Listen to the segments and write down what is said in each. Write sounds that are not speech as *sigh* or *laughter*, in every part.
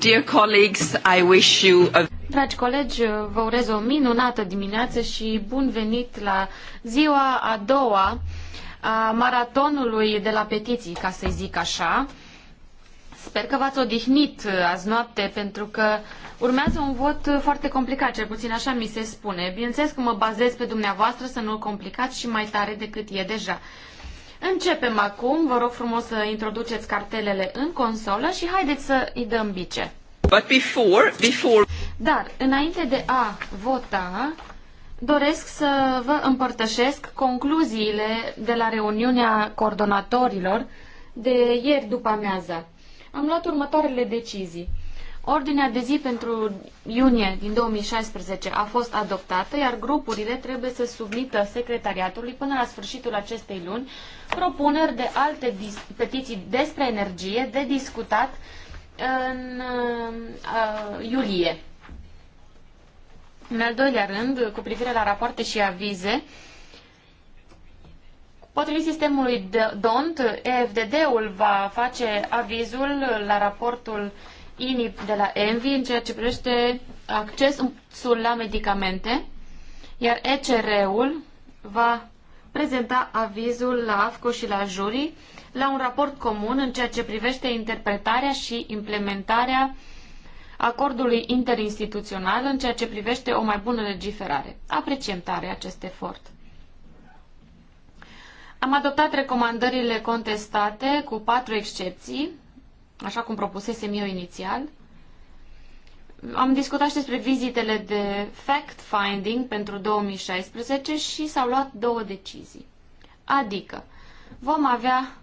Dear colleagues, I wish you a... Dragi colegi, vă urez o minunată dimineață și bun venit la ziua a doua a maratonului de la petiții, ca să-i zic așa. Sper că v-ați odihnit azi noapte, pentru că urmează un vot foarte complicat, cel puțin așa mi se spune. Bineînțeles că mă bazez pe dumneavoastră să nu-l complicați și mai tare decât e deja. Începem acum, vă rog frumos să introduceți cartelele în consolă și haideți să îi dăm bice. But before, before... Dar, înainte de a vota, doresc să vă împărtășesc concluziile de la reuniunea coordonatorilor de ieri după amiază Am luat următoarele decizii. Ordinea de zi pentru iunie din 2016 a fost adoptată, iar grupurile trebuie să submită secretariatului până la sfârșitul acestei luni propuneri de alte petiții despre energie de discutat în uh, uh, iulie. În al doilea rând, cu privire la rapoarte și avize, Potrivit sistemului DONT, EFDD-ul va face avizul la raportul uh, inip de la ENVI în ceea ce privește accesul la medicamente, iar ECR-ul va prezenta avizul la AFCO și la jurii la un raport comun în ceea ce privește interpretarea și implementarea acordului interinstituțional în ceea ce privește o mai bună legiferare. Apreciem tare acest efort. Am adoptat recomandările contestate cu patru excepții așa cum propusesem eu inițial. Am discutat și despre vizitele de fact-finding pentru 2016 și s-au luat două decizii. Adică vom avea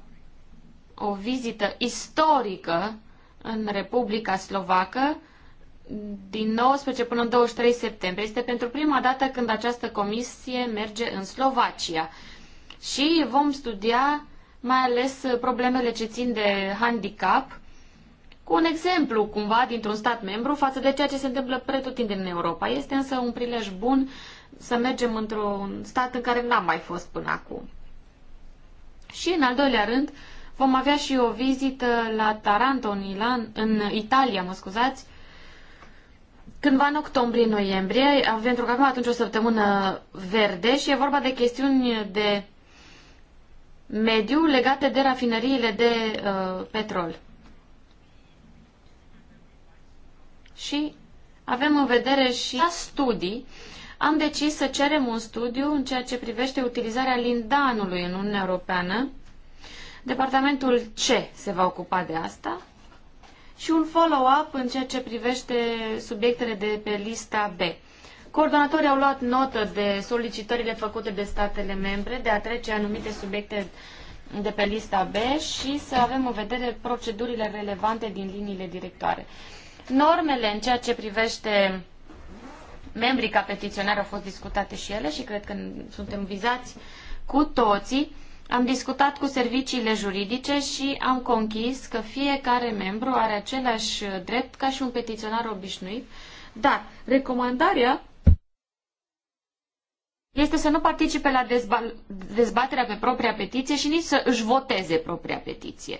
o vizită istorică în Republica Slovacă din 19 până în 23 septembrie. Este pentru prima dată când această comisie merge în Slovacia. Și vom studia mai ales problemele ce țin de handicap cu un exemplu cumva dintr-un stat membru față de ceea ce se întâmplă pretutindeni în Europa. Este însă un prilej bun să mergem într-un stat în care n-am mai fost până acum. Și în al doilea rând, vom avea și o vizită la Taranto, în, Ilan, în Italia, mă scuzați, cândva în octombrie-noiembrie, pentru că avem atunci o săptămână verde și e vorba de chestiuni de mediu legate de rafineriile de uh, petrol. și avem în vedere și studii. Am decis să cerem un studiu în ceea ce privește utilizarea lindanului în Uniunea Europeană. Departamentul C se va ocupa de asta și un follow-up în ceea ce privește subiectele de pe lista B. Coordonatorii au luat notă de solicitările făcute de statele membre de a trece anumite subiecte de pe lista B și să avem în vedere procedurile relevante din liniile directoare. Normele în ceea ce privește membrii ca petiționari au fost discutate și ele și cred că suntem vizați cu toții. Am discutat cu serviciile juridice și am conchis că fiecare membru are același drept ca și un petiționar obișnuit, dar recomandarea este să nu participe la dezbaterea pe propria petiție și nici să își voteze propria petiție.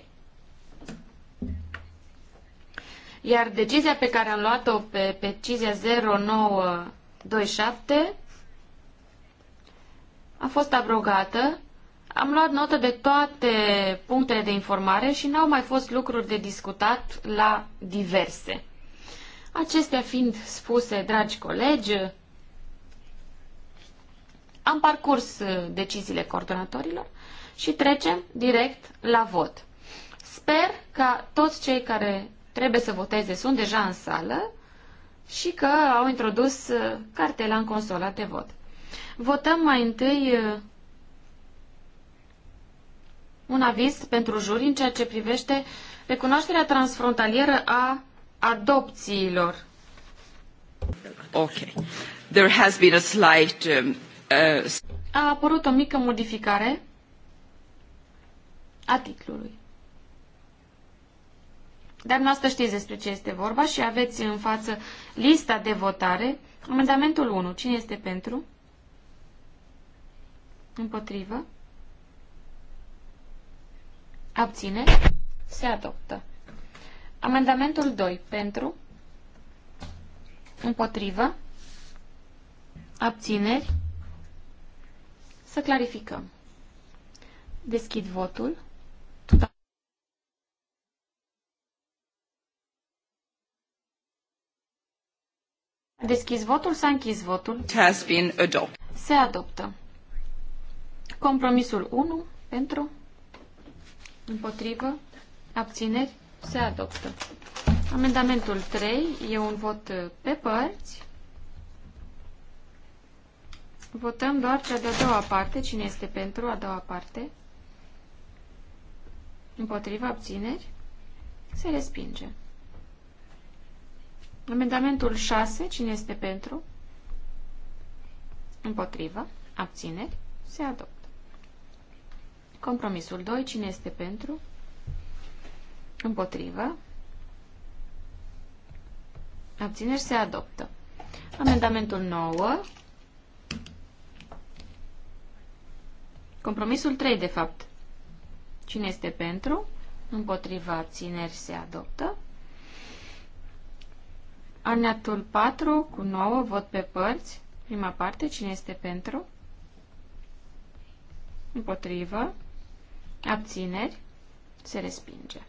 Iar decizia pe care am luat-o pe, decizia 0927 a fost abrogată. Am luat notă de toate punctele de informare și n-au mai fost lucruri de discutat la diverse. Acestea fiind spuse, dragi colegi, am parcurs uh, deciziile coordonatorilor și trecem direct la vot. Sper ca toți cei care trebuie să voteze sunt deja în sală și că au introdus uh, cartela în consola de vot. Votăm mai întâi uh, un aviz pentru juri în ceea ce privește recunoașterea transfrontalieră a adopțiilor. Ok. There has been a slight... Um, uh... A apărut o mică modificare a titlului. Dar noastră știți despre ce este vorba și aveți în față lista de votare. Amendamentul 1. Cine este pentru? Împotrivă? Abține? Se adoptă. Amendamentul 2. Pentru? Împotrivă? Abțineri? Să clarificăm. Deschid votul. A deschis votul, s-a închis votul. It has been adopted. Se adoptă. Compromisul 1 pentru, împotrivă, abțineri, se adoptă. Amendamentul 3 e un vot uh, pe părți. Votăm doar cea de-a doua parte. Cine este pentru a doua parte? Împotriva abțineri? Se respinge. Amendamentul 6, cine este pentru? Împotrivă. Abțineri. Se adoptă. Compromisul 2, cine este pentru? Împotrivă. Abțineri. Se adoptă. Amendamentul 9. Compromisul 3, de fapt. Cine este pentru? Împotriva abțineri se adoptă. Aneatul 4 cu 9 vot pe părți. Prima parte, cine este pentru? Împotrivă. Abțineri. Se respinge.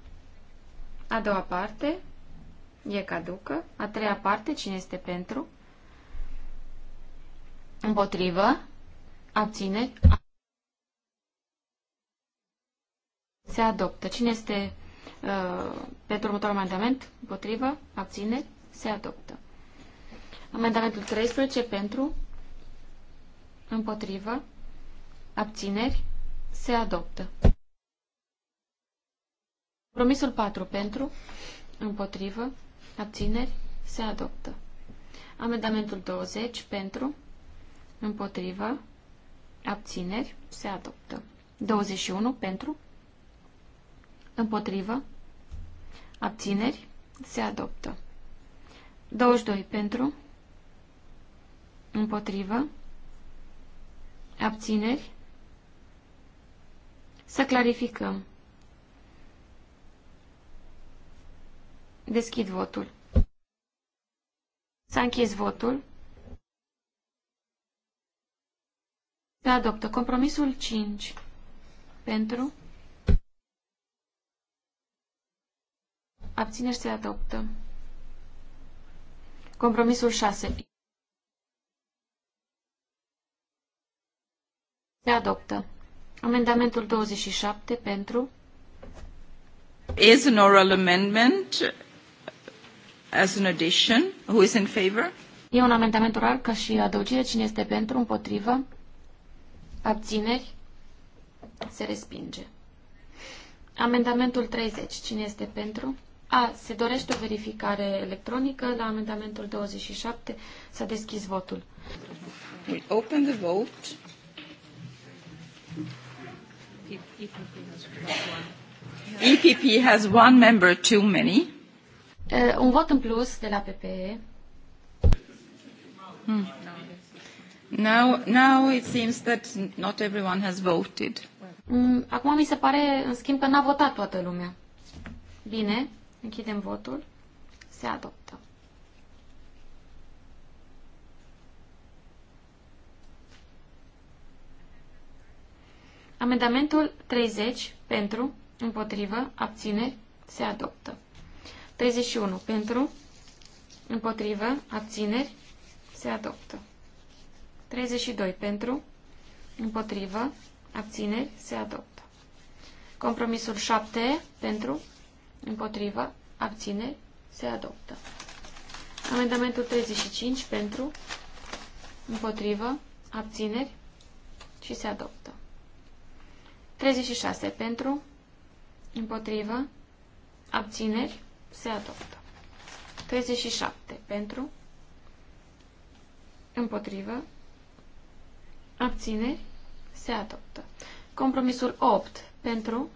A doua parte e caducă. A treia parte, cine este pentru? Împotrivă. Abțineri. Se adoptă. Cine este uh, pentru următorul amendament? Împotrivă. Abțineri. Se adoptă. Amendamentul 13 pentru, împotrivă, abțineri, se adoptă. promisul 4 pentru, împotrivă, abțineri, se adoptă. Amendamentul 20 pentru, împotrivă, abțineri, se adoptă. 21 pentru, împotrivă, abțineri, se adoptă. 22 pentru, împotrivă, abțineri. Să clarificăm. Deschid votul. S-a închis votul. Se adoptă compromisul 5 pentru abțineri se adoptă. Compromisul 6. Se adoptă. Amendamentul 27 pentru. Is an oral amendment as an addition. Who is in favor? E un amendament oral ca și adăugire. Cine este pentru? Împotrivă? Abțineri? Se respinge. Amendamentul 30. Cine este pentru? A, se dorește o verificare electronică la amendamentul 27. S-a deschis votul. We open the vote. EPP has one member too many. Uh, un vot în plus de la PPE. Hmm. Now, now it seems that not everyone has voted. Mm, acum mi se pare, în schimb, că n-a votat toată lumea. Bine. Închidem votul. Se adoptă. Amendamentul 30 pentru, împotrivă, abțineri, se adoptă. 31 pentru, împotrivă, abțineri, se adoptă. 32 pentru, împotrivă, abțineri, se adoptă. Compromisul 7 pentru, Împotrivă. Abțineri. Se adoptă. Amendamentul 35 pentru. Împotrivă. Abțineri. Și se adoptă. 36 pentru. Împotrivă. Abțineri. Se adoptă. 37 pentru. Împotrivă. Abțineri. Se adoptă. Compromisul 8 pentru.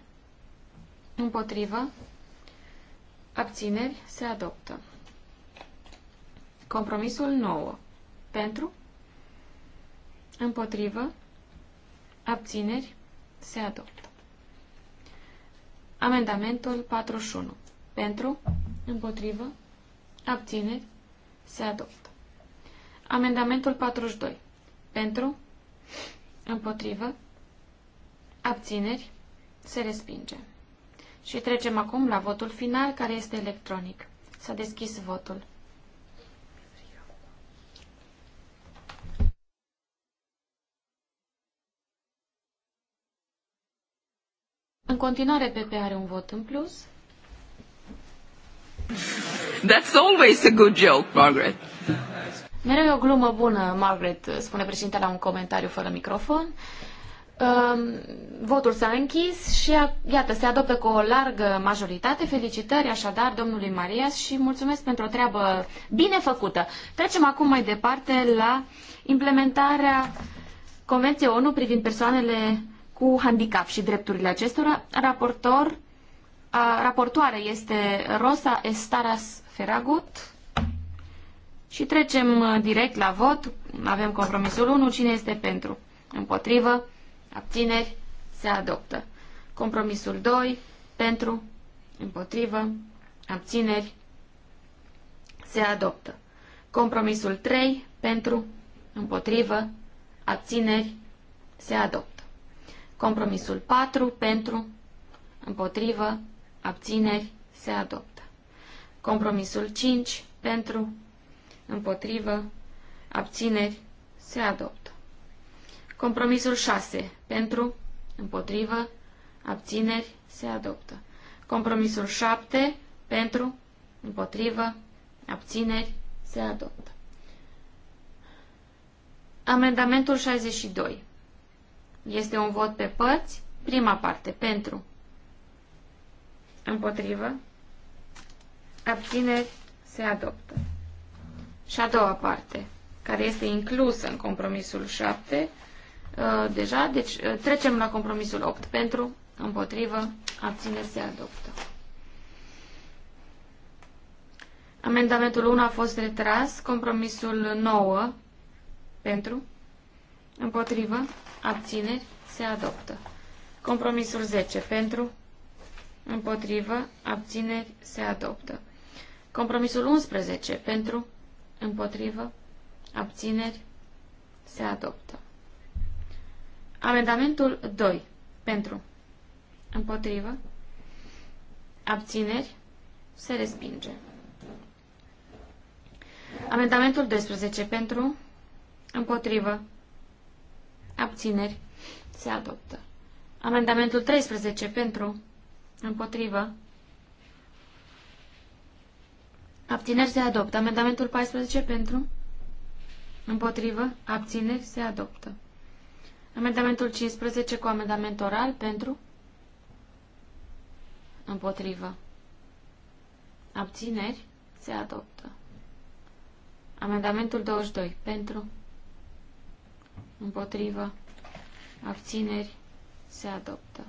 Împotrivă. Abțineri se adoptă. Compromisul 9. Pentru? Împotrivă? Abțineri se adoptă. Amendamentul 41. Pentru? Împotrivă? Abțineri se adoptă. Amendamentul 42. Pentru? Împotrivă? Abțineri se respinge. Și trecem acum la votul final, care este electronic. S-a deschis votul. În continuare, PP are un vot în plus. That's always a good joke, Margaret. Mereu e o glumă bună, Margaret, spune președintele la un comentariu fără microfon. Um, votul s-a închis și iată, se adoptă cu o largă majoritate. Felicitări așadar domnului Marias și mulțumesc pentru o treabă bine făcută. Trecem acum mai departe la implementarea Convenției ONU privind persoanele cu handicap și drepturile acestora. Raportor, a, raportoare este Rosa Estaras Feragut. Și trecem uh, direct la vot. Avem compromisul 1. Cine este pentru? Împotrivă? abțineri, se adoptă. Compromisul 2, pentru, împotrivă, abțineri, se adoptă. Compromisul 3, pentru, împotrivă, abțineri, se adoptă. Compromisul 4, pentru, împotrivă, abțineri, se adoptă. Compromisul 5, pentru, împotrivă, abțineri, se adoptă. Compromisul 6. Pentru, împotrivă, abțineri, se adoptă. Compromisul 7. Pentru, împotrivă, abțineri, se adoptă. Amendamentul 62. Este un vot pe părți. Prima parte. Pentru, împotrivă, abțineri, se adoptă. Și a doua parte, care este inclusă în compromisul 7, Uh, deja, deci uh, trecem la compromisul 8 pentru, împotrivă, abțineri se adoptă. Amendamentul 1 a fost retras, compromisul 9 pentru, împotrivă, abțineri se adoptă. Compromisul 10 pentru, împotrivă, abțineri se adoptă. Compromisul 11 pentru, împotrivă, abțineri se adoptă. Amendamentul 2. Pentru. Împotrivă. Abțineri. Se respinge. Amendamentul 12. Pentru. Împotrivă. Abțineri. Se adoptă. Amendamentul 13. Pentru. Împotrivă. Abțineri se adoptă. Amendamentul 14 pentru. Împotrivă. Abțineri se adoptă. Amendamentul 15 cu amendament oral pentru? Împotrivă. Abțineri? Se adoptă. Amendamentul 22 pentru? Împotrivă. Abțineri? Se adoptă.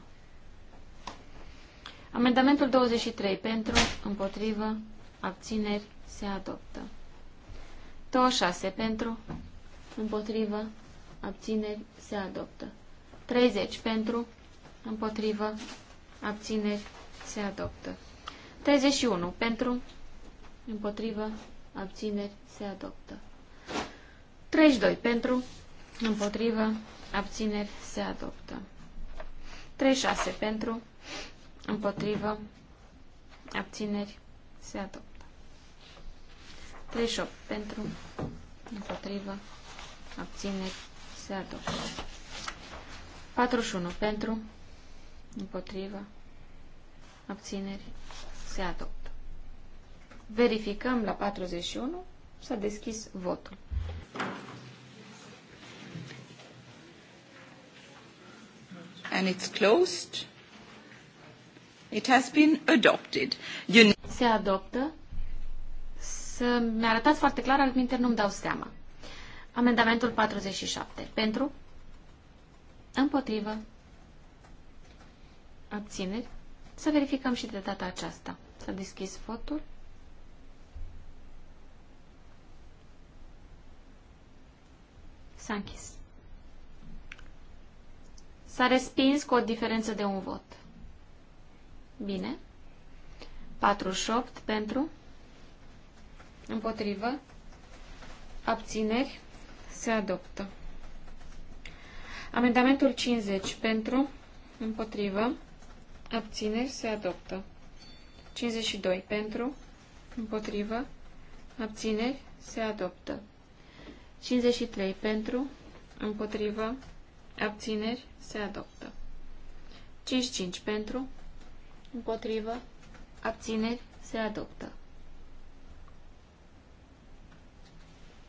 Amendamentul 23 pentru? Împotrivă. Abțineri? Se adoptă. 26 pentru? Împotrivă abțineri, se adoptă. 30 pentru, împotrivă, abțineri, se adoptă. 31 pentru, împotrivă, abțineri, se adoptă. 32 pentru, împotrivă, abțineri, se adoptă. 36 pentru, împotrivă, abțineri, se adoptă. 38 pentru, împotrivă, abțineri, se adoptă. 41 pentru, împotrivă, abțineri, se adoptă. Verificăm la 41, s-a deschis votul. And it's closed. It has been adopted. You... Se adoptă. Să mi a arătat foarte clar, altminteri nu-mi dau seama. Amendamentul 47. Pentru? Împotrivă. Abțineri. Să verificăm și de data aceasta. S-a deschis votul. S-a închis. S-a respins cu o diferență de un vot. Bine. 48 pentru. Împotrivă. Abțineri se adoptă. Amendamentul 50 pentru, împotrivă, abțineri, se adoptă. 52 pentru, împotrivă, abțineri, se adoptă. 53 pentru, împotrivă, abțineri, se adoptă. 55 pentru, împotrivă, abțineri, se adoptă.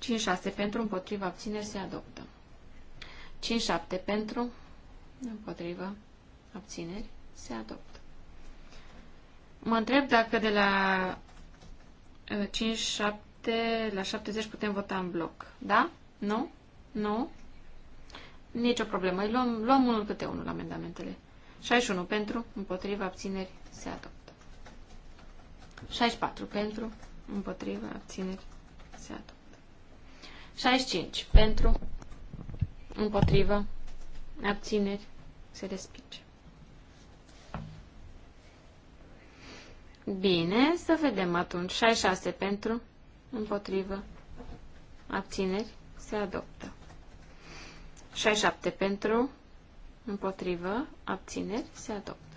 5-6 pentru, împotriva, abțineri se adoptă. 5-7 pentru, împotriva, abțineri se adoptă. Mă întreb dacă de la 5-7 uh, la 70 putem vota în bloc. Da? Nu? Nu? Nicio problemă. Îi Luăm, luăm unul câte unul amendamentele. 61 pentru, împotriva, abțineri, se adoptă. 64 pentru, împotriva, abțineri, se adoptă. 65. Pentru. Împotrivă. Abțineri. Se respinge. Bine, să vedem atunci. 66 pentru. Împotrivă. Abțineri. Se adoptă. 67 pentru. Împotrivă. Abțineri. Se adoptă.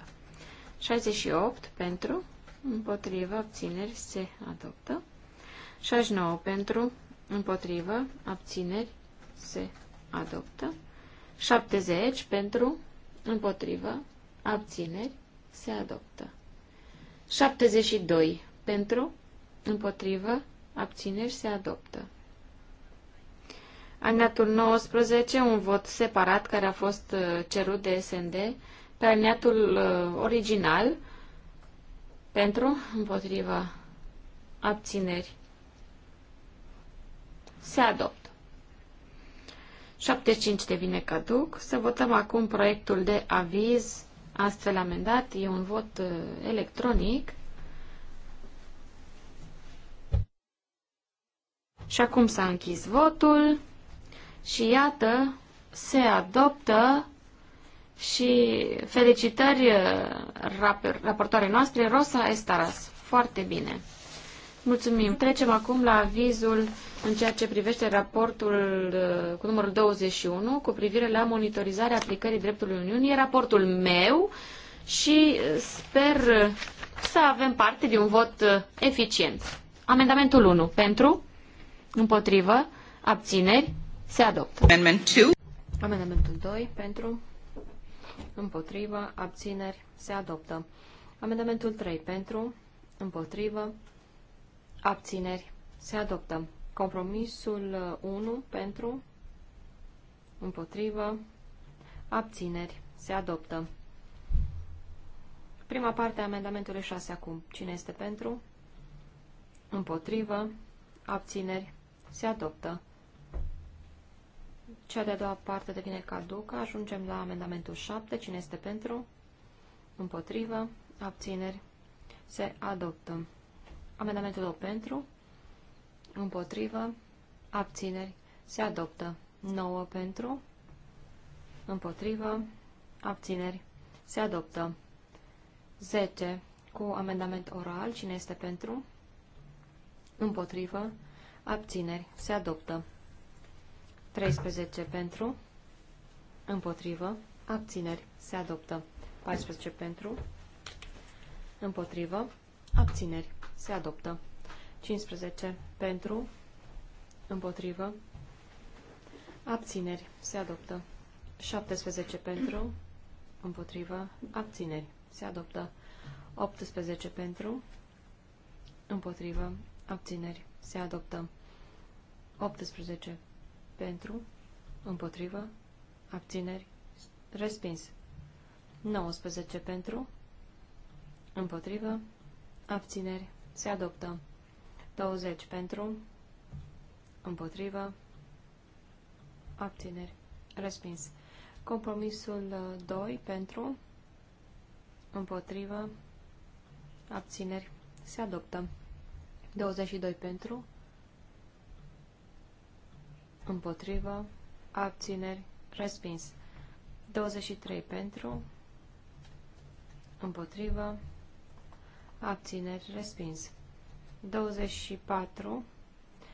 68 pentru. Împotrivă. Abțineri. Se adoptă. 69 pentru împotrivă, abțineri, se adoptă. 70 pentru, împotrivă, abțineri, se adoptă. 72 pentru, împotrivă, abțineri, se adoptă. Alineatul 19, un vot separat care a fost uh, cerut de SND pe alineatul uh, original pentru, împotrivă, abțineri, se adoptă. 75 devine caduc. Să votăm acum proiectul de aviz astfel amendat. E un vot uh, electronic. Și acum s-a închis votul și iată, se adoptă și felicitări uh, raportoarei noastre, Rosa Estaras. Foarte bine! Mulțumim. Trecem acum la avizul în ceea ce privește raportul uh, cu numărul 21 cu privire la monitorizarea aplicării dreptului Uniunii. E raportul meu și uh, sper uh, să avem parte de un vot eficient. Amendamentul 1. Pentru? Împotrivă? Abțineri? Se adoptă. Amendment 2. Amendamentul 2. Pentru? Împotrivă? Abțineri? Se adoptă. Amendamentul 3. Pentru? Împotrivă? Abțineri. Se adoptă. Compromisul 1 uh, pentru, împotrivă, abțineri. Se adoptă. Prima parte a amendamentului 6 acum. Cine este pentru? Împotrivă, abțineri. Se adoptă. Cea de-a doua parte devine caducă. Ajungem la amendamentul 7. Cine este pentru? Împotrivă, abțineri. Se adoptă. Amendamentul 8 pentru, împotrivă, abțineri, se adoptă. 9 pentru, împotrivă, abțineri, se adoptă. 10 cu amendament oral, cine este pentru, împotrivă, abțineri, se adoptă. 13 pentru, împotrivă, abțineri, se adoptă. 14 pentru, împotrivă, Abțineri. Se adoptă. 15. Pentru. Împotrivă. Abțineri. Se adoptă. 17 pentru. Împotrivă. Abțineri. Se adoptă. 18 pentru. Împotrivă. Abțineri. Se adoptă. 18 pentru. Împotrivă. Abțineri. Respins. 19 pentru. Împotrivă. Abțineri. Se adoptă. 20 pentru. Împotrivă. Abțineri. Respins. Compromisul 2 uh, pentru. Împotrivă. Abțineri. Se adoptă. 22 pentru. Împotrivă. Abțineri. Respins. 23 pentru. Împotrivă abțineri, respins. 24,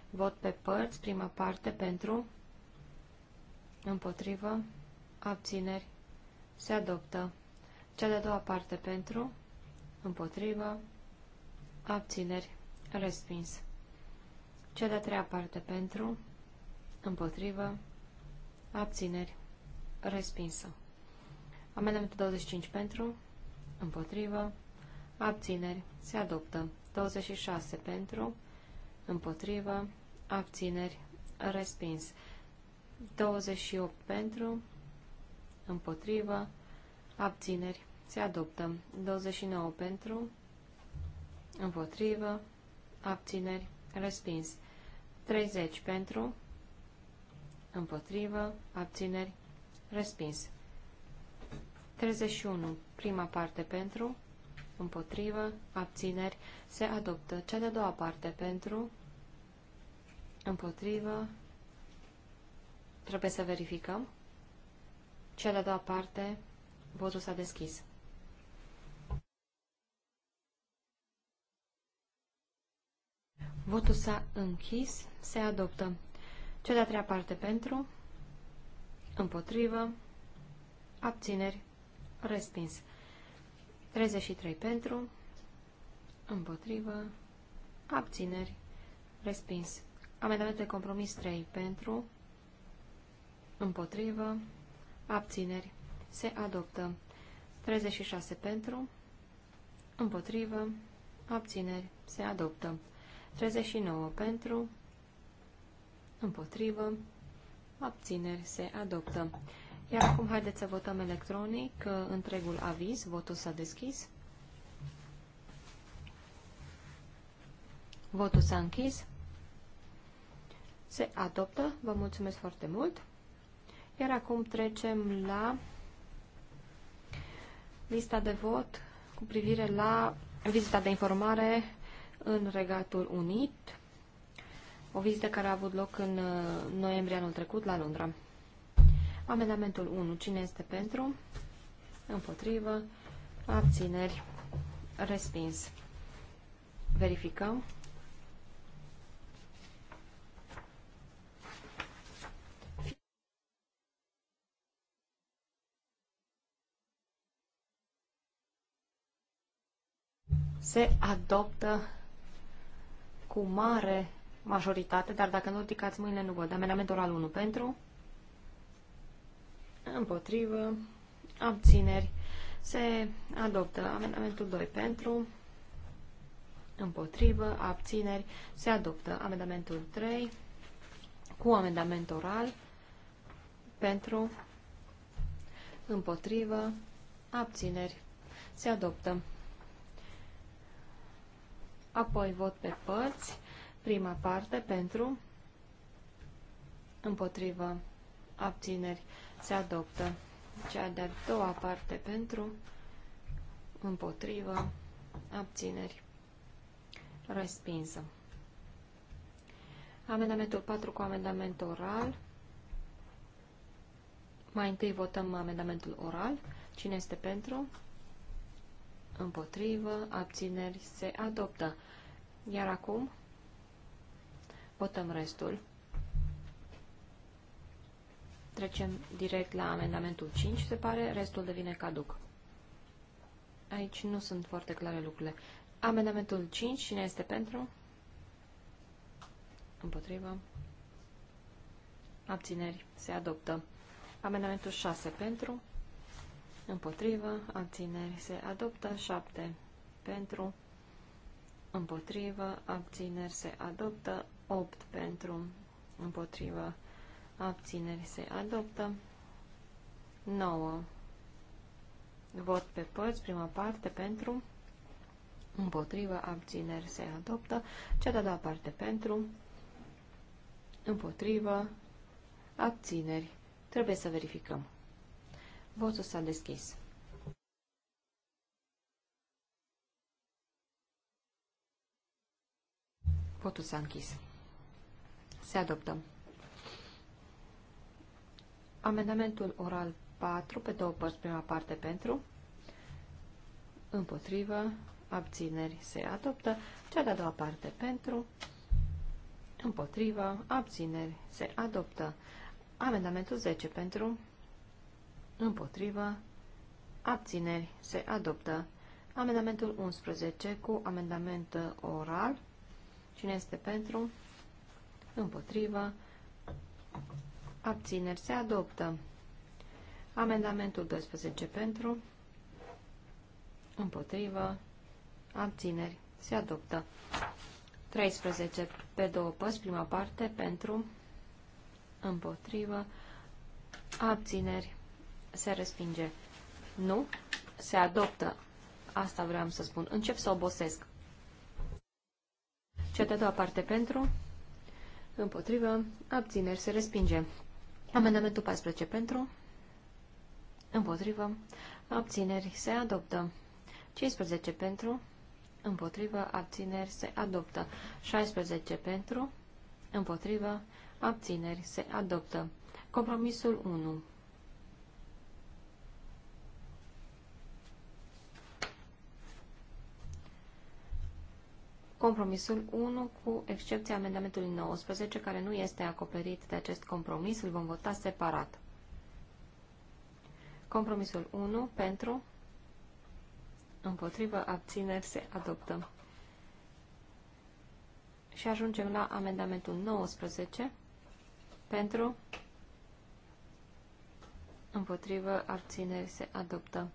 vot pe părți, prima parte, pentru, împotrivă, abțineri, se adoptă. Cea de-a doua parte, pentru, împotrivă, abțineri, respins. Cea de-a treia parte, pentru, împotrivă, abțineri, respinsă. Amendamentul 25 pentru, împotrivă, Abțineri. Se adoptă. 26 pentru. Împotrivă. Abțineri. Respins. 28 pentru. Împotrivă. Abțineri. Se adoptă. 29 pentru. Împotrivă. Abțineri. Respins. 30 pentru. Împotrivă. Abțineri. Respins. 31. Prima parte pentru împotrivă, abțineri, se adoptă. Cea de-a doua parte pentru, împotrivă, trebuie să verificăm. Cea de-a doua parte, votul s-a deschis. Votul s-a închis, se adoptă. Cea de-a treia parte pentru, împotrivă, abțineri, respins. 33 pentru, împotrivă, abțineri, respins. Amendament de compromis 3 pentru, împotrivă, abțineri, se adoptă. 36 pentru, împotrivă, abțineri, se adoptă. 39 pentru, împotrivă, abțineri, se adoptă. Iar acum haideți să votăm electronic uh, întregul aviz. Votul s-a deschis. Votul s-a închis. Se adoptă. Vă mulțumesc foarte mult. Iar acum trecem la lista de vot cu privire la vizita de informare în Regatul Unit, o vizită care a avut loc în uh, noiembrie anul trecut la Londra. Amendamentul 1. Cine este pentru? Împotrivă. Abțineri. Respins. Verificăm. Se adoptă cu mare majoritate, dar dacă nu ridicați mâinile, nu văd. Amendamentul al 1 pentru, împotrivă, abțineri, se adoptă. Amendamentul 2 pentru, împotrivă, abțineri, se adoptă. Amendamentul 3 cu amendament oral pentru, împotrivă, abțineri, se adoptă. Apoi vot pe părți, prima parte pentru, împotrivă, abțineri, se adoptă. Cea de-a doua parte pentru, împotrivă, abțineri, respinsă. Amendamentul 4 cu amendament oral. Mai întâi votăm amendamentul oral. Cine este pentru? Împotrivă, abțineri, se adoptă. Iar acum votăm restul. Trecem direct la amendamentul 5, se pare, restul devine caduc. Aici nu sunt foarte clare lucrurile. Amendamentul 5, cine este pentru? Împotrivă. Abțineri. Se adoptă. Amendamentul 6 pentru. Împotrivă. Abțineri. Se adoptă. 7 pentru. Împotrivă. Abțineri. Se adoptă. 8 pentru. Împotrivă. Abțineri se adoptă. 9. Vot pe părți, prima parte pentru, împotrivă, abțineri se adoptă. Cea de-a doua parte pentru, împotrivă, abțineri. Trebuie să verificăm. Votul s-a deschis. Votul s-a închis. Se adoptă. Amendamentul oral 4, pe două părți, prima parte pentru, împotrivă, abțineri se adoptă, cea de-a doua parte pentru, împotrivă, abțineri se adoptă. Amendamentul 10 pentru, împotrivă, abțineri se adoptă. Amendamentul 11 cu amendament oral. Cine este pentru? Împotrivă. Abțineri se adoptă. Amendamentul 12 pentru. Împotrivă. Abțineri se adoptă. 13 pe două părți, prima parte, pentru, împotrivă, abțineri, se respinge. Nu, se adoptă. Asta vreau să spun. Încep să obosesc. Cea de-a doua parte pentru, împotrivă, abțineri, se respinge. Amendamentul 14 pentru, împotrivă, abțineri se adoptă. 15 pentru, împotrivă, abțineri se adoptă. 16 pentru, împotrivă, abțineri se adoptă. Compromisul 1 compromisul 1, cu excepția amendamentului 19, care nu este acoperit de acest compromis, îl vom vota separat. Compromisul 1 pentru, împotrivă, abțineri se adoptă. Și ajungem la amendamentul 19 pentru, împotrivă, abțineri se adoptă.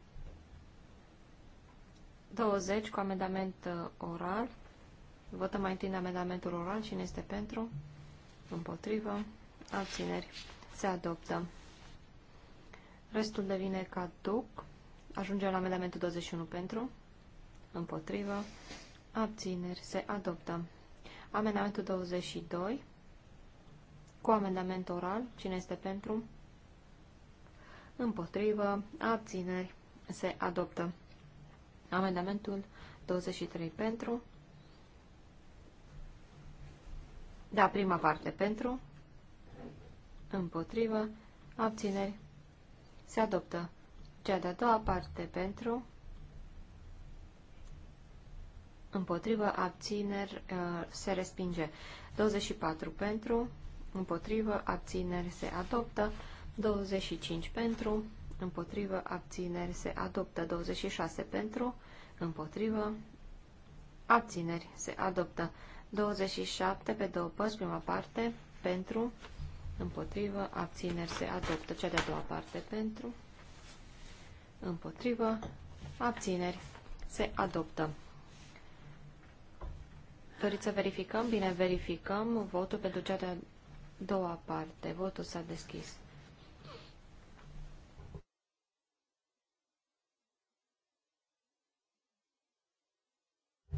20 cu amendament uh, oral Votăm mai întâi amendamentul oral. Cine este pentru? Împotrivă. Abțineri. Se adoptă. Restul devine caduc. Ajungem la amendamentul 21 pentru. Împotrivă. Abțineri. Se adoptă. Amendamentul 22. Cu amendament oral. Cine este pentru? Împotrivă. Abțineri. Se adoptă. Amendamentul 23 pentru. Da, prima parte pentru, împotrivă, abțineri, se adoptă. Cea de-a doua parte pentru, împotrivă, abțineri, uh, se respinge. 24 pentru, împotrivă, abțineri, se adoptă. 25 pentru, împotrivă, abțineri, se adoptă. 26 pentru, împotrivă, abțineri, se adoptă. 27 pe două părți, prima parte, pentru, împotrivă, abțineri se adoptă. Cea de-a doua parte, pentru, împotrivă, abțineri se adoptă. Doriți să verificăm? Bine, verificăm votul pentru cea de-a doua parte. Votul s-a deschis.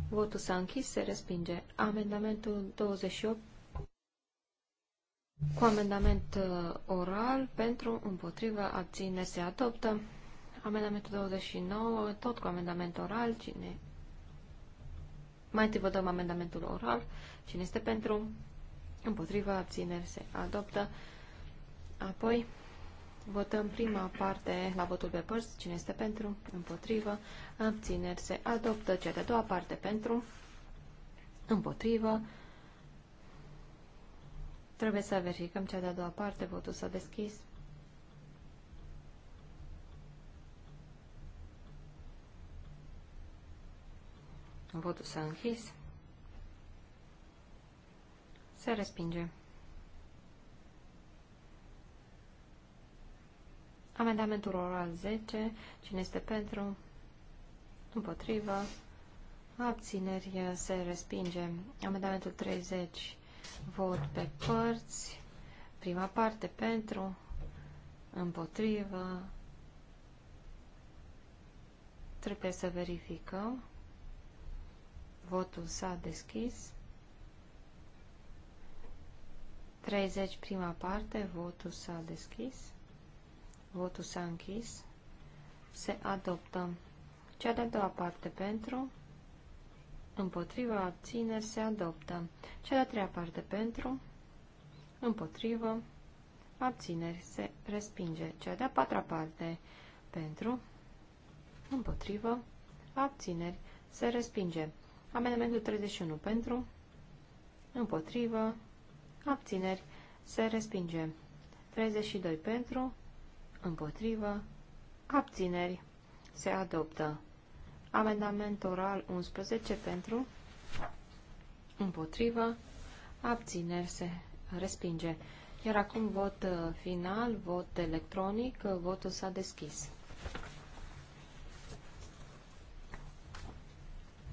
Votul s-a închis, se respinge. Amendamentul 28 cu amendament uh, oral pentru împotrivă abține se adoptă. Amendamentul 29, tot cu amendament oral, cine? Mai întâi dăm amendamentul oral. Cine este pentru? Împotrivă abține, se adoptă. Apoi Votăm prima parte la votul pe părți. Cine este pentru? Împotrivă. Abțineri se adoptă. Cea de-a doua parte pentru. Împotrivă. Trebuie să verificăm cea de-a doua parte. Votul s-a deschis. Votul s-a închis. Se respinge. Amendamentul oral 10. Cine este pentru? Împotrivă. Abțineri se respinge. Amendamentul 30. Vot pe părți. Prima parte pentru. Împotrivă. Trebuie să verificăm. Votul s-a deschis. 30 prima parte, votul s-a deschis. Votul s-a închis. Se adoptă. Cea de-a doua parte pentru. Împotriva abțineri se adoptă. Cea de-a treia parte pentru. Împotrivă. Abțineri se respinge. Cea de-a patra parte pentru. Împotrivă. Abțineri se respinge. Amendamentul 31 pentru. Împotrivă. Abțineri se respinge. 32 pentru împotrivă, abțineri, se adoptă. Amendament oral 11 pentru, împotrivă, abțineri, se respinge. Iar acum vot uh, final, vot electronic, uh, votul s-a deschis.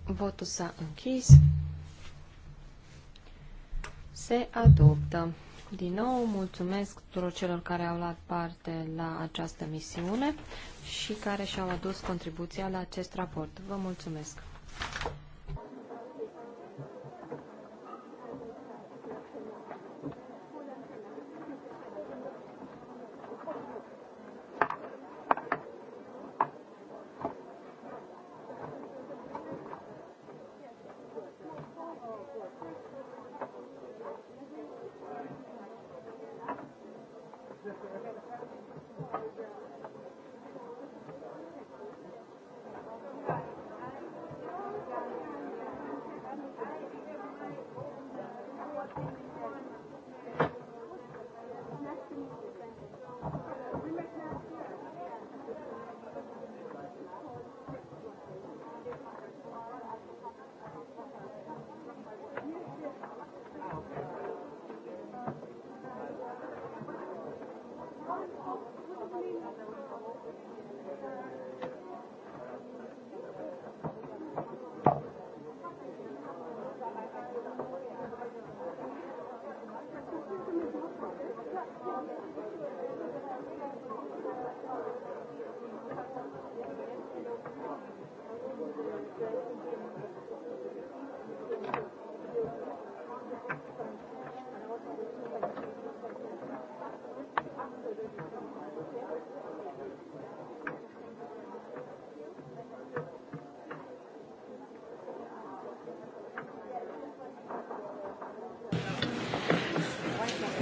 Votul s-a închis. Se adoptă. Din nou, mulțumesc tuturor celor care au luat parte la această misiune și care și-au adus contribuția la acest raport. Vă mulțumesc!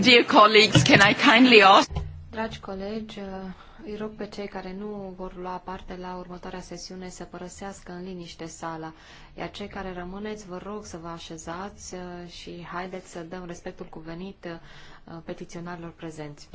Dear colleagues, can I kindly ask... Dragi colegi, îi rog pe cei care nu vor lua parte la următoarea sesiune să părăsească în liniște sala, iar cei care rămâneți, vă rog să vă așezați și haideți să dăm respectul cuvenit uh, petiționarilor prezenți.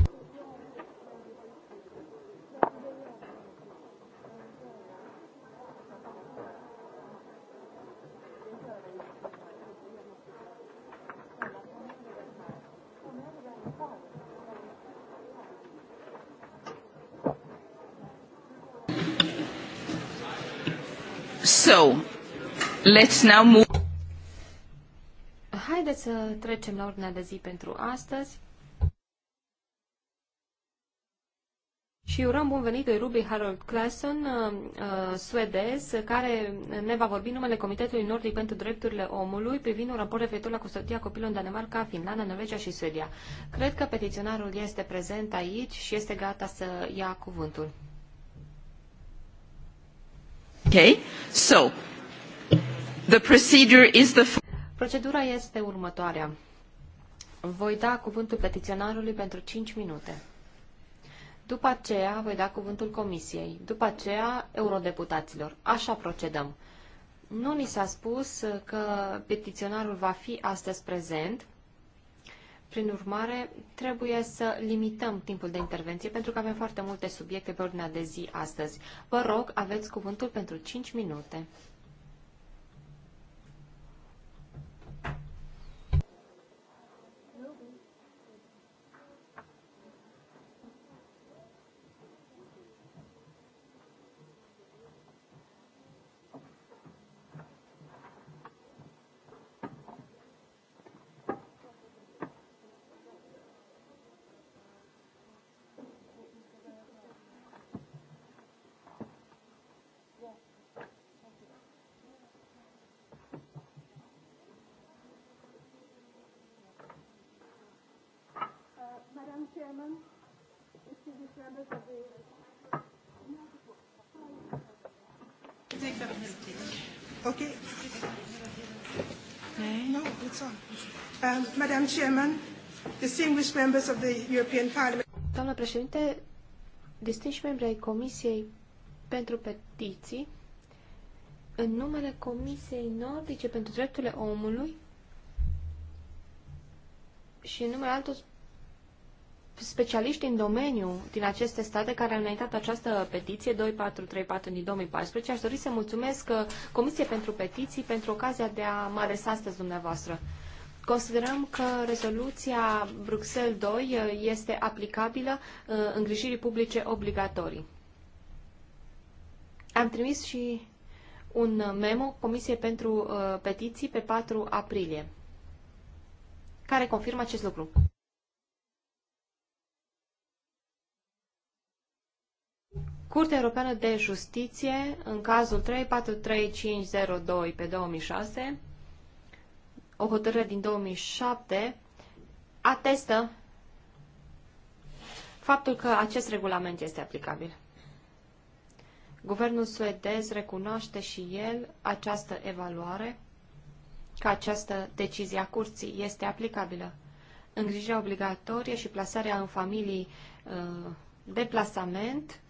Let's now move. Haideți să trecem la ordinea de zi pentru astăzi. Și urăm bun venit lui Ruby Harold Claesson, uh, uh, suedez, care ne va vorbi numele Comitetului Nordic pentru Drepturile Omului privind un raport referitor la custodia copilului în Danemarca, Finlanda, Norvegia și Suedia. Cred că petiționarul este prezent aici și este gata să ia cuvântul. Okay, so The procedure is the... Procedura este următoarea. Voi da cuvântul petiționarului pentru 5 minute. După aceea voi da cuvântul comisiei. După aceea eurodeputaților. Așa procedăm. Nu ni s-a spus că petiționarul va fi astăzi prezent. Prin urmare, trebuie să limităm timpul de intervenție pentru că avem foarte multe subiecte pe ordinea de zi astăzi. Vă rog, aveți cuvântul pentru 5 minute. Chairman, Okay. No, it's on. Um, Madam Chairman, distinguished members of the European Parliament. Doamna președinte, distinși membri ai Comisiei pentru Petiții, în numele Comisiei Nordice pentru Drepturile Omului și în numele altor specialiști în domeniu din aceste state care au înaintat această petiție 2434 din 2014. Aș dori să mulțumesc uh, Comisiei pentru Petiții pentru ocazia de a mă adresa astăzi dumneavoastră. Considerăm că rezoluția Bruxelles 2 uh, este aplicabilă uh, îngrijirii publice obligatorii. Am trimis și un memo Comisiei pentru Petiții pe 4 aprilie, care confirmă acest lucru. Curtea Europeană de Justiție, în cazul 343502 pe 2006, o hotărâre din 2007, atestă faptul că acest regulament este aplicabil. Guvernul suedez recunoaște și el această evaluare, că această decizie a curții este aplicabilă. Îngrijirea obligatorie și plasarea în familii uh, de plasament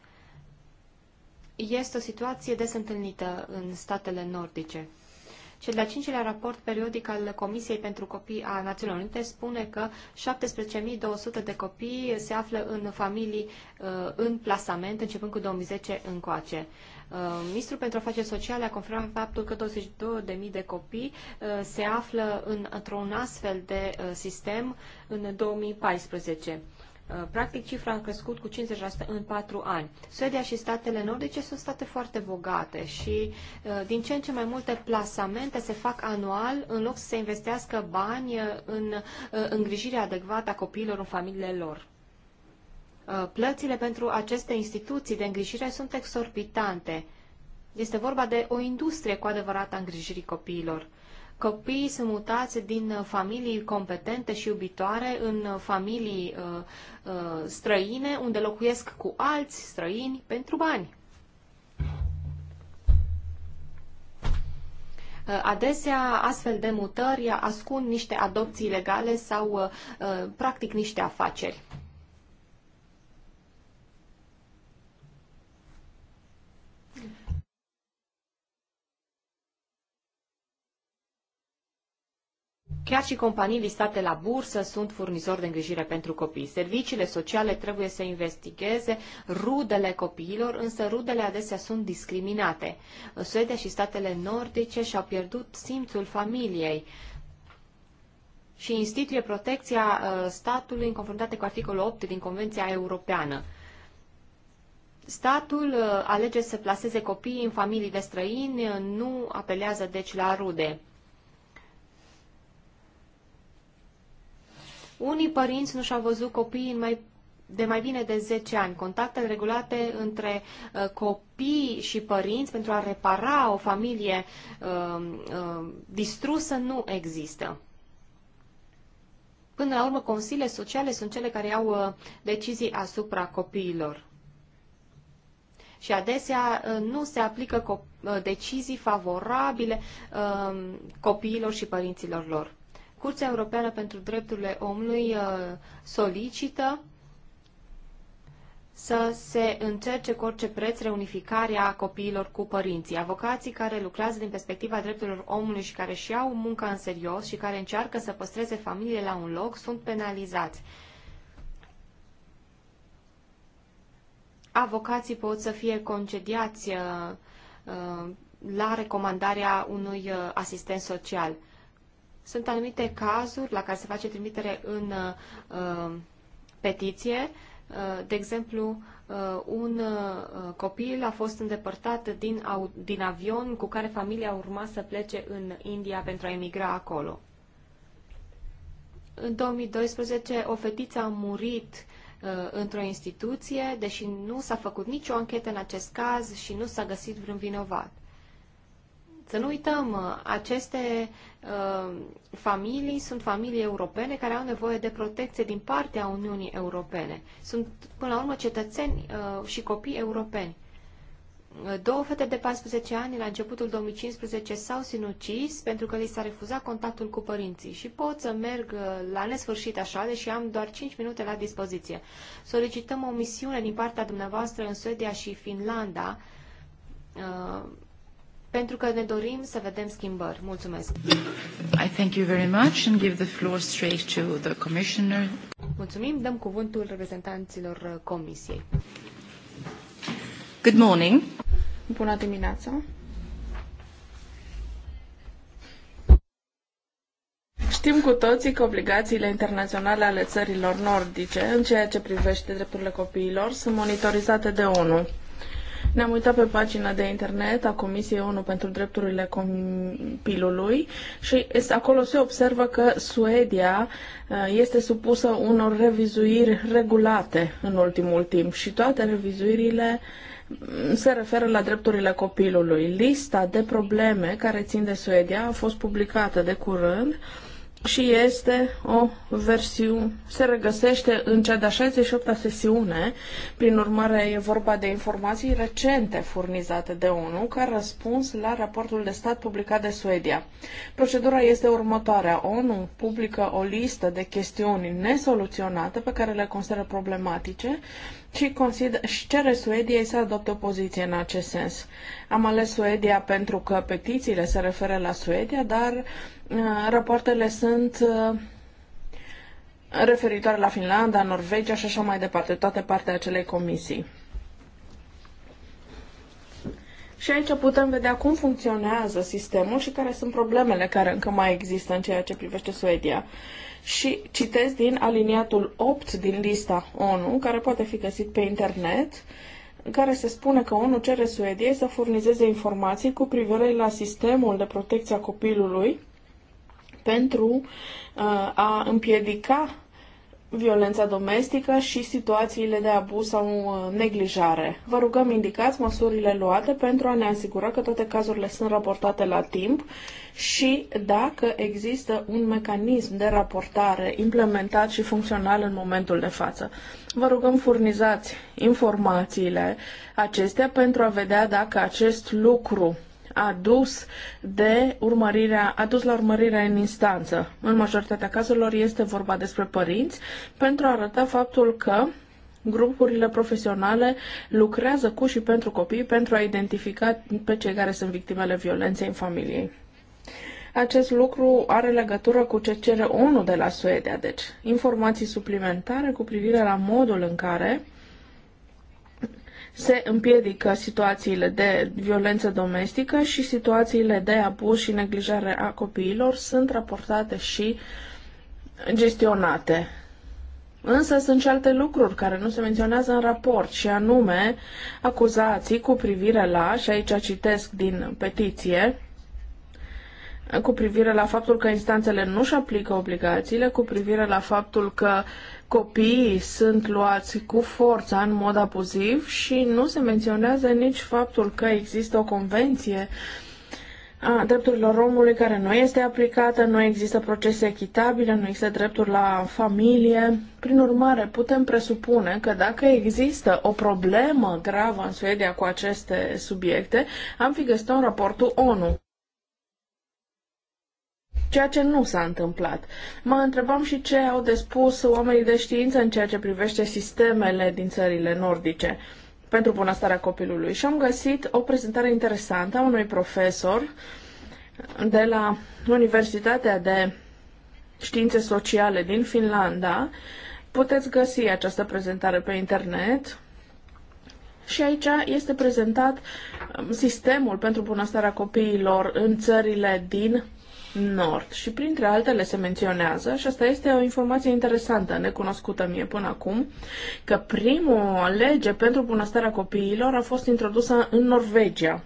este o situație des întâlnită în statele nordice. Cel de-al cincilea raport periodic al Comisiei pentru Copii a Națiunilor Unite spune că 17.200 de copii se află în familii uh, în plasament, începând cu 2010 încoace. Uh, Ministrul pentru Afaceri Sociale a confirmat faptul că 22.000 de copii uh, se află în, într-un astfel de sistem în 2014. Uh, practic, cifra a crescut cu 50% în 4 ani. Suedia și statele nordice sunt state foarte bogate și uh, din ce în ce mai multe plasamente se fac anual în loc să se investească bani uh, în îngrijirea adecvată a copiilor în familiile lor. Plățile pentru aceste instituții de îngrijire sunt exorbitante. Este vorba de o industrie cu adevărat a îngrijirii copiilor. Copiii sunt mutați din uh, familii competente și iubitoare în uh, familii uh, străine, unde locuiesc cu alți străini pentru bani. Adesea, astfel de mutări ascund niște adopții legale sau, practic, niște afaceri. Chiar și companii listate la bursă sunt furnizori de îngrijire pentru copii. Serviciile sociale trebuie să investigheze rudele copiilor, însă rudele adesea sunt discriminate. Suedia și statele nordice și-au pierdut simțul familiei și instituie protecția uh, statului în conformitate cu articolul 8 din Convenția Europeană. Statul uh, alege să plaseze copiii în familii de străini, nu apelează deci la rude. Unii părinți nu și-au văzut copiii în mai de mai bine de 10 ani, contactele regulate între uh, copii și părinți pentru a repara o familie uh, uh, distrusă nu există. Până la urmă, consiliile sociale sunt cele care au uh, decizii asupra copiilor. Și adesea uh, nu se aplică uh, decizii favorabile um, copiilor și părinților lor. Curtea Europeană pentru Drepturile Omului uh, solicită să se încerce cu orice preț reunificarea copiilor cu părinții. Avocații care lucrează din perspectiva drepturilor omului și care și au munca în serios și care încearcă să păstreze familie la un loc sunt penalizați. Avocații pot să fie concediați uh, uh, la recomandarea unui asistent social. Sunt anumite cazuri la care se face trimitere în uh, petiție. Uh, de exemplu, uh, un uh, copil a fost îndepărtat din, au, din avion cu care familia urma să plece în India pentru a emigra acolo. În 2012, o fetiță a murit uh, într-o instituție, deși nu s-a făcut nicio anchetă în acest caz și nu s-a găsit vreun vinovat. Să nu uităm, uh, aceste uh, familii sunt familii europene care au nevoie de protecție din partea Uniunii Europene. Sunt, până la urmă, cetățeni uh, și copii europeni. Uh, două fete de 14 ani la începutul 2015 s-au sinucis pentru că li s-a refuzat contactul cu părinții și pot să merg uh, la nesfârșit așa, deși am doar 5 minute la dispoziție. Solicităm o misiune din partea dumneavoastră în Suedia și Finlanda uh, pentru că ne dorim să vedem schimbări. Mulțumesc. I thank you very much and give the floor straight to the commissioner. Mulțumim, dăm cuvântul reprezentanților comisiei. Good morning. Bună dimineața. Știm cu toții că obligațiile internaționale ale țărilor nordice în ceea ce privește drepturile copiilor sunt monitorizate de ONU. Ne-am uitat pe pagina de internet a Comisiei ONU pentru Drepturile Copilului și acolo se observă că Suedia uh, este supusă unor revizuiri regulate în ultimul timp și toate revizuirile mm, se referă la drepturile copilului. Lista de probleme care țin de Suedia a fost publicată de curând și este o versiune, se regăsește în cea de-a 68-a sesiune, prin urmare e vorba de informații recente furnizate de ONU ca răspuns la raportul de stat publicat de Suedia. Procedura este următoarea. ONU publică o listă de chestiuni nesoluționate pe care le consideră problematice și, consider, și cere Suediei să adopte o poziție în acest sens. Am ales Suedia pentru că petițiile se referă la Suedia, dar uh, rapoartele sunt uh, referitoare la Finlanda, Norvegia și așa mai departe, toate partea acelei comisii. Și aici putem vedea cum funcționează sistemul și care sunt problemele care încă mai există în ceea ce privește Suedia. Uh, și citesc din aliniatul 8 din lista ONU, care poate fi găsit pe internet, care se spune că ONU cere Suediei să furnizeze informații cu privire la sistemul de protecție a copilului pentru uh, a împiedica violența domestică și situațiile de abuz sau uh, neglijare. Vă rugăm indicați măsurile luate pentru a ne asigura că toate cazurile sunt raportate la timp și dacă există un mecanism de raportare implementat și funcțional în momentul de față. Vă rugăm furnizați informațiile acestea pentru a vedea dacă acest lucru a dus, de urmărirea, adus la urmărirea în instanță. În majoritatea cazurilor este vorba despre părinți pentru a arăta faptul că grupurile profesionale lucrează cu și pentru copii pentru a identifica pe cei care sunt victimele violenței în familie. Acest lucru are legătură cu ce cere ONU de la Suedia, deci informații suplimentare cu privire la modul în care se împiedică situațiile de violență domestică și situațiile de abuz și neglijare a copiilor sunt raportate și gestionate. Însă sunt și alte lucruri care nu se menționează în raport, și anume acuzații cu privire la, și aici citesc din petiție, cu privire la faptul că instanțele nu și aplică obligațiile, cu privire la faptul că copiii sunt luați cu forța în mod abuziv și nu se menționează nici faptul că există o convenție a drepturilor omului care nu este aplicată, nu există procese echitabile, nu există drepturi la familie. Prin urmare, putem presupune că dacă există o problemă gravă în Suedia cu aceste subiecte, am fi găsit un raportul ONU ceea ce nu s-a întâmplat. Mă întrebam și ce au de spus oamenii de știință în ceea ce privește sistemele din țările nordice pentru bunăstarea copilului. Și am găsit o prezentare interesantă a unui profesor de la Universitatea de Științe Sociale din Finlanda. Puteți găsi această prezentare pe internet. Și aici este prezentat um, sistemul pentru bunăstarea copiilor în țările din Nord și printre altele se menționează, și asta este o informație interesantă, necunoscută mie până acum, că primul lege pentru bunăstarea copiilor a fost introdusă în Norvegia.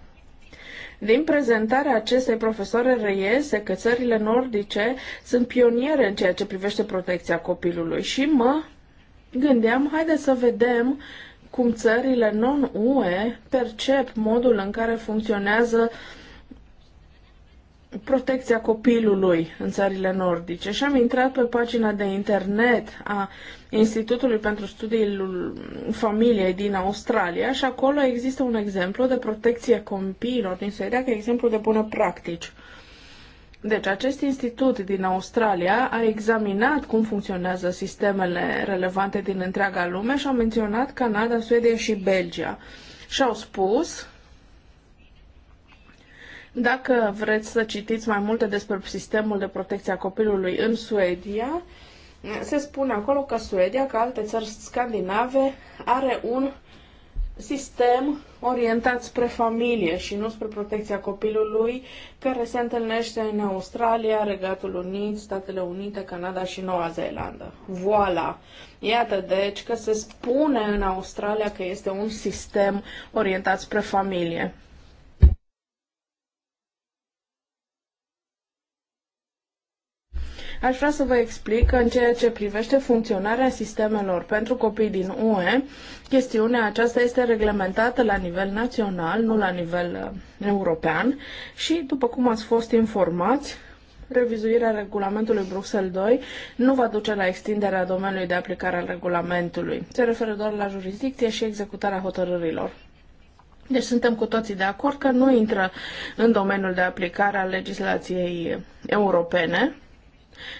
Din prezentarea acestei profesoare reiese că țările nordice sunt pioniere în ceea ce privește protecția copilului și mă gândeam, haideți să vedem cum țările non-UE percep modul în care funcționează uh, protecția copilului în țările nordice și am intrat pe pagina de internet a Institutului pentru Studiul Familiei din Australia și acolo există un exemplu de protecție copiilor din Suedia, ca exemplu de bună practici. Deci, acest institut din Australia a examinat cum funcționează sistemele relevante din întreaga lume și a menționat Canada, Suedia și Belgia. Și au spus dacă vreți să citiți mai multe despre sistemul de protecție a copilului în Suedia, se spune acolo că Suedia, ca alte țări scandinave, are un sistem orientat spre familie și nu spre protecția copilului, care se întâlnește în Australia, Regatul Unit, Statele Unite, Canada și Noua Zeelandă. Voila! Iată deci că se spune în Australia că este un sistem orientat spre familie. Aș vrea să vă explic că în ceea ce privește funcționarea sistemelor pentru copii din UE, chestiunea aceasta este reglementată la nivel național, nu la nivel uh, european și, după cum ați fost informați, revizuirea regulamentului Bruxelles 2 nu va duce la extinderea domeniului de aplicare al regulamentului. Se referă doar la jurisdicție și executarea hotărârilor. Deci suntem cu toții de acord că nu intră în domeniul de aplicare al legislației uh, europene,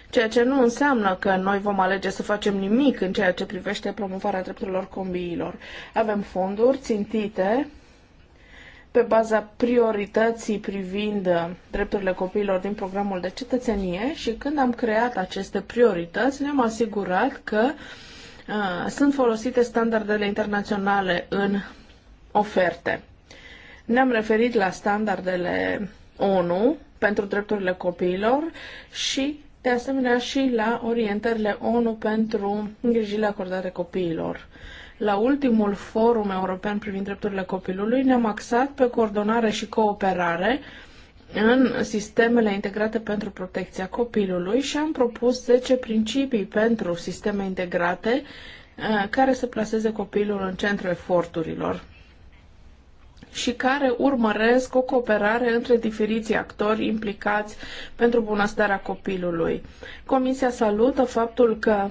Ceea ce nu înseamnă că noi vom alege să facem nimic în ceea ce privește promovarea drepturilor copiilor. Avem fonduri țintite pe baza priorității privind drepturile copiilor din programul de cetățenie și când am creat aceste priorități ne-am asigurat că uh, sunt folosite standardele internaționale în oferte. Ne-am referit la standardele ONU pentru drepturile copiilor și de asemenea și la orientările ONU pentru îngrijirile acordate copiilor. La ultimul forum european privind drepturile copilului ne-am axat pe coordonare și cooperare în sistemele integrate pentru protecția copilului și am propus 10 principii pentru sisteme integrate eh, care să plaseze copilul în centrul eforturilor și care urmăresc o cooperare între diferiții actori implicați pentru bunăstarea copilului. Comisia salută faptul că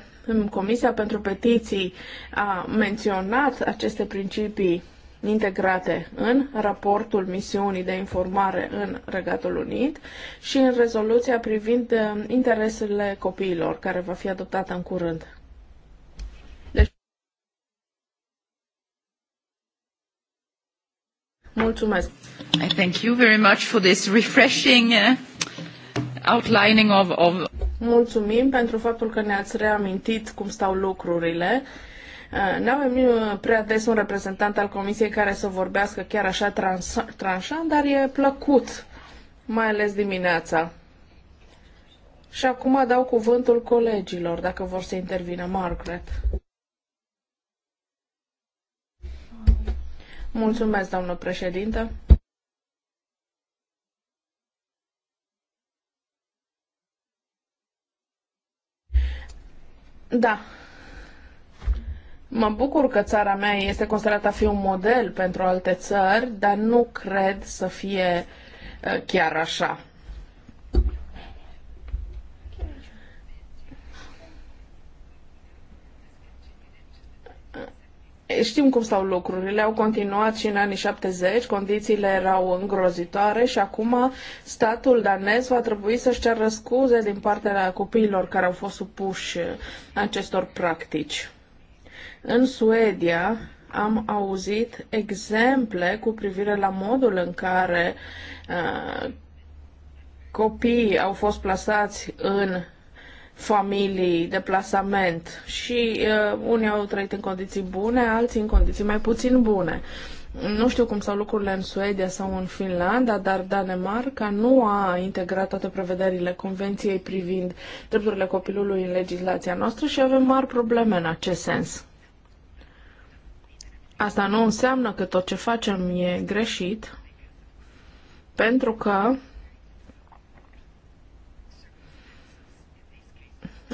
Comisia pentru Petiții a menționat aceste principii integrate în raportul misiunii de informare în Regatul Unit și în rezoluția privind uh, interesele copiilor, care va fi adoptată în curând. Mulțumesc. I thank you very much for this refreshing uh, outlining of, of... Mulțumim pentru faptul că ne-ați reamintit cum stau lucrurile. Uh, nu avem uh, prea des un reprezentant al comisiei care să vorbească chiar așa trans- tranșant, dar e plăcut, mai ales dimineața. Și acum dau cuvântul colegilor, dacă vor să intervină. Margaret. Mulțumesc, doamnă președintă. Da. Mă bucur că țara mea este considerată a fi un model pentru alte țări, dar nu cred să fie uh, chiar așa. Știm cum stau lucrurile, au continuat și în anii 70, condițiile erau îngrozitoare și acum statul danez va trebui să-și ceară scuze din partea copiilor care au fost supuși acestor practici. În Suedia am auzit exemple cu privire la modul în care uh, copiii au fost plasați în familii deplasament și uh, unii au trăit în condiții bune, alții în condiții mai puțin bune. Nu știu cum stau lucrurile în Suedia sau în Finlanda, dar Danemarca nu a integrat toate prevederile Convenției privind drepturile copilului în legislația noastră și avem mari probleme în acest sens. Asta nu înseamnă că tot ce facem e greșit, pentru că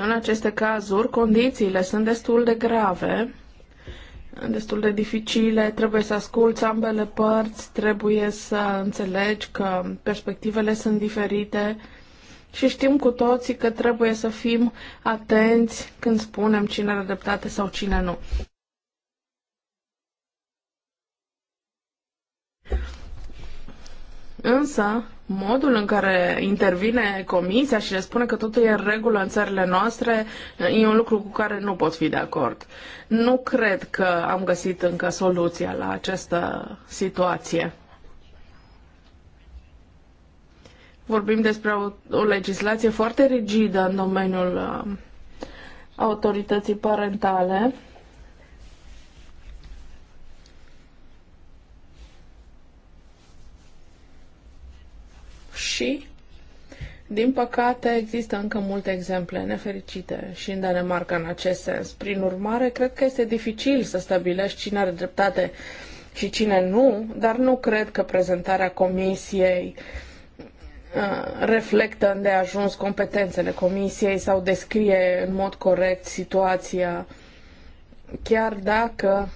În aceste cazuri, condițiile sunt destul de grave, destul de dificile, trebuie să asculți ambele părți, trebuie să înțelegi că perspectivele sunt diferite și știm cu toții că trebuie să fim atenți când spunem cine are dreptate sau cine nu. Însă, modul în care intervine comisia și le spune că totul e în regulă în țările noastre e un lucru cu care nu pot fi de acord. Nu cred că am găsit încă soluția la această situație. Vorbim despre o, o legislație foarte rigidă în domeniul um, autorității parentale și, din păcate, există încă multe exemple nefericite și în Danemarca în acest sens. Prin urmare, cred că este dificil să stabilești cine are dreptate și cine nu, dar nu cred că prezentarea comisiei uh, reflectă ajuns competențele comisiei sau descrie în mod corect situația, chiar dacă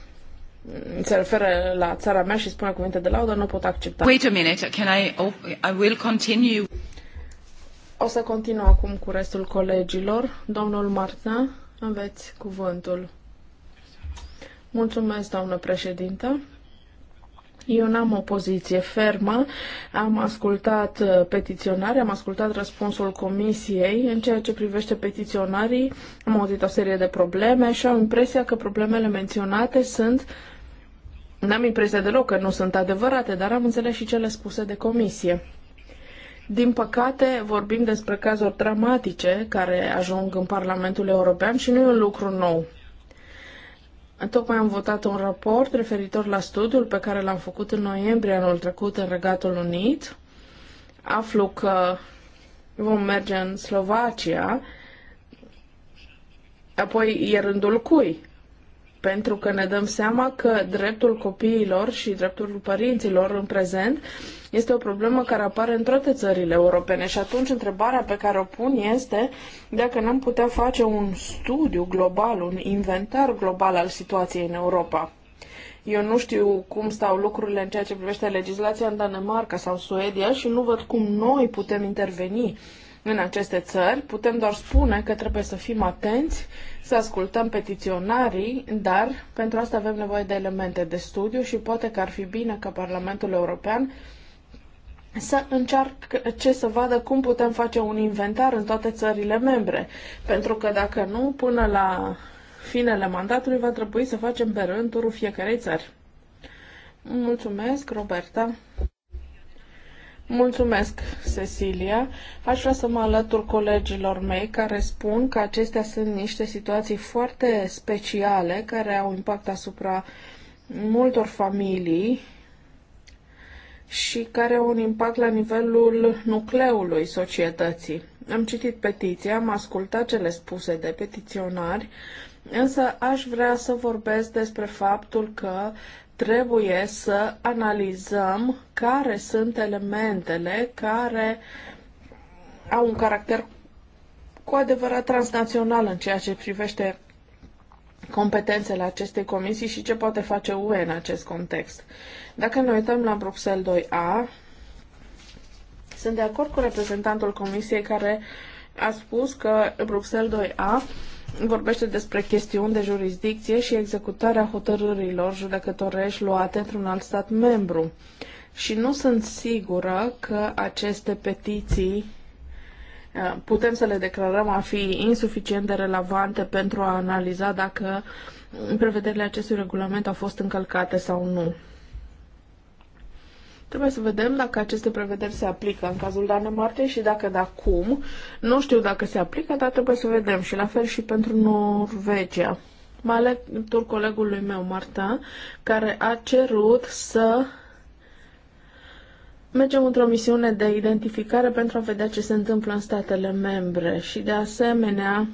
Mm, se referă la țara mea și spune cuvinte de laudă, nu pot accepta. Wait a minute, can I, oh, I will continue. O să continu acum cu restul colegilor. Domnul Marta, înveți cuvântul. Mulțumesc, doamnă președintă. Eu n-am o poziție fermă, am ascultat uh, petiționarea, am ascultat răspunsul comisiei. În ceea ce privește petiționarii, am auzit o serie de probleme și am impresia că problemele menționate sunt uh, N-am impresia deloc că nu sunt adevărate, dar am înțeles și cele spuse de comisie. Din păcate, vorbim despre cazuri dramatice care ajung în Parlamentul European și nu e un lucru nou. Tocmai am votat un raport referitor la studiul pe care l-am făcut în noiembrie anul trecut în Regatul Unit. Aflu că vom merge în Slovacia, apoi e rândul cui? pentru că ne dăm seama că dreptul copiilor și dreptul părinților în prezent este o problemă care apare în toate țările europene și atunci întrebarea pe care o pun este dacă n-am putea face un studiu global, un inventar global al situației în Europa. Eu nu știu cum stau lucrurile în ceea ce privește legislația în Danemarca sau Suedia și nu văd cum noi putem interveni în aceste țări, putem doar spune că trebuie să fim atenți, să ascultăm petiționarii, dar pentru asta avem nevoie de elemente de studiu și poate că ar fi bine ca Parlamentul European să încearcă să vadă cum putem face un inventar în toate țările membre. Pentru că dacă nu, până la finele mandatului va trebui să facem pe rând turul fiecarei țări. Mulțumesc, Roberta. Mulțumesc, Cecilia. Aș vrea să mă alătur colegilor mei care spun că acestea sunt niște situații foarte speciale care au impact asupra multor familii și care au un impact la nivelul nucleului societății. Am citit petiția, am ascultat cele spuse de petiționari, însă aș vrea să vorbesc despre faptul că trebuie să analizăm care sunt elementele care au un caracter cu adevărat transnațional în ceea ce privește competențele acestei comisii și ce poate face UE în acest context. Dacă ne uităm la Bruxelles 2A, sunt de acord cu reprezentantul comisiei care a spus că Bruxelles 2A vorbește despre chestiuni de jurisdicție și executarea hotărârilor judecătorești luate într-un alt stat membru. Și nu sunt sigură că aceste petiții uh, putem să le declarăm a fi insuficient de relevante pentru a analiza dacă prevederile acestui regulament au fost încălcate sau nu. Trebuie să vedem dacă aceste prevederi se aplică în cazul Danemarcei și dacă da cum. Nu știu dacă se aplică, dar trebuie să vedem și la fel și pentru Norvegia. Mă alătur colegului meu, Marta, care a cerut să Mergem într-o misiune de identificare pentru a vedea ce se întâmplă în statele membre și, de asemenea,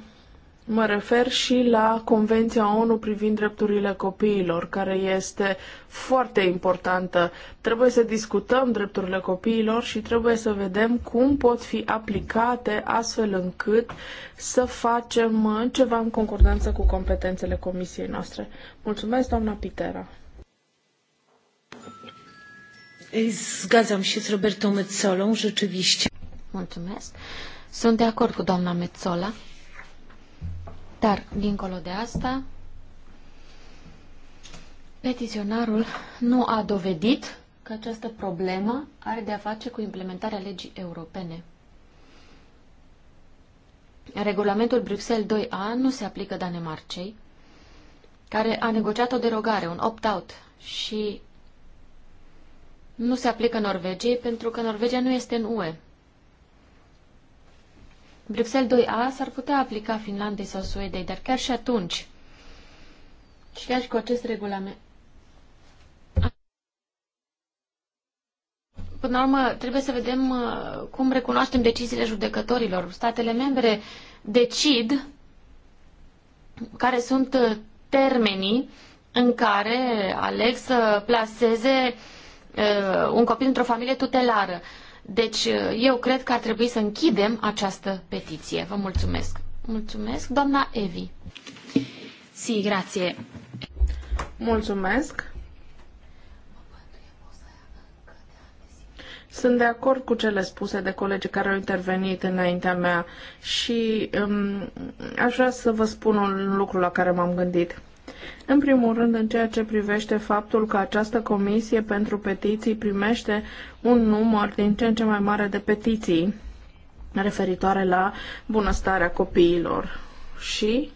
Mă refer și la Convenția ONU privind drepturile copiilor, care este foarte importantă. Trebuie să discutăm drepturile copiilor și trebuie să vedem cum pot fi aplicate astfel încât să facem ceva în concordanță cu competențele comisiei noastre. Mulțumesc, doamna Pitera. Mulțumesc. Sunt de acord cu doamna Metzola. Dar, dincolo de asta, petiționarul nu a dovedit că această problemă are de a face cu implementarea legii europene. Regulamentul Bruxelles 2A nu se aplică Danemarcei, care a negociat o derogare, un opt-out, și nu se aplică Norvegiei pentru că Norvegia nu este în UE. Bruxelles 2A s-ar putea aplica Finlandei sau Suedei, dar chiar și atunci, și chiar și cu acest regulament, Până la urmă, trebuie să vedem uh, cum recunoaștem deciziile judecătorilor. Statele membre decid care sunt uh, termenii în care aleg să placeze uh, un copil într-o familie tutelară. Deci eh, eu cred că ar trebui să închidem această petiție. Vă mulțumesc. Mulțumesc, doamna Evi. Si, grație. Mulțumesc. Sunt de acord cu cele spuse de colegii care au intervenit înaintea mea și um, aș vrea să vă spun un lucru la care m-am gândit. În primul rând, în ceea ce privește faptul că această comisie pentru petiții primește un număr din ce în ce mai mare de petiții referitoare la bunăstarea copiilor. Și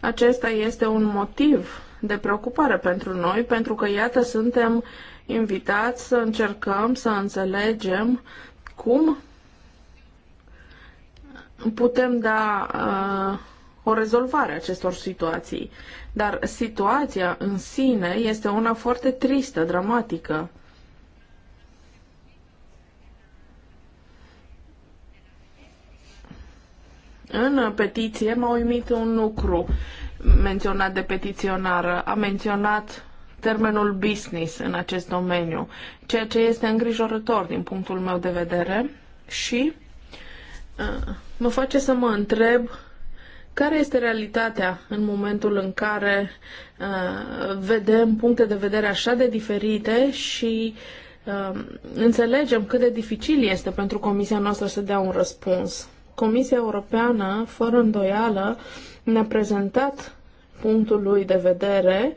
acesta este un motiv de preocupare pentru noi, pentru că, iată, suntem invitați să încercăm să înțelegem cum putem da uh, o rezolvare acestor situații. Dar situația în sine este una foarte tristă, dramatică. În petiție m-a uimit un lucru menționat de petiționară. A menționat termenul business în acest domeniu, ceea ce este îngrijorător din punctul meu de vedere și uh, mă face să mă întreb care este realitatea în momentul în care uh, vedem puncte de vedere așa de diferite și uh, înțelegem cât de dificil este pentru Comisia noastră să dea un răspuns? Comisia Europeană, fără îndoială, ne-a prezentat punctul lui de vedere uh,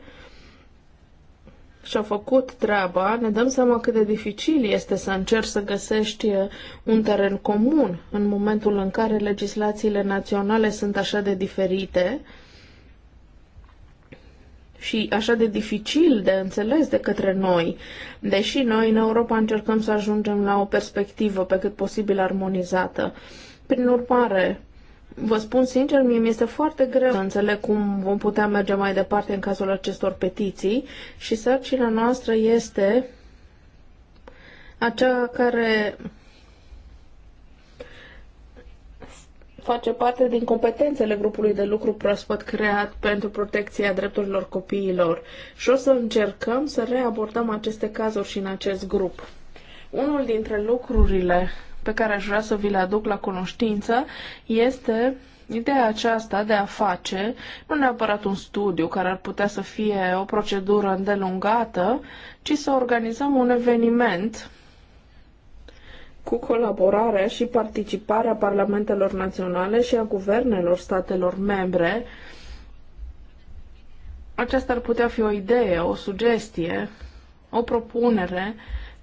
și a făcut treaba, ne dăm seama cât de dificil este să încerci să găsești uh, un teren comun în momentul în care legislațiile naționale sunt așa de diferite și așa de dificil de înțeles de către noi, deși noi în Europa încercăm să ajungem la o perspectivă pe cât posibil armonizată. Prin urmare, Vă spun sincer, mie mi-este foarte greu să înțeleg cum vom putea merge mai departe în cazul acestor petiții și sarcina noastră este acea care face parte din competențele grupului de lucru proaspăt creat pentru protecția drepturilor copiilor și o să încercăm să reabordăm aceste cazuri și în acest grup. Unul dintre lucrurile pe care aș vrea să vi le aduc la cunoștință este Ideea aceasta de a face nu neapărat un studiu care ar putea să fie o procedură îndelungată, ci să organizăm un eveniment cu colaborarea și participarea parlamentelor naționale și a guvernelor statelor membre. Aceasta ar putea fi o idee, o sugestie, o propunere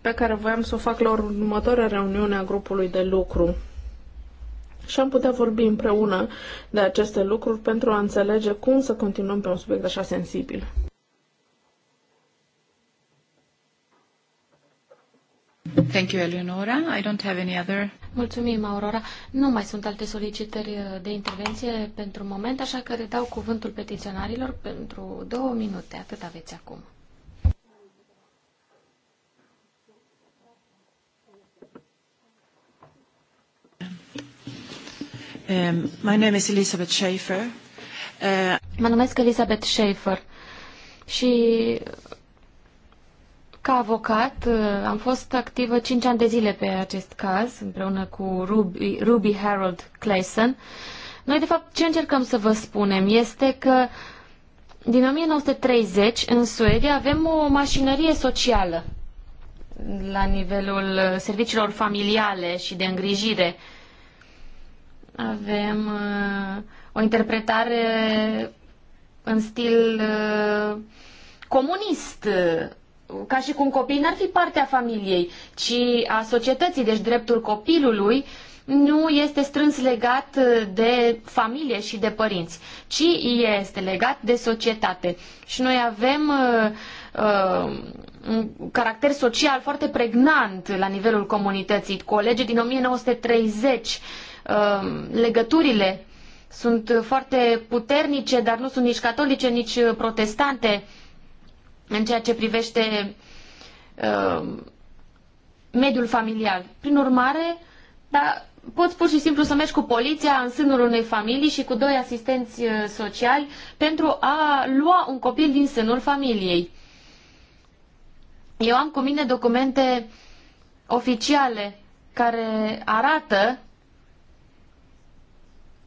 pe care voiam să o fac la următoarea reuniune a grupului de lucru. Și am putea vorbi împreună de aceste lucruri pentru a înțelege cum să continuăm pe un subiect așa sensibil. Thank you, Eleonora. I don't have any other... Mulțumim, Aurora. Nu mai sunt alte solicitări uh, de intervenție pentru moment, așa că redau cuvântul petiționarilor pentru două minute. Atât aveți acum. Um, my name is Elizabeth Schaefer. Uh, mă numesc Elizabeth Schaefer și ca avocat uh, am fost activă 5 ani de zile pe acest caz împreună cu Ruby, Ruby Harold Clayson. Noi, de fapt, ce încercăm să vă spunem este că din 1930 în Suedia avem o mașinărie socială la nivelul uh, serviciilor familiale și de îngrijire avem uh, o interpretare în stil uh, comunist, uh, ca și cum copiii n-ar fi partea familiei, ci a societății, deci dreptul copilului nu este strâns legat uh, de familie și de părinți, ci este legat de societate. Și noi avem uh, uh, un caracter social foarte pregnant la nivelul comunității. Colegi din 1930 Um, legăturile sunt foarte puternice, dar nu sunt nici catolice, nici protestante în ceea ce privește um, mediul familial. Prin urmare, da, poți pur și simplu să mergi cu poliția în sânul unei familii și cu doi asistenți uh, sociali pentru a lua un copil din sânul familiei. Eu am cu mine documente oficiale care arată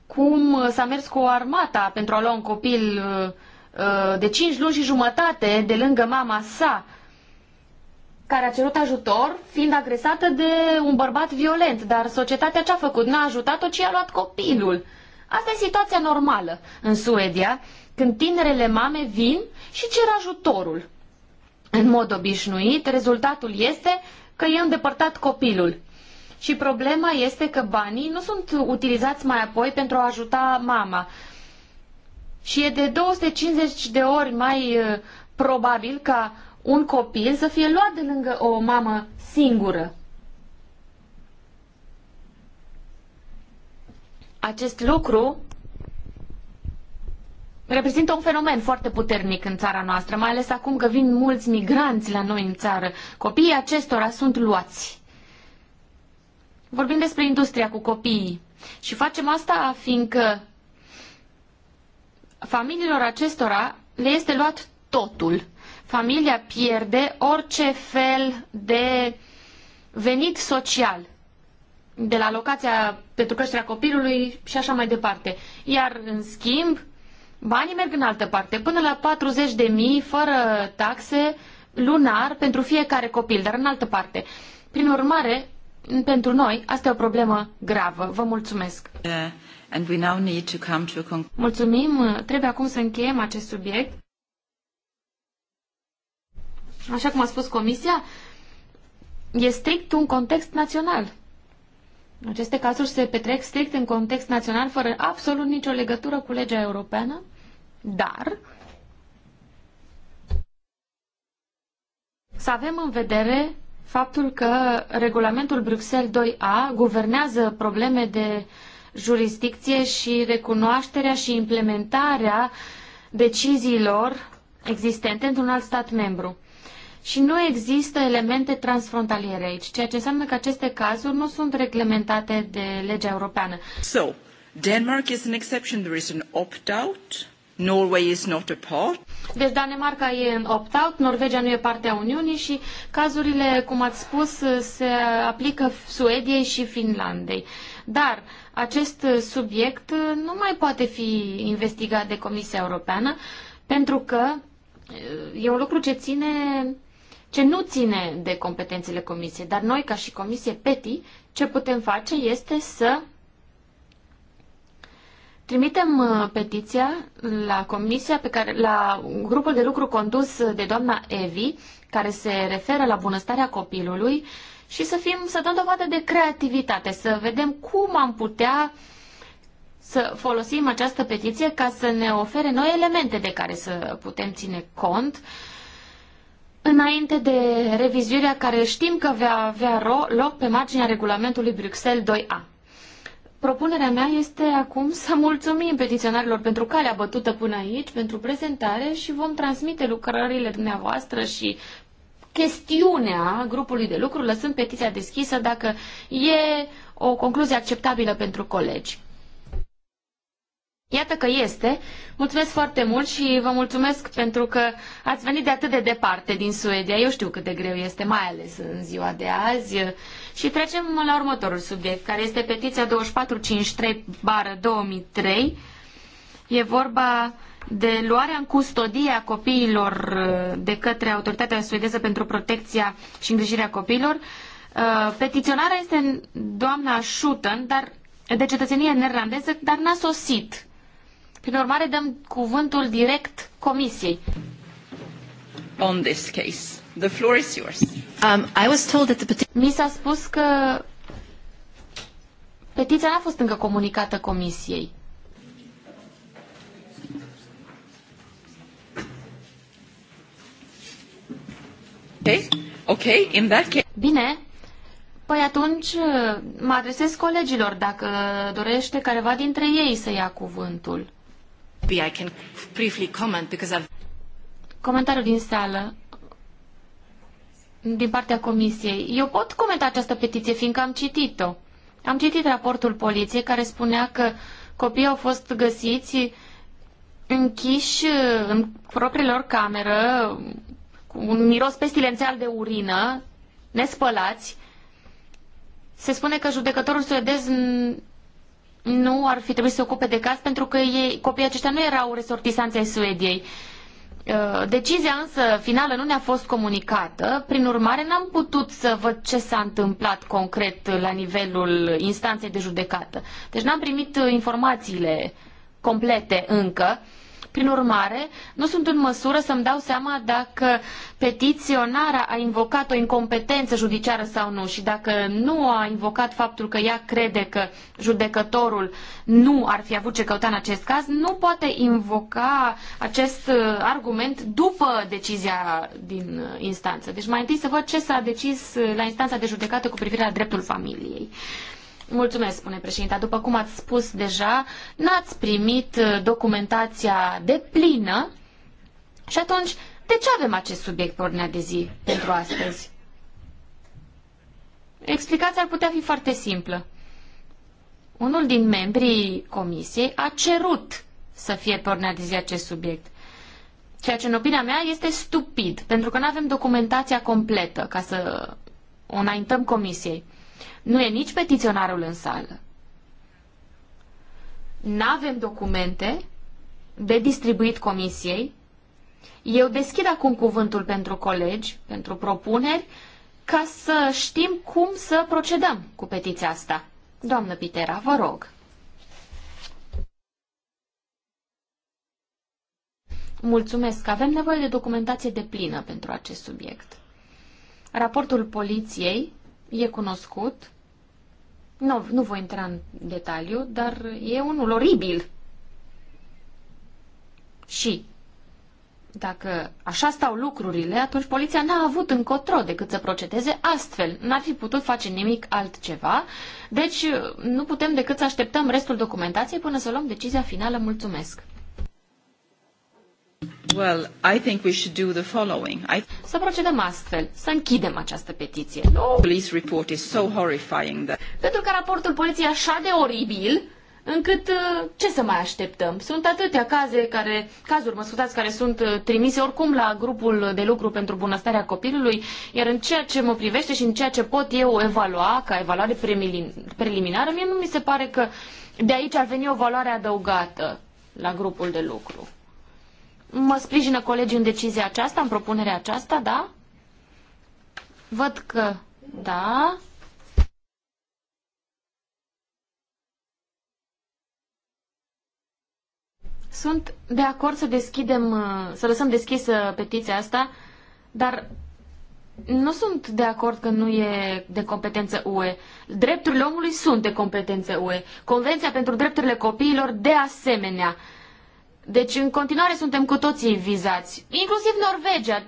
cum s-a mers cu armata pentru a lua un copil uh, uh, de cinci luni și jumătate de lângă mama sa, care a cerut ajutor fiind agresată de un bărbat violent, dar societatea ce a făcut? N-a ajutat-o, ci a luat copilul. Asta e situația normală în Suedia, când tinerele mame vin și cer ajutorul. În mod obișnuit, rezultatul este că e îndepărtat copilul. Și problema este că banii nu sunt utilizați mai apoi pentru a ajuta mama. Și e de 250 de ori mai uh, probabil ca un copil să fie luat de lângă o mamă singură. Acest lucru reprezintă un fenomen foarte puternic în țara noastră, mai ales acum că vin mulți migranți la noi în țară. Copiii acestora sunt luați vorbim despre industria cu copiii și facem asta fiindcă familiilor acestora le este luat totul. Familia pierde orice fel de venit social de la locația pentru creșterea copilului și așa mai departe. Iar, în schimb, banii merg în altă parte, până la 40 de mii, fără taxe, lunar, pentru fiecare copil, dar în altă parte. Prin urmare, pentru noi, asta e o problemă gravă. Vă mulțumesc. Uh, and we now need to come to a Mulțumim. Trebuie acum să încheiem acest subiect. Așa cum a spus Comisia, e strict un context național. Aceste cazuri se petrec strict în context național, fără absolut nicio legătură cu legea europeană, dar să avem în vedere faptul că regulamentul Bruxelles 2A guvernează probleme de jurisdicție și recunoașterea și implementarea deciziilor existente într-un alt stat membru. Și nu există elemente transfrontaliere aici, ceea ce înseamnă că aceste cazuri nu sunt reglementate de legea europeană. So, Denmark is an exception, there is an opt-out Norway is not a part. Deci Danemarca e în opt-out, Norvegia nu e parte a Uniunii și cazurile, cum ați spus, se aplică Suediei și Finlandei. Dar acest subiect nu mai poate fi investigat de Comisia Europeană pentru că eh, e un lucru ce ține ce nu ține de competențele Comisiei, dar noi, ca și Comisie PETI, ce putem face este să Trimitem uh, petiția la comisia pe care, la grupul de lucru condus de doamna Evi, care se referă la bunăstarea copilului și să fim, să dăm dovadă de creativitate, să vedem cum am putea să folosim această petiție ca să ne ofere noi elemente de care să putem ține cont înainte de revizuirea care știm că va avea loc pe marginea regulamentului Bruxelles 2A. Propunerea mea este acum să mulțumim petiționarilor pentru calea bătută până aici, pentru prezentare și vom transmite lucrările dumneavoastră și chestiunea grupului de lucru, lăsând petiția deschisă dacă e o concluzie acceptabilă pentru colegi. Iată că este. Mulțumesc foarte mult și vă mulțumesc pentru că ați venit de atât de departe din Suedia. Eu știu cât de greu este, mai ales în ziua de azi. Și trecem la următorul subiect, care este petiția 2453 2003. E vorba de luarea în custodie a copiilor uh, de către Autoritatea Suedeză pentru Protecția și Îngrijirea Copiilor. Uh, petiționarea este doamna Schutten, dar de cetățenie neerlandeză, dar n-a sosit prin urmare, dăm cuvântul direct Comisiei. On this case, the floor is yours. Um, I was told that the Mi s-a spus că petiția n-a fost încă comunicată Comisiei. Okay. Okay, in that case... Bine. Păi atunci uh, mă adresez colegilor dacă dorește careva dintre ei să ia cuvântul. I can briefly comment because I've... Comentariu din sală din partea comisiei. Eu pot comenta această petiție, fiindcă am citit-o. Am citit raportul poliției care spunea că copiii au fost găsiți închiși în propriile lor cameră, cu un miros pestilențial de urină, nespălați. Se spune că judecătorul suedez nu ar fi trebuit să se ocupe de caz pentru că ei, copiii aceștia nu erau resortisanți ai Suediei. Uh, decizia însă finală nu ne-a fost comunicată, prin urmare n-am putut să văd ce s-a întâmplat concret la nivelul instanței de judecată. Deci n-am primit uh, informațiile complete încă. Uh, prin urmare, nu sunt în măsură să-mi dau seama dacă petiționarea a invocat o incompetență judiciară sau nu și dacă nu a invocat faptul că ea crede că judecătorul nu ar fi avut ce căuta în acest caz, nu poate invoca acest uh, argument după decizia din uh, instanță. Deci mai întâi să văd ce s-a decis uh, la instanța de judecată cu privire la dreptul familiei. Mulțumesc, spune președinta. După cum ați spus deja, n-ați primit uh, documentația de plină și atunci, de ce avem acest subiect pe ordinea de zi pentru astăzi? Explicația ar putea fi foarte simplă. Unul din membrii comisiei a cerut să fie pe ordinea de zi acest subiect. Ceea ce, în opinia mea, este stupid, pentru că nu avem documentația completă ca să o înaintăm comisiei. Nu e nici petiționarul în sală. N-avem documente de distribuit comisiei. Eu deschid acum cuvântul pentru colegi, pentru propuneri, ca să știm cum să procedăm cu petiția asta. Doamnă Pitera, vă rog. Mulțumesc. Avem nevoie de documentație de plină pentru acest subiect. Raportul poliției e cunoscut nu, nu voi intra în detaliu, dar e unul oribil. Și dacă așa stau lucrurile, atunci poliția n-a avut încotro decât să procedeze astfel. N-ar fi putut face nimic altceva, deci nu putem decât să așteptăm restul documentației până să luăm decizia finală. Mulțumesc! Well, I think we should do the following. I... Să procedăm astfel, să închidem această petiție. No. Police report is so horrifying that... Pentru că raportul poliției e așa de oribil, încât uh, ce să mai așteptăm? Sunt atâtea caze care, cazuri, mă scuzați, care sunt uh, trimise oricum la grupul de lucru pentru bunăstarea copilului, iar în ceea ce mă privește și în ceea ce pot eu evalua ca evaluare preliminară, mie nu mi se pare că de aici ar veni o valoare adăugată la grupul de lucru. Mă sprijină colegii în decizia aceasta, în propunerea aceasta, da? Văd că da. Sunt de acord să deschidem, să lăsăm deschisă petiția asta, dar nu sunt de acord că nu e de competență UE. Drepturile omului sunt de competență UE. Convenția pentru drepturile copiilor de asemenea. Deci în continuare suntem cu toții vizați. Inclusiv Norvegia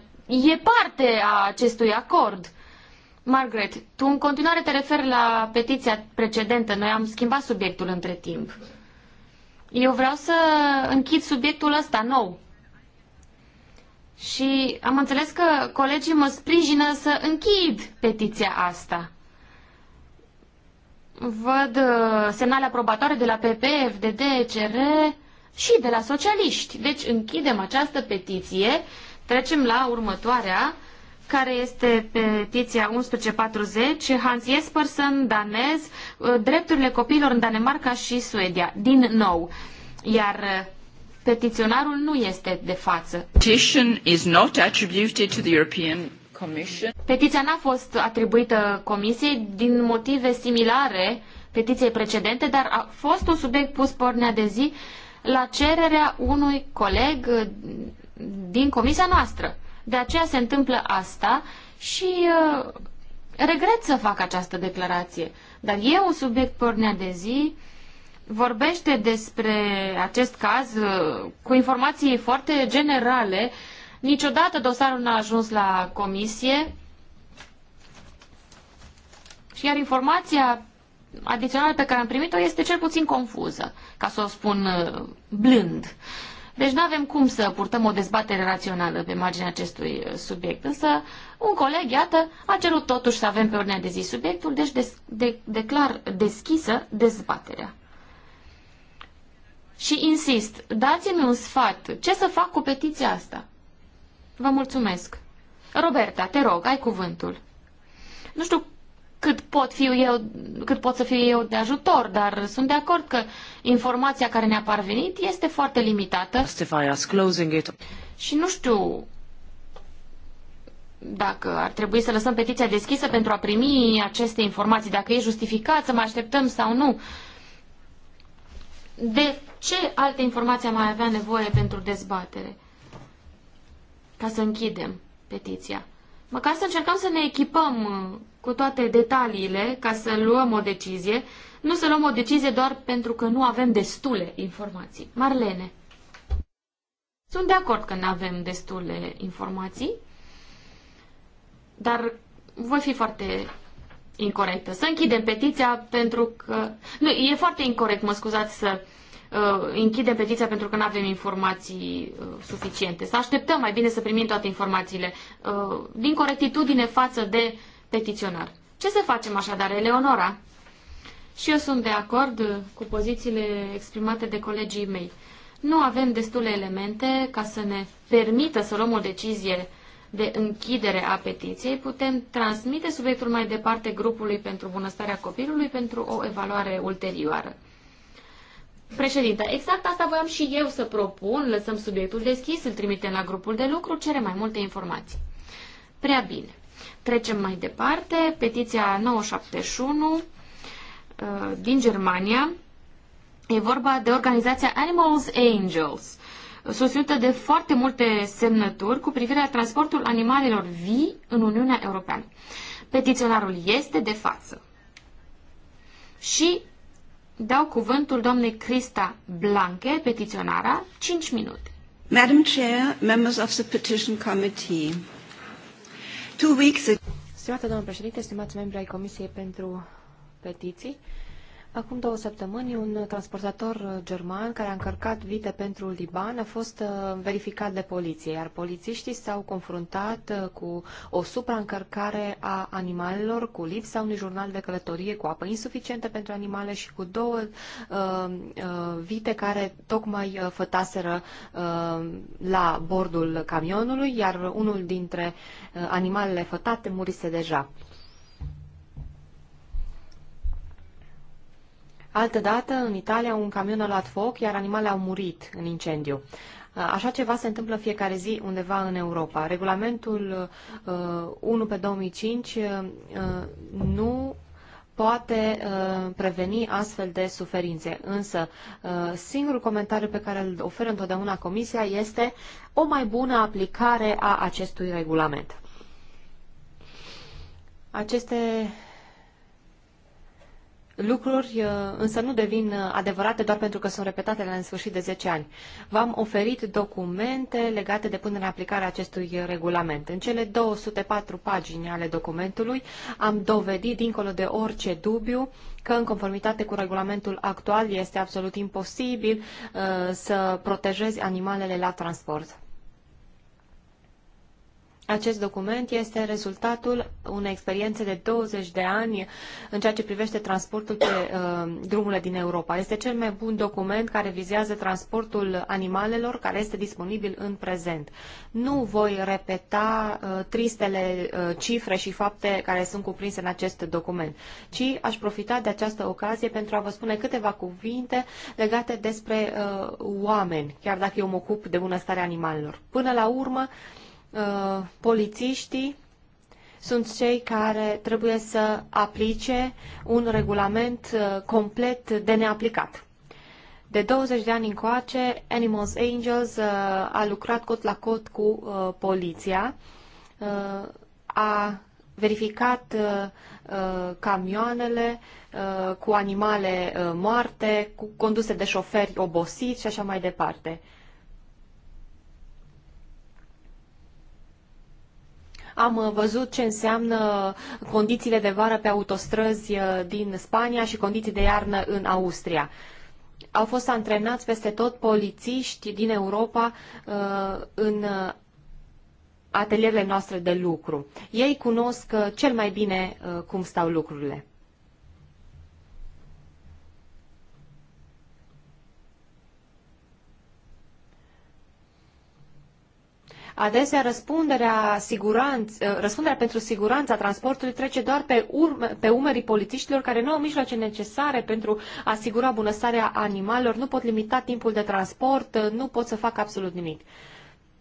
e parte a acestui acord. Margaret, tu în continuare te referi la petiția precedentă. Noi am schimbat subiectul între timp. Eu vreau să închid subiectul ăsta nou. Și am înțeles că colegii mă sprijină să închid petiția asta. Văd uh, semnale aprobatoare de la PP, FDD, CR și de la socialiști. Deci închidem această petiție, trecem la următoarea, care este petiția 1140, Hans Jespersen, danez, drepturile copiilor în Danemarca și Suedia, din nou. Iar uh, petiționarul nu este de față. Petition is not attributed to the European Commission. Petiția n-a fost atribuită comisiei din motive similare petiției precedente, dar a fost un subiect pus pornea de zi uh, la cererea unui coleg din comisia noastră. De aceea se întâmplă asta și uh, regret să fac această declarație. Dar e un subiect pornea de zi, vorbește despre acest caz uh, cu informații foarte generale. Niciodată dosarul n-a ajuns la comisie, și iar informația adițională pe care am primit-o este cel puțin confuză, ca să o spun uh, blând. Deci nu avem cum să purtăm o dezbatere rațională pe marginea acestui uh, subiect. Însă un coleg, iată, a cerut totuși să avem pe ordinea de zi subiectul, deci des, de, declar deschisă dezbaterea. Și insist, dați-mi un sfat. Ce să fac cu petiția asta? Vă mulțumesc. Roberta, te rog, ai cuvântul. Nu știu cât pot, fiu eu, cât pot să fiu eu de ajutor, dar sunt de acord că informația care ne-a parvenit este foarte limitată. Și nu știu dacă ar trebui să lăsăm petiția deschisă pentru a primi aceste informații, dacă e justificat să mai așteptăm sau nu. De ce alte informații am mai avea nevoie pentru dezbatere? Ca să închidem petiția măcar să încercăm să ne echipăm uh, cu toate detaliile ca să luăm o decizie, nu să luăm o decizie doar pentru că nu avem destule informații. Marlene. Sunt de acord că nu avem destule informații, dar voi fi foarte incorrectă. Să închidem petiția pentru că... Nu, e foarte incorrect, mă scuzați, să uh, închidem petiția pentru că nu avem informații uh, suficiente. Să așteptăm mai bine să primim toate informațiile uh, din corectitudine față de petiționar. Ce să facem așadar, Eleonora? Și eu sunt de acord uh, cu pozițiile exprimate de colegii mei. Nu avem destule elemente ca să ne permită să luăm o decizie de închidere a petiției, putem transmite subiectul mai departe grupului pentru bunăstarea copilului pentru o evaluare ulterioară. Președinte, exact asta voiam și eu să propun. Lăsăm subiectul deschis, îl trimitem la grupul de lucru, cere mai multe informații. Prea bine. Trecem mai departe. Petiția 971 uh, din Germania. E vorba de organizația Animals Angels, susținută de foarte multe semnături cu privire la transportul animalelor vii în Uniunea Europeană. Petiționarul este de față și dau cuvântul doamnei Crista Blanche, petiționara, 5 minute. Madam Chair, members of the Petition Committee. Two weeks ago... Stimată doamnă președinte, stimați membri ai Comisiei pentru Petiții, Acum două săptămâni, un transportator german care a încărcat vite pentru Liban a fost uh, verificat de poliție, iar polițiștii s-au confruntat uh, cu o supraîncărcare a animalelor, cu lipsa unui jurnal de călătorie, cu apă insuficientă pentru animale și cu două uh, uh vite care tocmai fătaseră uh, la bordul camionului, iar unul dintre animalele fătate murise deja. Altădată, în Italia, un camion a luat foc, iar animalele au murit în incendiu. Uh, așa ceva se întâmplă fiecare zi undeva în Europa. Regulamentul uh, 1 pe 2005 uh, uh, nu poate uh, preveni astfel de suferințe. Însă, uh, singurul comentariu pe care îl oferă întotdeauna Comisia este o mai bună aplicare a acestui regulament. Aceste lucruri uh, însă nu devin uh, adevărate doar pentru că sunt repetate la nesfârșit de 10 ani. V-am oferit documente legate de punerea în aplicare a acestui regulament. În cele 204 pagini ale documentului am dovedit, dincolo de orice dubiu, că în conformitate cu regulamentul actual este absolut imposibil uh, să protejezi animalele la transport. Acest document este rezultatul unei experiențe de 20 de ani în ceea ce privește transportul pe uh, drumurile din Europa. Este cel mai bun document care vizează transportul animalelor care este disponibil în prezent. Nu voi repeta uh, tristele uh, cifre și fapte care sunt cuprinse în acest document, ci aș profita de această ocazie pentru a vă spune câteva cuvinte legate despre uh, oameni, chiar dacă eu mă ocup de bunăstarea animalelor. Până la urmă, uh, Uh, polițiștii sunt cei care trebuie să aplice un regulament uh, complet de neaplicat. De 20 de ani încoace, Animals Angels uh, a lucrat cot la cot cu poliția, a verificat camioanele cu animale moarte, cu conduse de șoferi obosiți și așa mai departe. Am uh, văzut ce înseamnă condițiile de vară pe autostrăzi uh, din Spania și condiții de iarnă în Austria. Au fost antrenați peste tot polițiști din Europa uh, în atelierele noastre de lucru. Ei cunosc cel mai bine cum stau lucrurile. Adesea răspunderea, siguranț, eh, răspunderea pentru siguranța transportului trece doar pe, urme, pe umerii polițiștilor care nu au mijloace necesare pentru a asigura bunăstarea animalelor, nu pot limita timpul de transport, eh, nu pot să facă absolut nimic.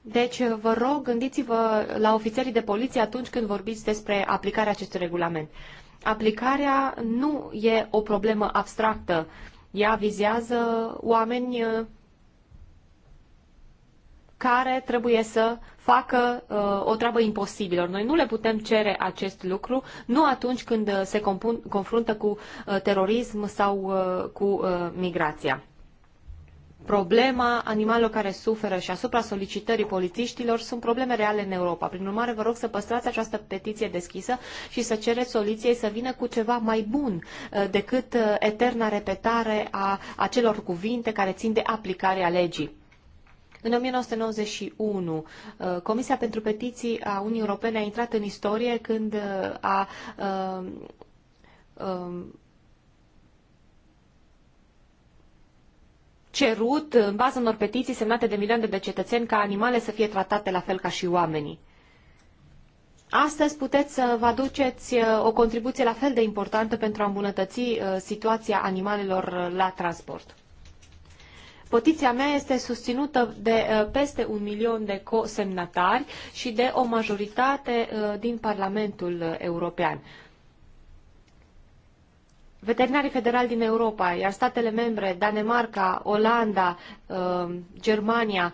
Deci, eh, vă rog, gândiți-vă la ofițerii de poliție atunci când vorbiți despre aplicarea acestui regulament. Aplicarea nu e o problemă abstractă. Ea vizează oameni care trebuie să facă uh, o treabă imposibilă. Noi nu le putem cere acest lucru, nu atunci când uh, se compun, confruntă cu uh, terorism sau uh, cu uh, migrația. Problema animalelor care suferă și asupra solicitării polițiștilor sunt probleme reale în Europa. Prin urmare, vă rog să păstrați această petiție deschisă și să cereți soluției să vină cu ceva mai bun uh, decât uh, eterna repetare a acelor cuvinte care țin de aplicarea legii. În 1991, uh, Comisia pentru Petiții a Uniunii Europene a intrat în istorie când uh, a, a, uh, a um, cerut, în baza unor petiții semnate de milioane de cetățeni, ca animale să fie tratate la fel ca și oamenii. Astăzi puteți să vă aduceți o contribuție la fel de importantă pentru a îmbunătăți situația animalelor la transport. Petiția mea este susținută de uh, peste un milion de cosemnatari și de o majoritate uh, din Parlamentul uh, European. Veterinarii federali din Europa, iar statele membre, Danemarca, Olanda, Germania,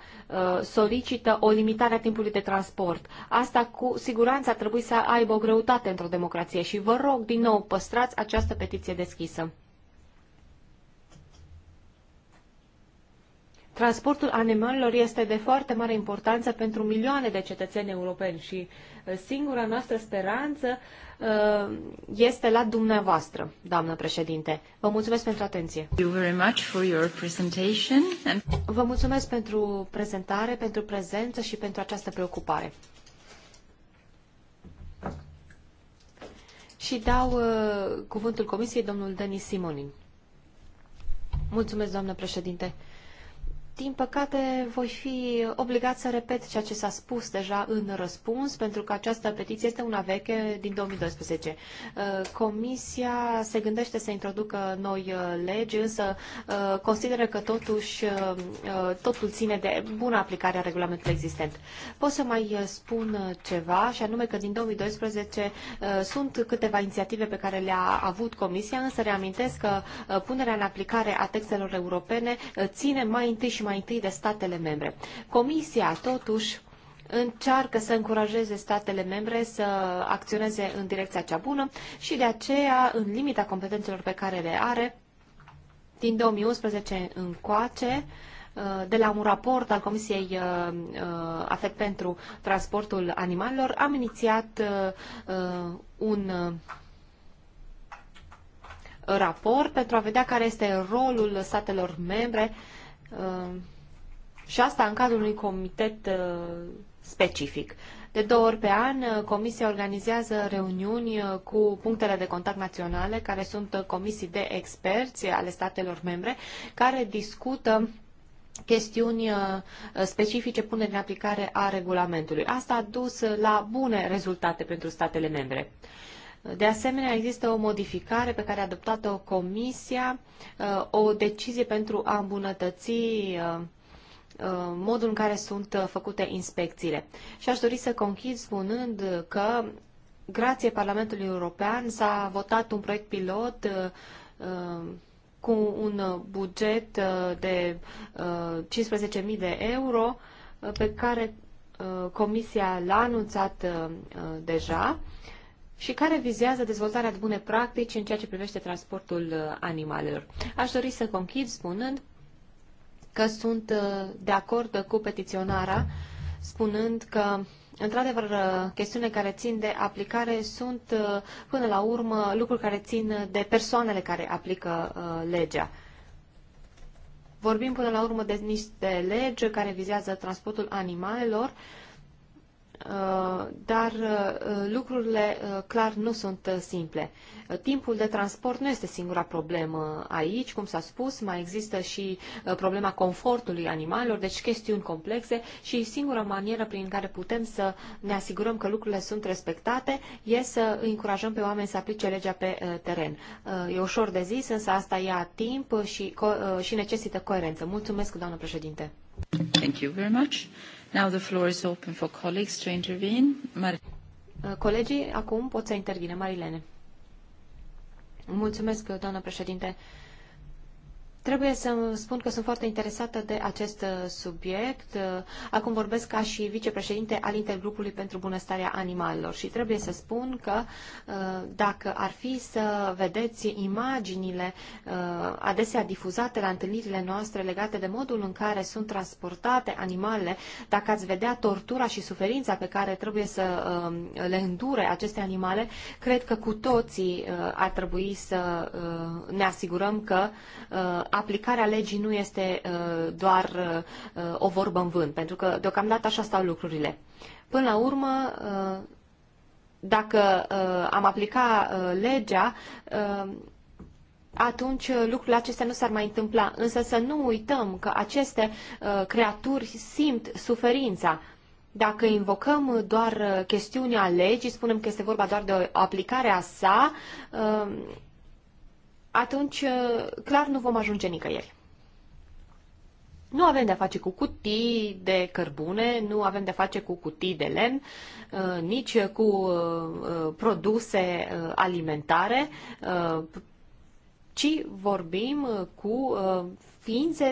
solicită o limitare a timpului de transport. Asta cu siguranță ar trebui să aibă o greutate într-o democrație și vă rog din nou păstrați această petiție deschisă. Transportul animalelor este de foarte mare importanță pentru milioane de cetățeni europeni și uh, singura noastră speranță uh, este la dumneavoastră, doamnă președinte. Vă mulțumesc pentru atenție. Vă mulțumesc pentru prezentare, pentru prezență și pentru această preocupare. Și dau uh, cuvântul Comisiei domnul Denis Simonin. Mulțumesc, doamnă președinte. Din păcate, voi fi obligat să repet ceea ce s-a spus deja în răspuns, pentru că această petiție este una veche din 2012. Uh, Comisia se gândește să introducă noi uh, legi, însă uh, consideră că totuși totul ține de bună aplicare a regulamentului existent. Pot să mai spun ceva, și anume că din 2012 sunt câteva inițiative pe care le-a avut Comisia, însă reamintesc că punerea în aplicare a textelor europene ține mai întâi și și mai întâi de statele membre. Comisia, totuși, încearcă să încurajeze statele membre să acționeze în direcția cea bună și de aceea, în limita competențelor pe care le are, din 2011 încoace, uh, de la un raport al Comisiei uh, uh, AFET pentru transportul animalelor, am inițiat un raport pentru a vedea care este rolul statelor membre uh, Ehm, și asta în cadrul unui comitet eh, specific. De două ori pe an, eh, Comisia organizează reuniuni eh, cu punctele de contact naționale, care sunt comisii de experți ale statelor membre, care discută chestiuni specifice pune în aplicare a regulamentului. Asta a dus la bune rezultate pentru statele membre. De asemenea, există o modificare pe care a adoptat-o Comisia, uh, o decizie pentru a îmbunătăți uh, uh, modul în care sunt făcute inspecțiile. Și aș dori să conchid spunând că, grație Parlamentului European, s-a votat un proiect pilot cu un buget de 15.000 de euro pe care Comisia l-a anunțat deja și care vizează dezvoltarea de bune practici în ceea ce privește transportul uh, animalelor. Aș dori să conchid spunând că sunt uh, de acord cu petiționara, spunând că Într-adevăr, uh, chestiunile care țin de aplicare sunt, până la urmă, lucruri care țin de persoanele care aplică uh, legea. Vorbim, până la urmă, de niște legi care vizează transportul animalelor uh, Uh, dar uh, lucrurile uh, clar nu sunt simple. Timpul de transport nu este singura problemă aici, cum s-a spus, mai există și problema confortului animalelor, deci chestiuni complexe și singura manieră prin care putem să ne asigurăm că lucrurile sunt respectate e să îi încurajăm pe oameni să aplice legea pe teren. E ușor de zis, însă asta ia timp și, și necesită coerență. Mulțumesc, doamnă președinte. Thank you very much. Now the floor is open for colleagues to intervene. Mar uh, Colegii acum pot să intervine. Marilene. Mulțumesc, doamnă președinte. Trebuie să spun că sunt foarte interesată de acest uh, subiect. Uh, acum vorbesc ca și vicepreședinte al Intergrupului pentru Bunăstarea Animalelor și trebuie să spun că uh, dacă ar fi să vedeți imaginile adesea difuzate la întâlnirile noastre legate de modul în care sunt transportate animalele, dacă ați vedea tortura și suferința pe care trebuie să um, le îndure aceste animale, cred că cu toții ar trebui să ne asigurăm că aplicarea legii nu este uh, doar uh, o vorbă în vânt, pentru că deocamdată așa stau lucrurile. Până la urmă, uh, dacă am aplica legea, atunci lucrurile acestea nu s-ar mai întâmpla. Însă să nu uităm că aceste creaturi simt suferința. Dacă invocăm doar chestiunea legii, spunem că este vorba doar de o aplicare a sa, atunci uh, clar nu vom ajunge nicăieri. Nu avem de-a face cu cutii de cărbune, nu avem de-a face cu cutii de lemn, uh, nici cu uh, produse alimentare, ci vorbim cu ființe,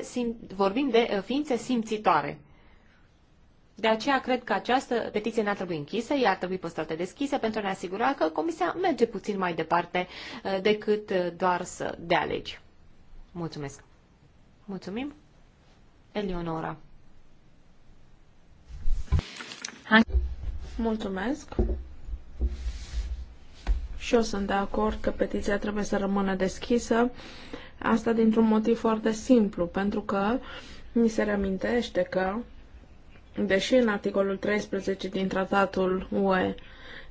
vorbim de ființe simțitoare. De aceea cred că această petiție n-ar trebui închisă, ea ar trebui păstrată deschisă pentru a ne asigura că Comisia merge puțin mai departe uh, decât uh, doar să dea legi. Mulțumesc. Mulțumim. Eleonora. Mulțumesc. Și eu sunt de acord că petiția trebuie să rămână deschisă. Asta dintr-un motiv foarte simplu, pentru că mi se reamintește că Deși în articolul 13 din tratatul UE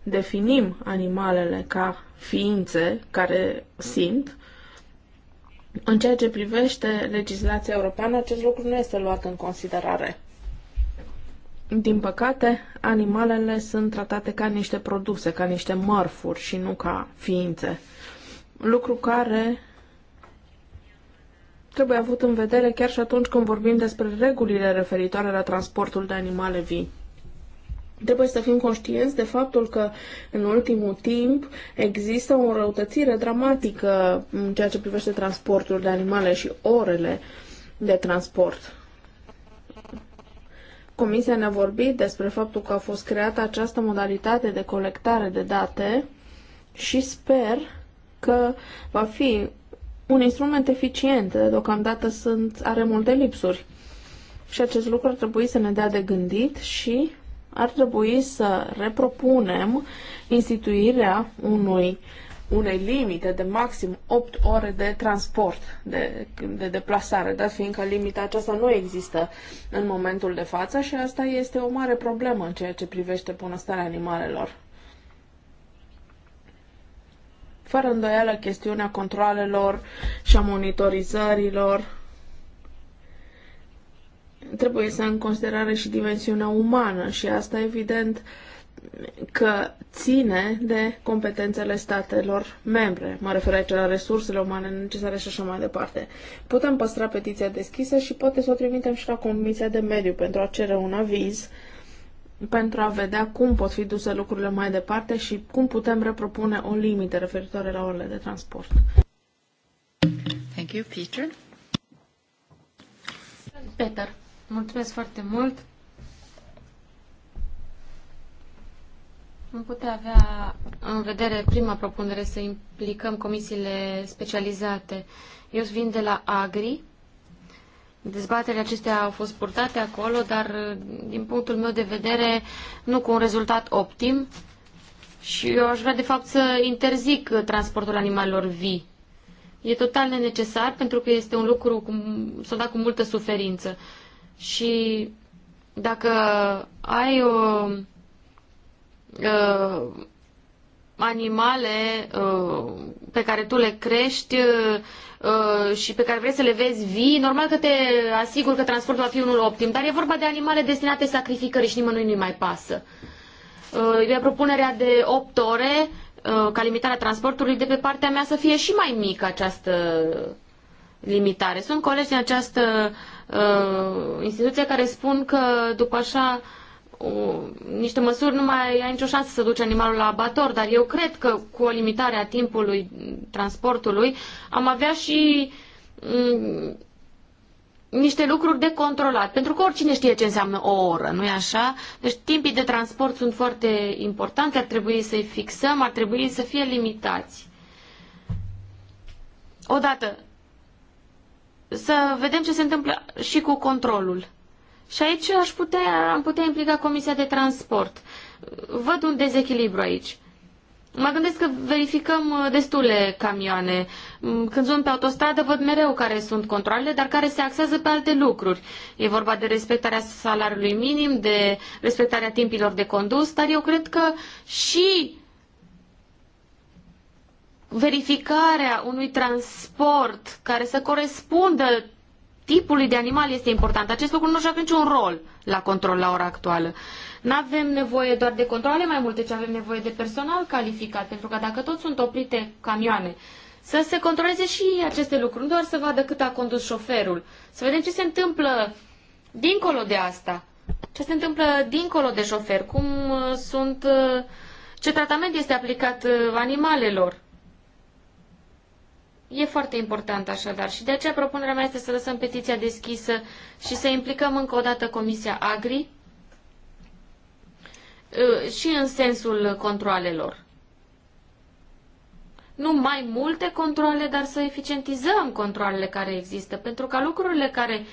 definim animalele ca ființe care simt, în ceea ce privește legislația europeană, acest lucru nu este luat în considerare. Din păcate, animalele sunt tratate ca niște produse, ca niște mărfuri și nu ca ființe. Lucru care trebuie avut în vedere chiar și atunci când vorbim despre regulile referitoare la transportul de animale vii. Trebuie să fim conștienți de faptul că în ultimul timp există o răutățire dramatică în ceea ce privește transportul de animale și orele de transport. Comisia ne-a vorbit despre faptul că a fost creată această modalitate de colectare de date și sper că va fi un instrument eficient. Deocamdată sunt, are multe lipsuri. Și acest lucru ar trebui să ne dea de gândit și ar trebui să repropunem instituirea unui, unei limite de maxim 8 ore de transport, de, de deplasare, dar fiindcă limita aceasta nu există în momentul de față și asta este o mare problemă în ceea ce privește bunăstarea animalelor. Fără îndoială, chestiunea controlelor și a monitorizărilor trebuie să în considerare și dimensiunea umană și asta evident că ține de competențele statelor membre. Mă refer aici la resursele umane necesare și așa mai departe. Putem păstra petiția deschisă și poate să o trimitem și la Comisia de Mediu pentru a cere un aviz uh, pentru a vedea cum pot fi duse lucrurile mai departe și cum putem repropune o limită referitoare la orele de transport. Thank you, Peter. Peter, mulțumesc foarte mult. Nu putea avea în vedere prima propunere să implicăm comisiile specializate. Eu vin de la Agri Dezbaterile acestea au fost purtate acolo, dar din punctul meu de vedere nu cu un rezultat optim și eu aș vrea de fapt să interzic transportul animalelor vii. E total nenecesar pentru că este un lucru cu, s-a dat cu multă suferință. Și dacă ai o, uh, animale uh, pe care tu le crești uh, și pe care vrei să le vezi vii, normal că te asigur că transportul va fi unul optim, dar e vorba de animale destinate sacrificării și nimănui nu-i mai pasă. Uh, e propunerea de 8 ore uh, ca limitarea transportului de pe partea mea să fie și mai mică această limitare. Sunt colegi din această uh, instituție care spun că după așa niște măsuri, nu mai ai nicio șansă să duci animalul la abator, dar eu cred că cu o limitare a timpului transportului am avea și mm, niște lucruri de controlat, pentru că oricine știe ce înseamnă o oră, nu-i așa? Deci timpii de transport sunt foarte importante, ar trebui să-i fixăm, ar trebui să fie limitați. Odată, să vedem ce se întâmplă și cu controlul. Și aici aș putea, am putea implica Comisia de Transport. Văd un dezechilibru aici. Mă gândesc că verificăm uh, destule camioane. Mm, când sunt pe autostradă, văd mereu care sunt controlele, dar care se axează pe alte lucruri. E vorba de respectarea salariului minim, de respectarea timpilor de condus, dar eu cred că și verificarea unui transport care să corespundă tipului de animal este important. Acest lucru nu joacă niciun rol la control la ora actuală. Nu avem nevoie doar de controle mai multe, ci avem nevoie de personal calificat, pentru că dacă tot sunt oprite camioane, să se controleze și aceste lucruri, nu doar să vadă cât a condus șoferul, să vedem ce se întâmplă dincolo de asta, ce se întâmplă dincolo de șofer, cum uh, sunt, uh, ce tratament este aplicat uh, animalelor. E foarte important așadar și de aceea propunerea mea este să lăsăm petiția deschisă și să implicăm încă o dată Comisia Agri ă, și în sensul controalelor. Nu mai multe controle, dar să eficientizăm controlele care există, pentru ca lucrurile care,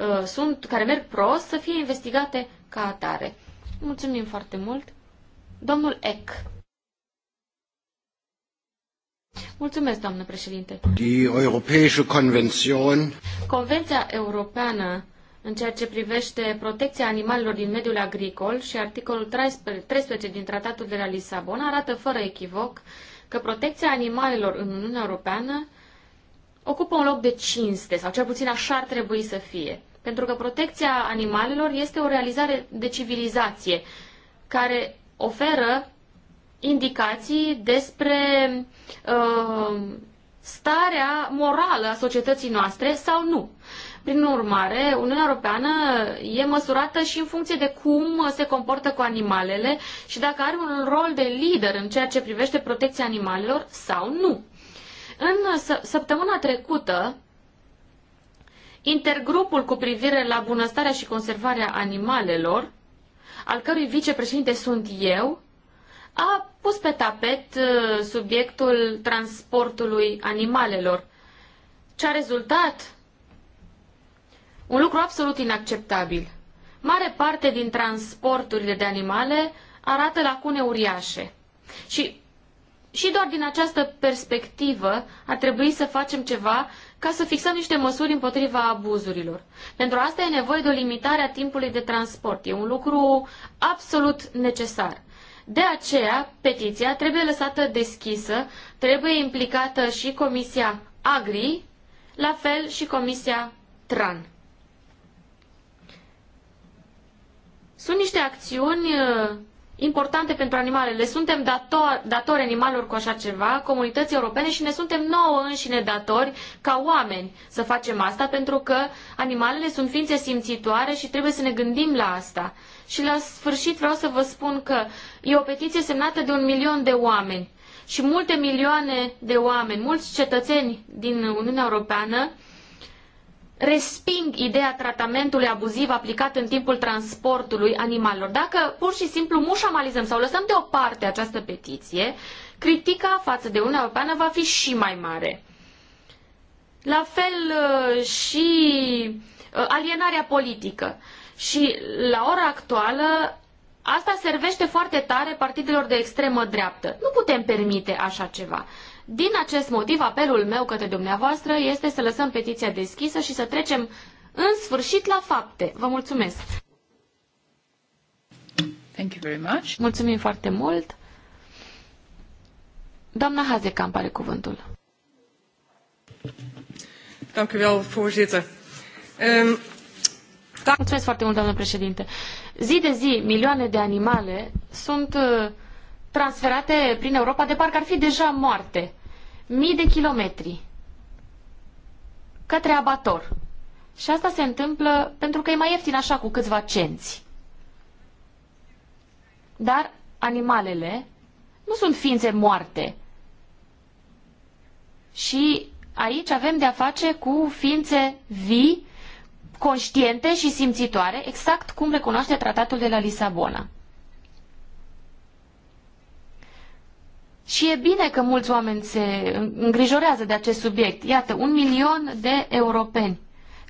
uh, sunt, care merg prost să fie investigate ca atare. Mulțumim foarte mult. Domnul Eck. Mulțumesc, doamnă președinte. Die Europäische Konvention. Convenția Europeană în ceea ce privește protecția animalelor din mediul agricol și articolul 13 din Tratatul de la Lisabona arată fără echivoc că protecția animalelor în Uniunea Europeană ocupă un loc de cinste, sau cel puțin așa ar trebui să fie. Pentru că protecția animalelor este o realizare de civilizație care oferă indicații despre uh, starea morală a societății noastre sau nu. Prin urmare, Uniunea Europeană e măsurată și în funcție de cum se comportă cu animalele și dacă are un rol de lider în ceea ce privește protecția animalelor sau nu. În săptămâna trecută, intergrupul cu privire la bunăstarea și conservarea animalelor, al cărui vicepreședinte sunt eu, a pus pe tapet uh, subiectul transportului animalelor. Ce a rezultat? Un lucru absolut inacceptabil. Mare parte din transporturile de animale arată lacune uriașe. Și, și doar din această perspectivă ar trebui să facem ceva ca să fixăm niște măsuri împotriva abuzurilor. Pentru asta e nevoie de o limitare a timpului de transport. E un lucru absolut necesar. De aceea, petiția trebuie lăsată deschisă, trebuie implicată și Comisia Agri, la fel și Comisia Tran. Sunt niște acțiuni uh, importante pentru animalele. suntem dator, datori animalelor cu așa ceva, comunității europene și ne suntem nouă înșine datori ca oameni să facem asta pentru că animalele sunt ființe simțitoare și trebuie să ne gândim la asta. Și la sfârșit vreau să vă spun că e o petiție semnată de un milion de oameni și multe milioane de oameni, mulți cetățeni din Uniunea Europeană resping ideea tratamentului abuziv aplicat în timpul transportului animalelor. Dacă pur și simplu mușamalizăm sau lăsăm deoparte această petiție, critica față de Uniunea Europeană va fi și mai mare. La fel uh, și uh, alienarea politică. Și la ora actuală asta servește foarte tare partidelor de extremă dreaptă. Nu putem permite așa ceva. Din acest motiv, apelul meu către dumneavoastră este să lăsăm petiția deschisă și să trecem în sfârșit la fapte. Vă mulțumesc! Thank you very much. Mulțumim foarte mult! Doamna Hazekamp are cuvântul. Dank u wel, voorzitter. Um... Da. Mulțumesc foarte mult, doamnă președinte. Zi de zi, milioane de animale sunt uh, transferate prin Europa de parcă ar fi deja moarte. Mii de kilometri către abator. Și asta se întâmplă pentru că e mai ieftin așa cu câțiva cenți. Dar animalele nu sunt ființe moarte. Și aici avem de-a face cu ființe vii conștiente și simțitoare, exact cum recunoaște tratatul de la Lisabona. Și e bine că mulți oameni se îngrijorează de acest subiect. Iată, un milion de europeni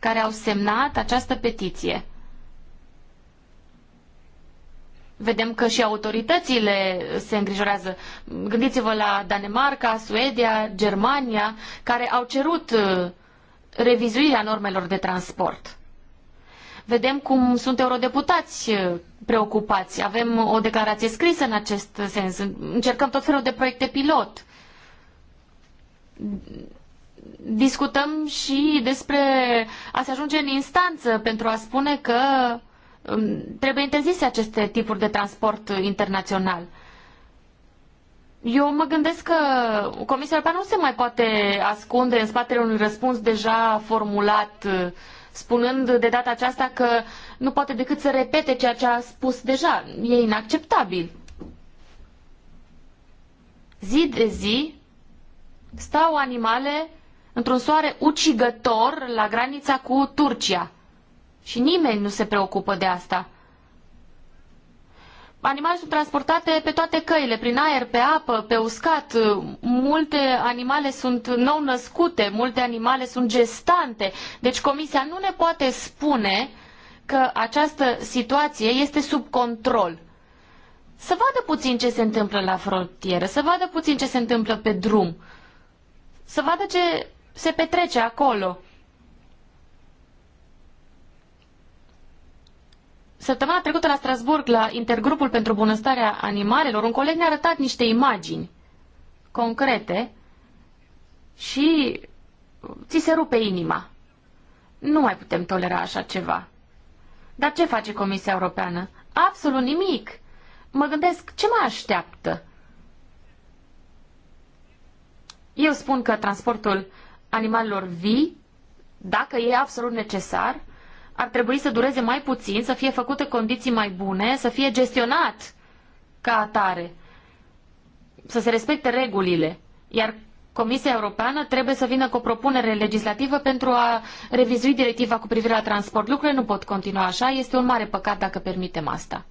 care au semnat această petiție. Vedem că și autoritățile se îngrijorează. Gândiți-vă la Danemarca, Suedia, Germania, care au cerut uh, revizuirea normelor de transport vedem cum sunt eurodeputați uh, preocupați. Avem o declarație scrisă în acest sens. Încercăm tot felul de proiecte pilot. Discutăm și despre a se ajunge în instanță pentru a spune că um, trebuie interzise aceste tipuri de transport internațional. Eu mă gândesc că Comisia Europeană nu se mai poate ascunde în spatele unui răspuns deja formulat uh, spunând de data aceasta că nu poate decât să repete ceea ce a spus deja. E inacceptabil. Zi de zi stau animale într-un soare ucigător la granița cu Turcia. Și nimeni nu se preocupă de asta. Animalele sunt transportate pe toate căile, prin aer, pe apă, pe uscat. Multe animale sunt nou-născute, multe animale sunt gestante. Deci Comisia nu ne poate spune că această situație este sub control. Să vadă puțin ce se întâmplă la frontieră, să vadă puțin ce se întâmplă pe drum, să vadă ce se petrece acolo. Săptămâna trecută la Strasburg, la Intergrupul pentru Bunăstarea Animalelor, un coleg ne-a arătat niște imagini concrete și ți se rupe inima. Nu mai putem tolera așa ceva. Dar ce face Comisia Europeană? Absolut nimic. Mă gândesc, ce mă așteaptă? Eu spun că transportul animalelor vii, dacă e absolut necesar, ar trebui să dureze mai puțin, să fie făcute condiții mai bune, să fie gestionat ca atare, să se respecte regulile. Iar Comisia Europeană trebuie să vină cu o propunere legislativă pentru a revizui directiva cu privire la transport. Lucrurile nu pot continua așa, este un mare păcat dacă permitem asta.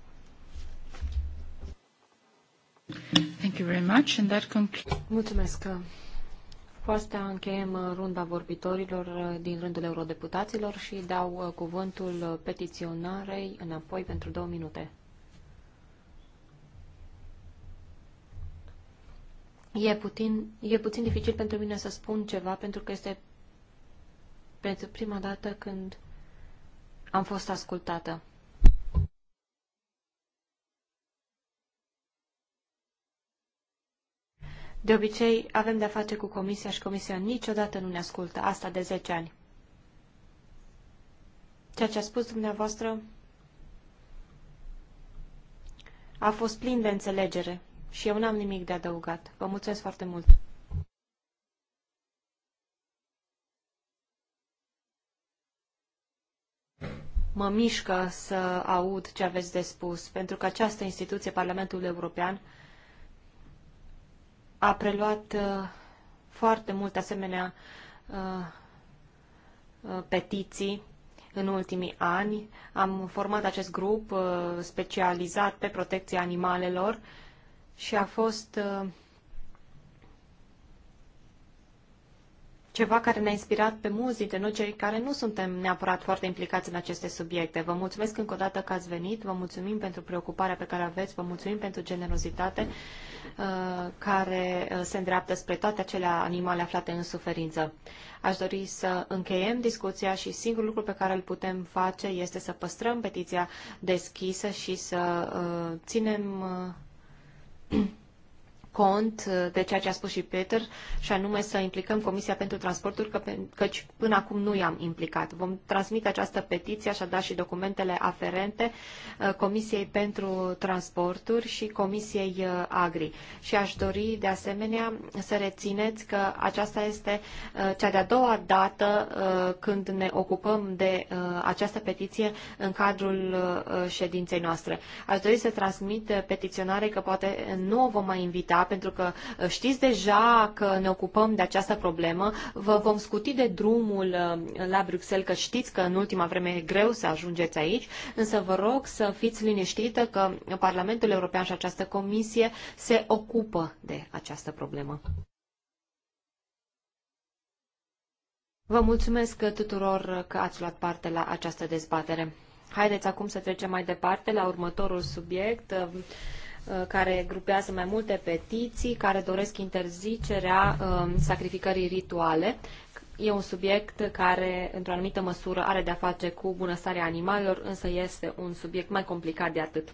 Mulțumesc. Cu asta încheiem uh, runda vorbitorilor uh, din rândul eurodeputaților și dau uh, cuvântul petiționarei înapoi pentru două minute. E puțin, e puțin dificil pentru mine să spun ceva, pentru că este pentru prima dată când am fost ascultată. De obicei, avem de-a face cu comisia și comisia niciodată nu ne ascultă. Asta de 10 ani. Ceea ce a spus dumneavoastră a fost plin de înțelegere și eu n-am nimic de adăugat. Vă mulțumesc foarte mult! Mă mișcă să aud ce aveți de spus, pentru că această instituție, Parlamentul European, a preluat uh, foarte mult asemenea uh, uh, petiții în ultimii ani. Am format acest grup specializat pe protecția animalelor și a fost ceva care ne-a inspirat pe mulți dintre noi, cei care nu suntem neapărat foarte implicați în aceste subiecte. Vă mulțumesc încă o dată că ați venit, vă mulțumim pentru preocuparea pe care aveți, vă mulțumim pentru generozitate uh, care uh, se îndreaptă spre toate acele animale aflate în suferință. Aș dori să încheiem discuția și singurul lucru pe care îl putem face este să păstrăm petiția deschisă și să uh, ținem uh, *clears throat* cont uh, de ceea ce a spus și Peter, și anume să implicăm Comisia pentru Transporturi, că, căci până acum nu i-am implicat. Vom transmite această petiție, așadar și documentele aferente uh, Comisiei pentru Transporturi și Comisiei uh, Agri. Și aș dori, de asemenea, să rețineți că aceasta este cea de-a doua dată când ne ocupăm de această petiție în cadrul ședinței noastre. Aș dori să transmit petiționare că poate nu o vom mai invita pentru că uh, știți deja că ne ocupăm de această problemă, vă vom scuti de drumul uh, la Bruxelles, că știți că în ultima vreme e greu să ajungeți aici, însă vă rog să fiți liniștită că Parlamentul European și această comisie se ocupă de această problemă. Vă mulțumesc tuturor că ați luat parte la această dezbatere. Haideți acum să trecem mai departe la următorul subiect. Uh, care grupează mai multe petiții care doresc interzicerea um, sacrificării rituale. E un subiect care, într-o anumită măsură, are de-a face cu bunăstarea animalelor, însă este un subiect mai complicat de atât.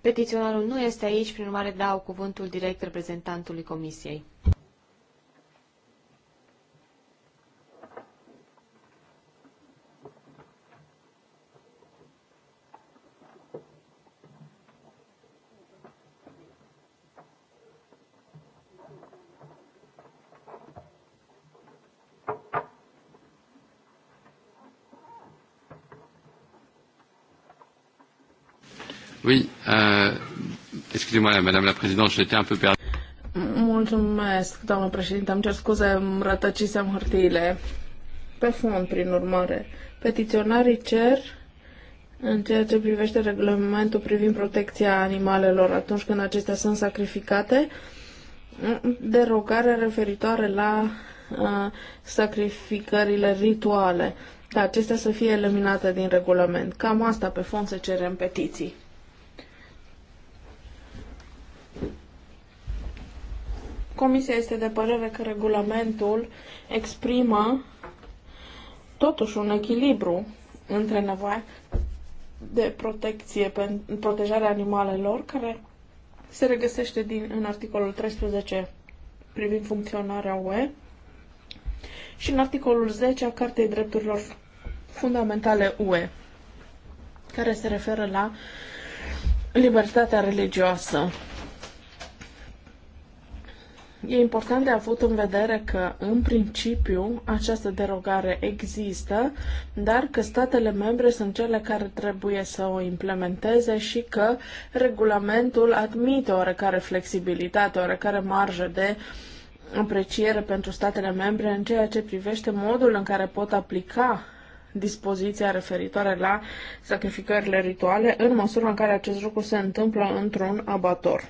Petiționarul nu este aici, prin urmare dau cuvântul direct reprezentantului Comisiei. Oui, euh, excusez-moi, Madame la Présidente, j'étais un peu perdu. Mulțumesc, doamnă președinte. Am cer scuze, îmi rătăcisem hârtiile. Pe fond, prin urmare, petiționarii cer în ceea ce privește regulamentul privind protecția animalelor atunci când acestea sunt sacrificate, derogare referitoare la uh, sacrificările rituale, ca acestea să fie eliminate din regulament. Cam asta pe fond se cere în petiții. Comisia este de părere că regulamentul exprimă totuși un echilibru între nevoia de protecție, pentru protejarea animalelor, care se regăsește din, în articolul 13 privind funcționarea UE și în articolul 10 a Cartei Drepturilor Fundamentale UE, care se referă la libertatea religioasă. E important de avut în vedere că, în principiu, această derogare există, dar că statele membre sunt cele care trebuie să o implementeze și că regulamentul admite oarecare flexibilitate, oarecare marjă de apreciere pentru statele membre în ceea ce privește modul în care pot aplica dispoziția referitoare la sacrificările rituale în măsura în care acest lucru se întâmplă într-un abator.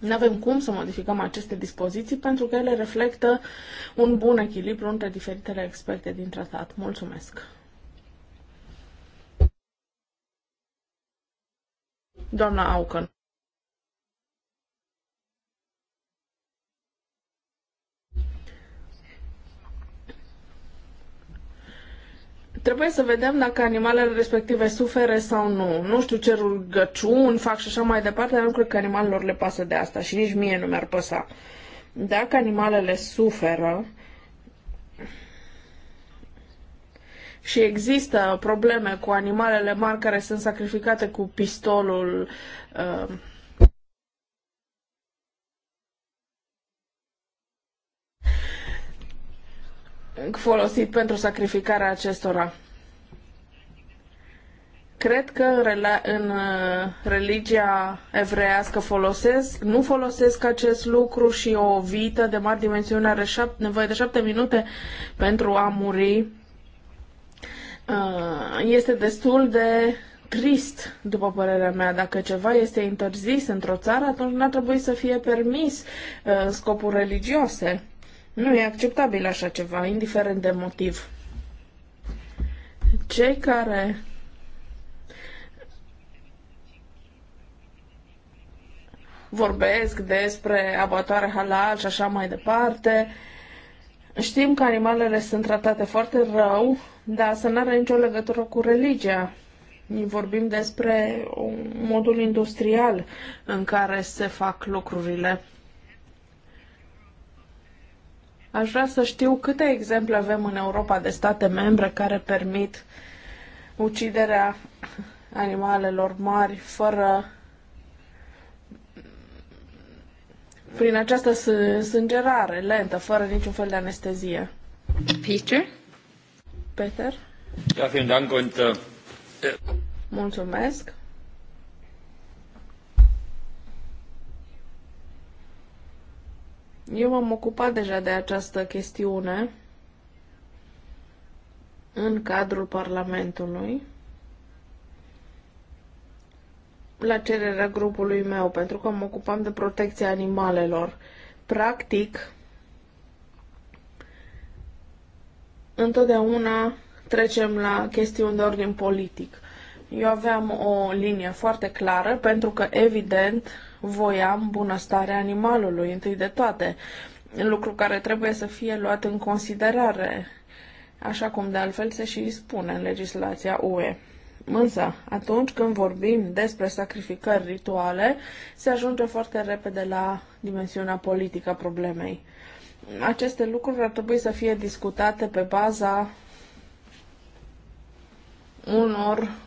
Nu avem cum să modificăm aceste dispoziții pentru că ele reflectă un bun echilibru între diferitele experte din tratat. Mulțumesc! Doamna Aucăn. Trebuie să vedem dacă animalele respective suferă sau nu. Nu știu ce rugăciuni fac și așa mai departe, dar nu cred că animalelor le pasă de asta și nici mie nu mi-ar păsa. Dacă animalele suferă, și există probleme cu animalele mari care sunt sacrificate cu pistolul uh, folosit pentru sacrificarea acestora. Cred că în, în uh, religia evreiască folosesc, nu folosesc acest lucru și o vită de mari dimensiuni are șap, nevoie de șapte minute pentru a muri. Uh, este destul de trist, după părerea mea. Dacă ceva este interzis într-o țară, atunci n-ar trebui să fie permis uh, în scopuri religioase. Nu e acceptabil așa ceva, indiferent de motiv. Cei care vorbesc despre abatoare halal și așa mai departe, știm că animalele sunt tratate foarte rău, dar să nu are nicio legătură cu religia. Vorbim despre modul industrial în care se fac lucrurile. Aș vrea să știu câte exemple avem în Europa de state membre care permit uciderea animalelor mari fără prin această sângerare lentă, fără niciun fel de anestezie. Peter? Peter? Ja, vielen Dank und, uh... Mulțumesc. Eu m-am ocupat deja de această chestiune în cadrul Parlamentului la cererea grupului meu, pentru că mă ocupam de protecția animalelor. Practic, întotdeauna trecem la chestiuni de ordin politic. Eu aveam o linie foarte clară, pentru că, evident, voiam bunăstarea animalului, întâi de toate, lucru care trebuie să fie luat în considerare, așa cum de altfel se și spune în legislația UE. Însă, atunci când vorbim despre sacrificări rituale, se ajunge foarte repede la dimensiunea politică a problemei. Aceste lucruri ar trebui să fie discutate pe baza unor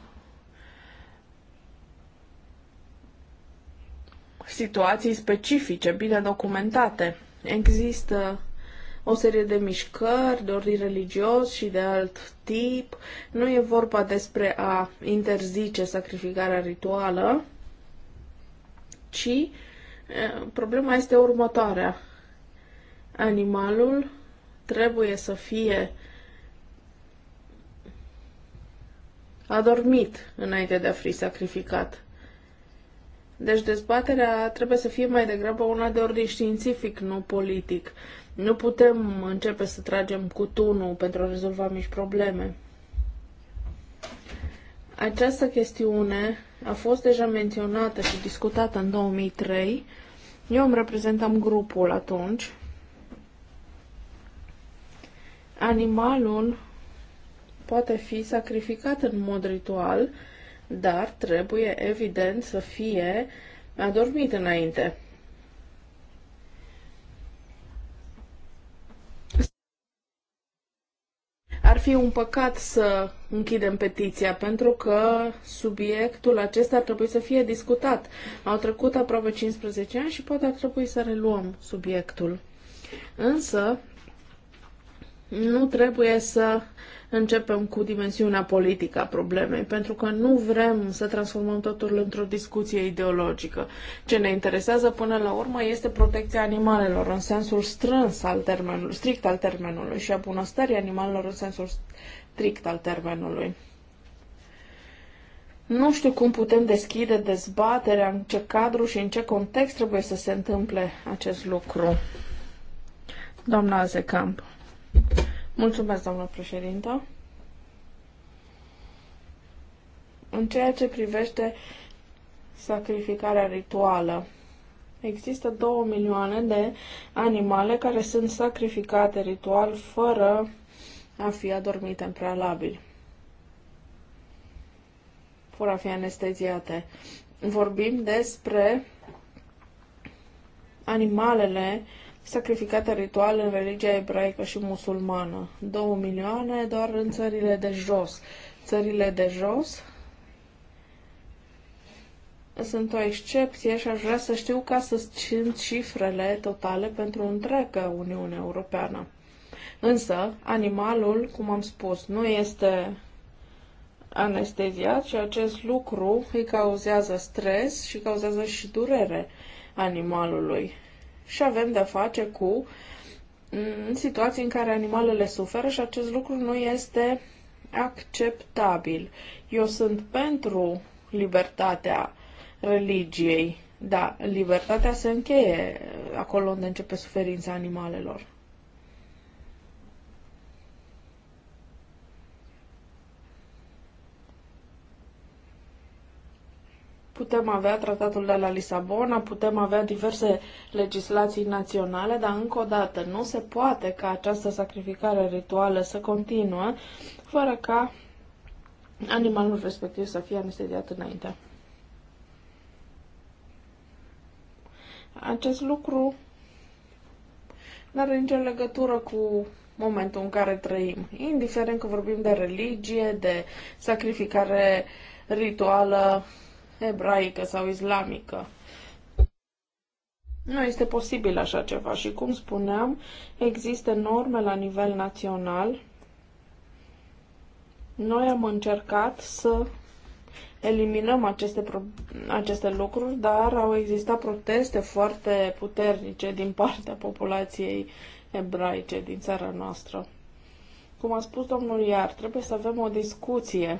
situații specifice, bine documentate. Există o serie de mișcări de ordin religios și de alt tip. Nu e vorba despre a interzice sacrificarea rituală, ci problema este următoarea. Animalul trebuie să fie adormit înainte de a fi sacrificat. Deci dezbaterea trebuie să fie mai degrabă una de ordin științific, nu politic. Nu putem începe să tragem cu tunul pentru a rezolva mici probleme. Această chestiune a fost deja menționată și discutată în 2003. Eu îmi reprezentam grupul atunci. Animalul poate fi sacrificat în mod ritual, dar trebuie evident să fie adormit înainte. Ar fi un păcat să închidem petiția, pentru că subiectul acesta ar trebui să fie discutat. Au trecut aproape 15 ani și poate ar trebui să reluăm subiectul. Însă, nu trebuie să Începem cu dimensiunea politică a problemei, pentru că nu vrem să transformăm totul într-o discuție ideologică. Ce ne interesează până la urmă este protecția animalelor în sensul strâns al termenului, strict al termenului și a bunăstării animalelor în sensul strict al termenului. Nu știu cum putem deschide dezbaterea, în ce cadru și în ce context trebuie să se întâmple acest lucru. Doamna Azecamp. Mulțumesc, doamnă președintă. În ceea ce privește sacrificarea rituală, există două milioane de animale care sunt sacrificate ritual fără a fi adormite în prealabil, fără a fi anesteziate. Vorbim despre animalele uh, sacrificate ritual în religia ebraică și musulmană. Două milioane doar în țările de jos. Țările de jos sunt o excepție și aș vrea să știu ca să sunt cifrele totale pentru întreaga Uniune Europeană. Însă, animalul, cum am spus, nu este anesteziat și acest lucru îi cauzează stres și cauzează și durere animalului și avem de-a face cu mm, situații în care animalele suferă și acest lucru nu este acceptabil. Eu sunt pentru libertatea religiei, dar libertatea se încheie acolo unde începe suferința animalelor. Putem avea tratatul de la Lisabona, putem avea diverse legislații naționale, dar încă o dată nu se poate ca această sacrificare rituală să continuă fără ca animalul respectiv să fie anestediat înainte. Acest lucru nu are nicio legătură cu momentul în care trăim. Indiferent că vorbim de religie, de sacrificare rituală ebraică sau islamică. Nu este posibil așa ceva și, cum spuneam, există norme la nivel național. Noi am încercat să eliminăm aceste, aceste lucruri, dar au existat proteste foarte puternice din partea populației ebraice din țara noastră. Cum a spus domnul Iar, trebuie să avem o discuție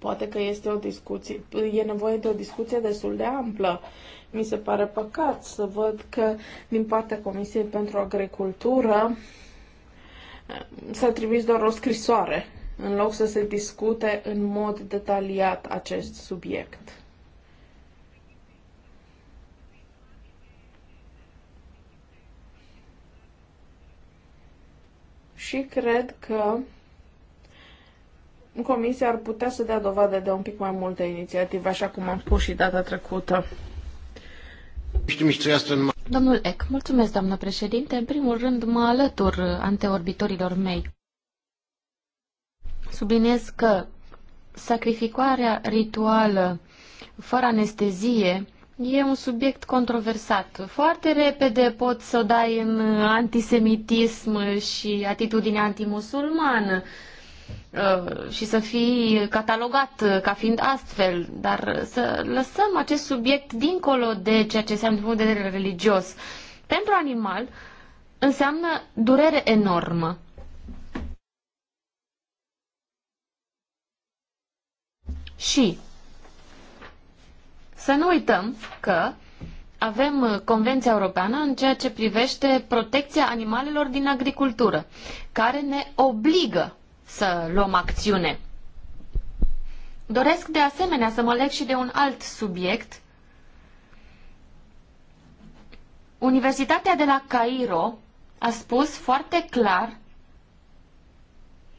Poate că este o discuție, e nevoie de o discuție destul de amplă. Mi se pare păcat să văd că din partea Comisiei pentru Agricultură s-a trimis doar o scrisoare în loc să se discute în mod detaliat acest subiect. Și cred că Comisia ar putea să dea dovadă de un pic mai multă inițiativă, așa cum am spus și data trecută. Domnul Eck, mulțumesc, doamnă președinte. În primul rând, mă alătur anteorbitorilor mei. Subliniez că sacrificarea rituală fără anestezie e un subiect controversat. Foarte repede poți să o dai în antisemitism și atitudine antimusulmană. Uh, și să fii catalogat ca fiind astfel, dar să lăsăm acest subiect dincolo de ceea ce înseamnă din punct de vedere religios. Pentru animal înseamnă durere enormă. Și să nu uităm că avem Convenția Europeană în ceea ce privește protecția animalelor din agricultură, care ne obligă să luăm acțiune. Doresc de asemenea să mă leg și de un alt subiect. Universitatea de la Cairo a spus foarte clar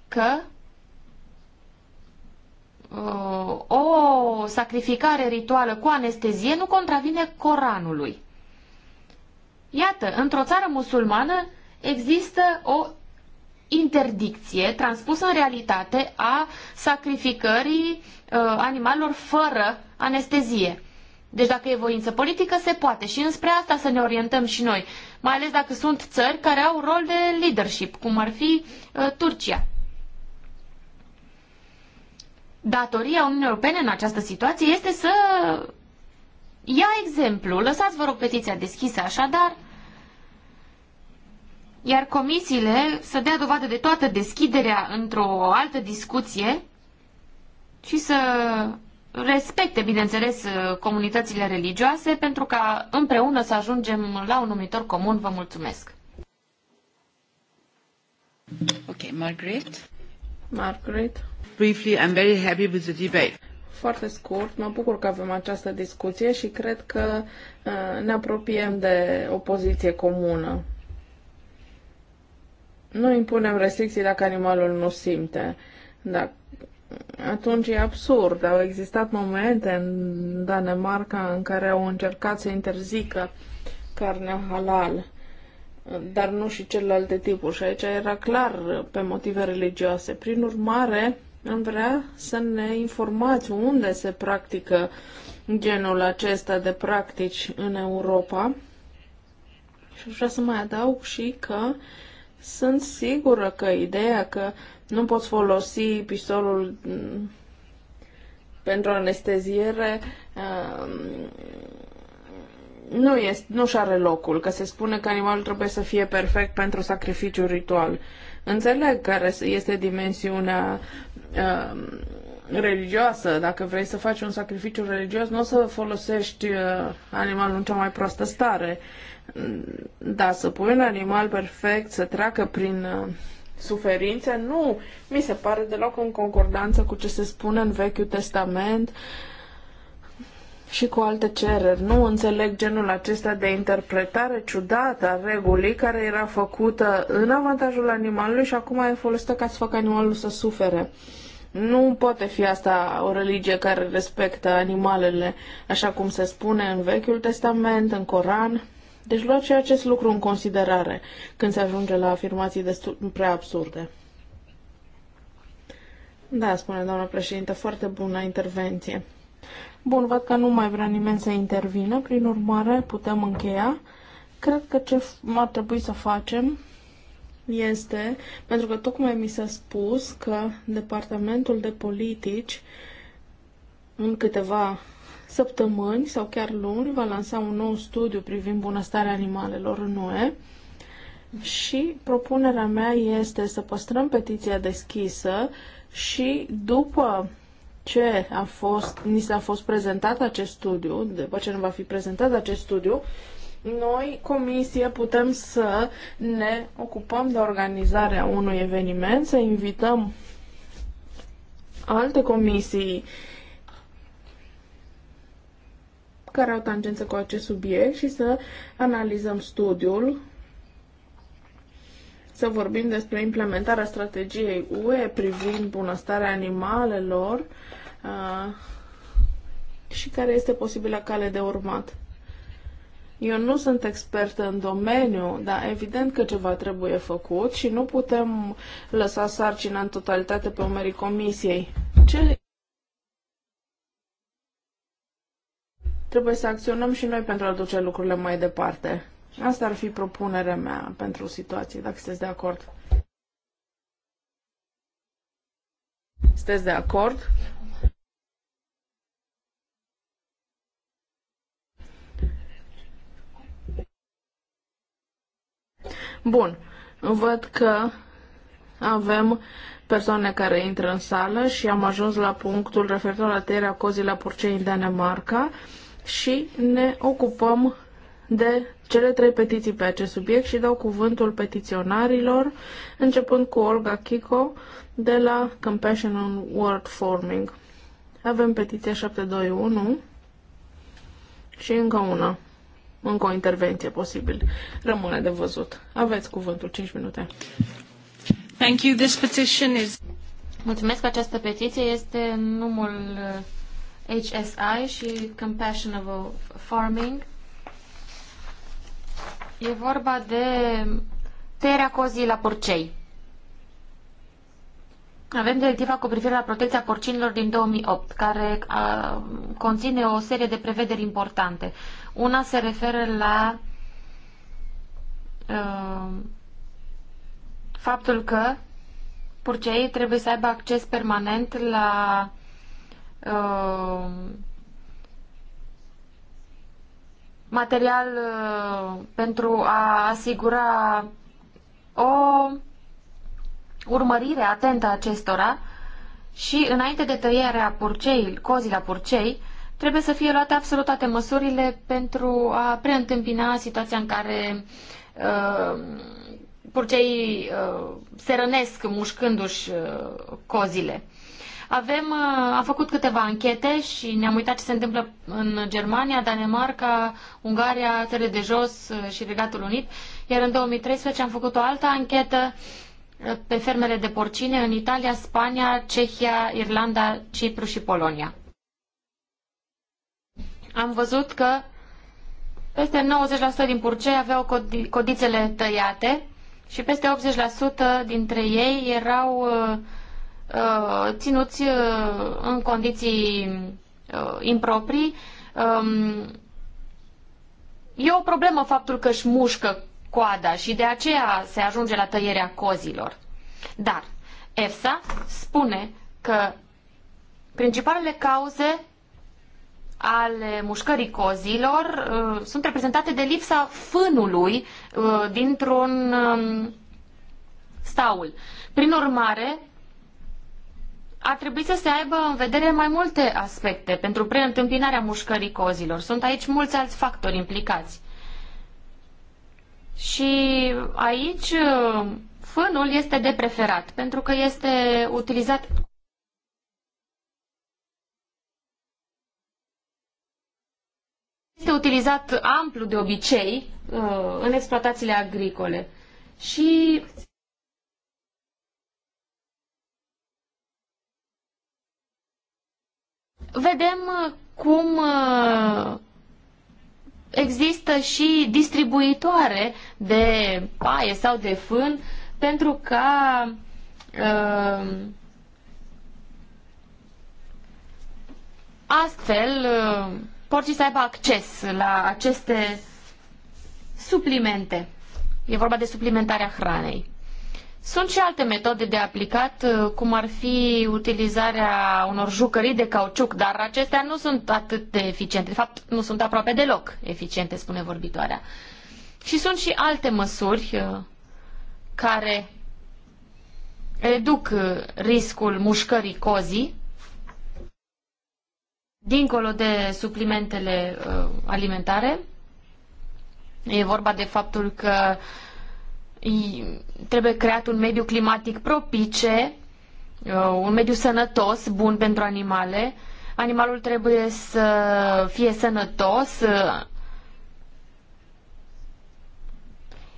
că uh, o sacrificare rituală cu anestezie nu contravine Coranului. Iată, într-o țară musulmană există o interdicție transpusă în realitate a sacrificării uh, animalelor fără anestezie. Deci dacă e voință politică, se poate și înspre asta să ne orientăm și noi, mai ales dacă sunt țări care au rol de leadership, cum ar fi uh, Turcia. Datoria Uniunii Europene în această situație este să ia exemplu. Lăsați, vă rog, petiția deschisă așadar, iar comisiile să dea dovadă de toată deschiderea într-o altă discuție și să respecte, bineînțeles, comunitățile religioase pentru ca împreună să ajungem la un numitor comun. Vă mulțumesc! Ok, Margaret. Margaret. Briefly, I'm very happy with the debate. Foarte scurt, mă bucur că avem această discuție și cred că uh, ne apropiem de o poziție comună nu impunem restricții dacă animalul nu simte. Da, atunci e absurd. Au existat momente în Danemarca în care au încercat să interzică carnea halal, dar nu și celelalte tipuri. Și aici era clar pe motive religioase. Prin urmare, am vrea să ne informați unde se practică genul acesta de practici în Europa. Și vreau să mai adaug și că uh, sunt sigură că ideea că nu poți folosi pistolul mm, pentru anesteziere um, nu, este, nu și are locul, că se spune că animalul trebuie să fie perfect pentru sacrificiu ritual. Înțeleg care este dimensiunea um, religioasă. Dacă vrei să faci un sacrificiu religios, nu o să folosești uh, animalul în cea mai proastă stare. Da, să pui un animal perfect să treacă prin uh, suferințe, nu mi se pare deloc în concordanță cu ce se spune în Vechiul Testament și cu alte cereri. Nu înțeleg genul acesta de interpretare ciudată a regulii care era făcută în avantajul animalului și acum e folosită ca să facă animalul să sufere. Nu poate fi asta o religie care respectă animalele, așa cum se spune în Vechiul Testament, în Coran. Deci luați și acest lucru în considerare când se ajunge la afirmații destul prea absurde. Da, spune doamna președinte, foarte bună intervenție. Bun, văd că nu mai vrea nimeni să intervină, prin urmare putem încheia. Cred că ce ar trebui să facem este, pentru că tocmai mi s-a spus că departamentul de politici în câteva săptămâni sau chiar luni va lansa un nou studiu privind bunăstarea animalelor în UE și propunerea mea este să păstrăm petiția deschisă și după ce a fost, ni s-a fost prezentat acest studiu, după ce ne va fi prezentat acest studiu, noi, comisie, putem să ne ocupăm de organizarea unui eveniment, să invităm alte comisii uh, care au tangență cu acest subiect și să analizăm studiul, să vorbim despre implementarea strategiei UE privind bunăstarea animalelor și care este posibilă cale de urmat. Eu nu sunt expertă în domeniu, dar evident că ceva trebuie făcut și nu putem lăsa sarcina în totalitate pe umerii comisiei. Ce trebuie să acționăm și noi pentru a duce lucrurile mai departe. Asta ar fi propunerea mea pentru situație, dacă sunteți de acord. Sunteți de acord? Bun. Văd că avem persoane care intră în sală și am ajuns la punctul referitor la tăierea cozii la porcei în Danemarca și ne ocupăm de cele trei petiții pe acest subiect și dau cuvântul petiționarilor, începând cu Olga Kiko de la Compassion on World Forming. Avem petiția 721 și încă una. Încă o intervenție posibil. Rămâne de văzut. Aveți cuvântul 5 minute. Thank you. This petition is... Mulțumesc. Această petiție este numărul HSI și Compassionable Farming. E vorba de tăierea cozii la porcei. Avem directiva cu privire la protecția porcinilor din 2008, care a, conține o serie de prevederi importante. Una se referă la a, faptul că purceii trebuie să aibă acces permanent la Uh, material uh, pentru a asigura o urmărire atentă a acestora și înainte de tăierea purcei, cozii la purcei, trebuie să fie luate absolut toate măsurile pentru a preîntâmpina situația în care uh, purcei uh, se rănesc mușcându-și uh, cozile. Avem, uh, am făcut câteva anchete și ne-am uitat ce se întâmplă în Germania, Danemarca, Ungaria, Țările de Jos uh, și Regatul Unit. Iar în 2013 am făcut o altă anchetă uh, pe fermele de porcine în Italia, Spania, Cehia, Irlanda, Cipru și Polonia. Am văzut că peste 90% din purcei aveau codițele tăiate și peste 80% dintre ei erau uh, Uh, ținuți uh, în condiții uh, improprii. Um, e o problemă faptul că își mușcă coada și de aceea se ajunge la tăierea cozilor. Dar EFSA spune că principalele cauze ale mușcării cozilor uh, sunt reprezentate de lipsa fânului uh, dintr-un um, staul. Prin urmare, ar trebui să se aibă în vedere mai multe aspecte pentru preîntâmpinarea mușcării cozilor. Sunt aici mulți alți factori implicați. Și aici uh, fânul este de preferat, pentru că este utilizat este utilizat amplu de obicei uh, în exploatațiile agricole. Și vedem uh, cum uh, există și distribuitoare de paie sau de fân pentru ca uh, astfel porcii să aibă acces la aceste suplimente. E vorba de suplimentarea hranei. Sunt și alte metode de aplicat, uh, cum ar fi utilizarea unor jucării de cauciuc, dar acestea nu sunt atât de eficiente. De fapt, nu sunt aproape deloc eficiente, spune vorbitoarea. Și sunt și alte măsuri uh, care reduc uh, riscul mușcării cozii, dincolo de suplimentele alimentare. E vorba de faptul că uh, trebuie creat un mediu climatic propice, uh, un mediu sănătos, bun pentru animale. Animalul trebuie să fie sănătos, uh,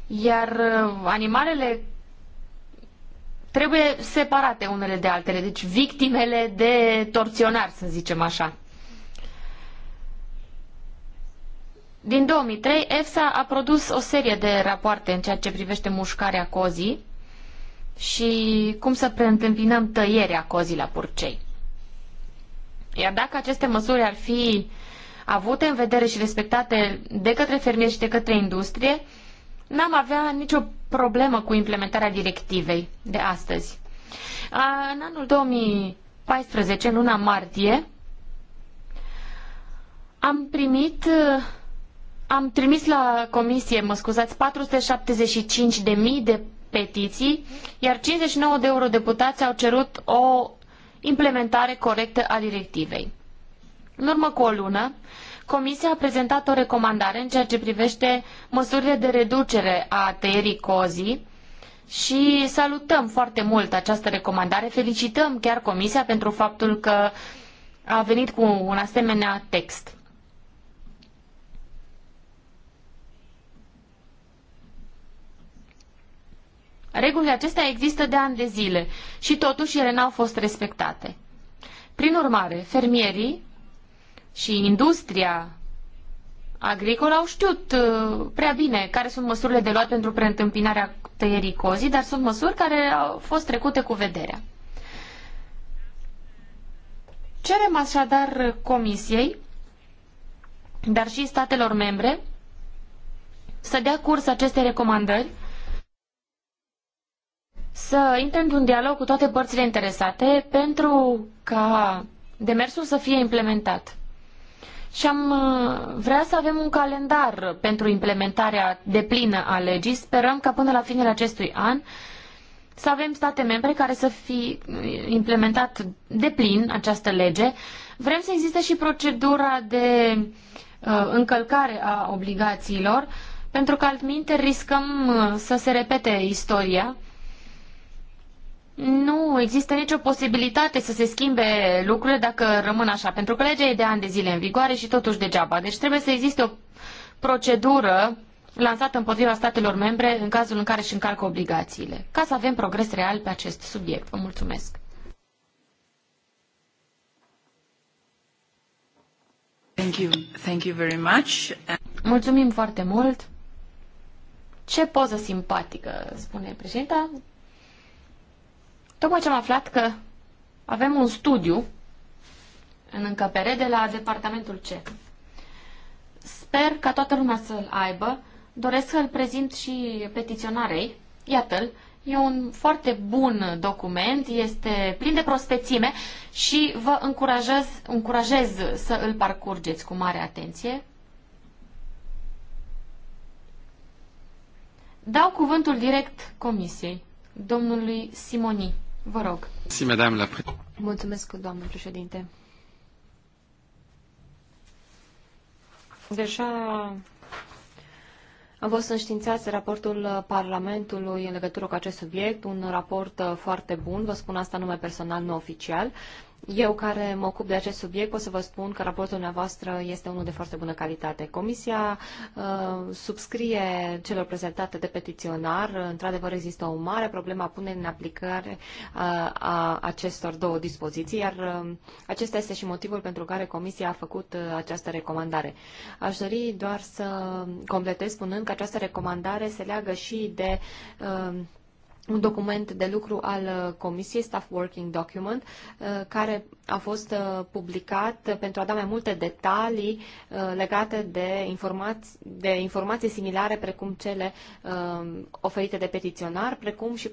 iar uh, animalele trebuie separate unele de altele, deci victimele de torționari, să zicem așa. Din 2003, EFSA a produs o serie de rapoarte în ceea ce privește mușcarea cozii și cum să preîntâmpinăm tăierea cozii la purcei. Iar dacă aceste măsuri ar fi avute în vedere și respectate de către fermieri și de către industrie, n-am avea nicio problemă cu implementarea directivei de astăzi. În anul 2014, în luna martie, am primit am trimis la comisie, mă scuzați, 475 de mii de petiții, iar 59 de eurodeputați au cerut o implementare corectă a directivei. În urmă cu o lună, Comisia a prezentat o recomandare în ceea ce privește măsurile de reducere a tăierii cozii și salutăm foarte mult această recomandare. Felicităm chiar Comisia pentru faptul că a venit cu un asemenea text. Regulile acestea există de ani de zile și totuși ele n-au fost respectate. Prin urmare, fermierii și industria agricolă au știut uh, prea bine care sunt măsurile de luat pentru preîntâmpinarea tăierii cozii, dar sunt măsuri care au fost trecute cu vederea. Cerem așadar Comisiei, dar și statelor membre, să dea curs aceste recomandări să intre într-un dialog cu toate părțile interesate pentru ca demersul să fie implementat. Și am uh, vrea să avem un calendar pentru implementarea deplină a legii. Sperăm ca până la finele acestui an să avem state membre care să fi uh, implementat deplin această lege. Vrem să existe și procedura de uh, încălcare a obligațiilor, pentru că altminte riscăm uh, să se repete istoria nu există nicio posibilitate să se schimbe lucrurile dacă rămân așa, pentru că legea e de ani de zile în vigoare și totuși degeaba. Deci trebuie să existe o procedură lansată împotriva statelor membre în cazul în care își încalcă obligațiile, ca să avem progres real pe acest subiect. Vă mulțumesc! Thank you. Thank you very much. Mulțumim foarte mult! Ce poză simpatică, spune președinta. Tocmai ce am aflat că avem un studiu în încăpere de la departamentul C. Sper ca toată lumea să-l aibă. Doresc să-l prezint și petiționarei. Iată-l. E un foarte bun document, este plin de prospețime și vă încurajez, încurajez să îl parcurgeți cu mare atenție. Dau cuvântul direct comisiei, domnului Simoni. Vă rog. Madame, la. Mulțumesc, doamnă președinte. Deja am fost înștiințați raportul Parlamentului în legătură cu acest subiect, un raport foarte bun, vă spun asta numai personal, nu oficial, eu, care mă ocup de acest subiect, pot să vă spun că raportul dumneavoastră este unul de foarte bună calitate. Comisia uh, subscrie celor prezentate de petiționar. Într-adevăr, există o mare problemă a pune în aplicare uh, a acestor două dispoziții, iar uh, acesta este și motivul pentru care Comisia a făcut uh, această recomandare. Aș dori doar să completez spunând că această recomandare se leagă și de. Uh, un document de lucru al uh, Comisiei, Staff Working Document, uh, care a fost uh, publicat pentru a da mai multe detalii legate de informații, de informații similare precum cele um, oferite de petiționar, precum și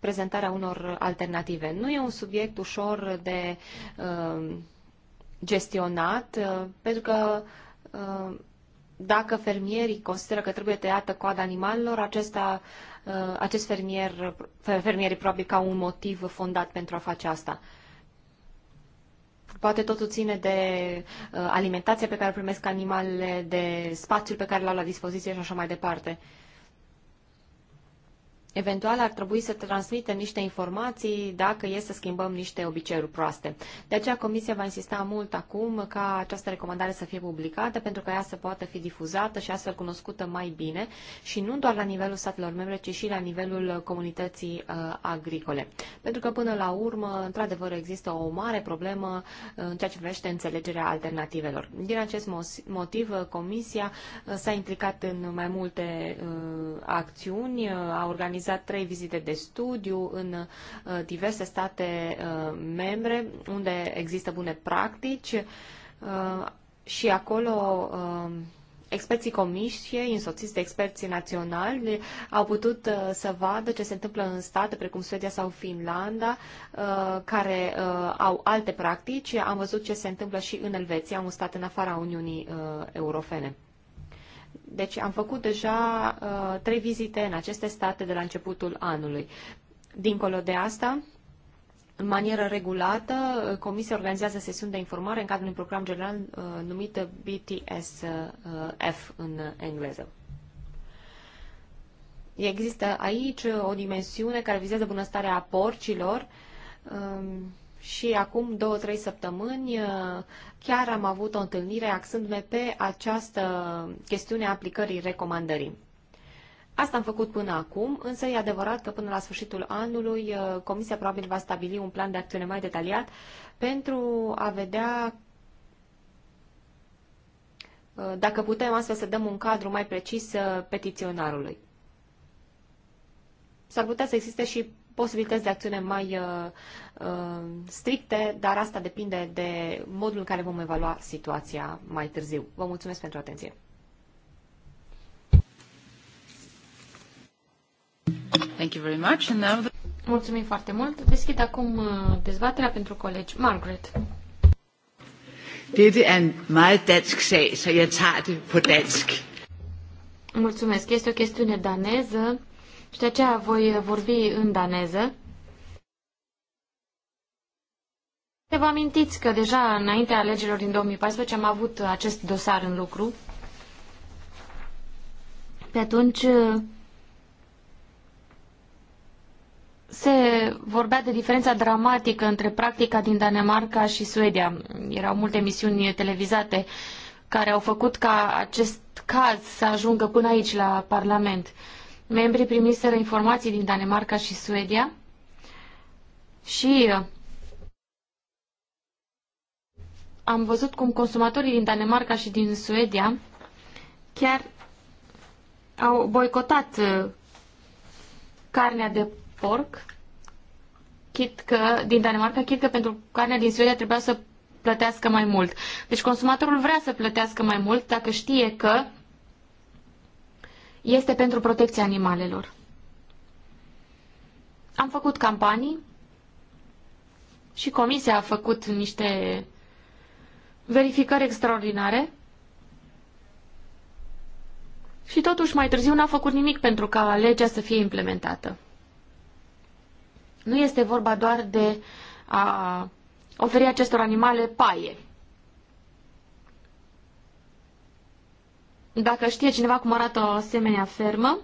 prezentarea unor alternative. Nu e un subiect ușor de um, gestionat, pentru că dacă fermierii consideră că trebuie tăiată coada animalelor, acesta Uh, acest fermier, fermierii probabil ca un motiv fondat pentru a face asta. Poate totul ține de uh, alimentația pe care o primesc animalele, de spațiul pe care l-au la dispoziție și așa mai departe. Eventual ar trebui să transmitem niște informații dacă e să schimbăm niște obiceiuri proaste. De aceea Comisia va insista mult acum ca această recomandare să fie publicată pentru că ea să poată fi difuzată și astfel cunoscută mai bine și nu doar la nivelul statelor membre, ci și la nivelul comunității uh, agricole. Pentru că până la urmă, într-adevăr, există o mare problemă uh, în ceea ce privește înțelegerea alternativelor. Din acest motiv, uh, Comisia uh, s-a implicat în mai multe uh, acțiuni, uh, a organizat organizat trei vizite de studiu în uh, diverse state uh, membre unde există bune practici uh, și acolo experții comisiei, însoțiți de experții naționali, au putut să vadă ce se întâmplă în state precum Suedia sau Finlanda, care au alte practici. Am văzut ce se întâmplă și în Elveția, un stat în afara Uniunii Europene. Deci am făcut deja uh, trei vizite în aceste state de la începutul anului. Dincolo de asta, în manieră regulată, uh, Comisia organizează sesiuni de informare în cadrul unui program general uh, numit BTSF uh, în engleză. Există aici o dimensiune care vizează bunăstarea porcilor. Um, și acum două-trei săptămâni uh, chiar am avut o întâlnire axându-ne pe această chestiune a aplicării recomandării. Asta am făcut până acum, însă e adevărat că până la sfârșitul anului uh, Comisia probabil va stabili un plan de acțiune mai detaliat pentru a vedea uh, dacă putem astfel să dăm un cadru mai precis petiționarului. S-ar putea să existe și posibilități de acțiune mai Uh, stricte, dar asta depinde de modul în care vom evalua situația mai târziu. Vă mulțumesc pentru atenție. Thank you very much. And now the... Mulțumim foarte mult. Deschid acum uh, dezbaterea pentru colegi. Margaret. Dette er en meget dansk sag, så jeg tager det på dansk. Mulțumesc. Este o chestiune daneză și de aceea voi vorbi în daneză. Te vă amintiți că deja înaintea alegerilor din 2014 am avut acest dosar în lucru. Pe atunci se vorbea de diferența dramatică între practica din Danemarca și Suedia. Erau multe emisiuni televizate care au făcut ca acest caz să ajungă până aici la Parlament. Membrii primiseră informații din Danemarca și Suedia și am văzut cum consumatorii din Danemarca și din Suedia chiar au boicotat uh, carnea de porc chit că, din Danemarca, chit că pentru carnea din Suedia trebuia să plătească mai mult. Deci consumatorul vrea să plătească mai mult dacă știe că este pentru protecția animalelor. Am făcut campanii și comisia a făcut niște verificări extraordinare și totuși mai târziu n-a făcut nimic pentru ca legea să fie implementată. Nu este vorba doar de a oferi acestor animale paie. Dacă știe cineva cum arată o asemenea fermă,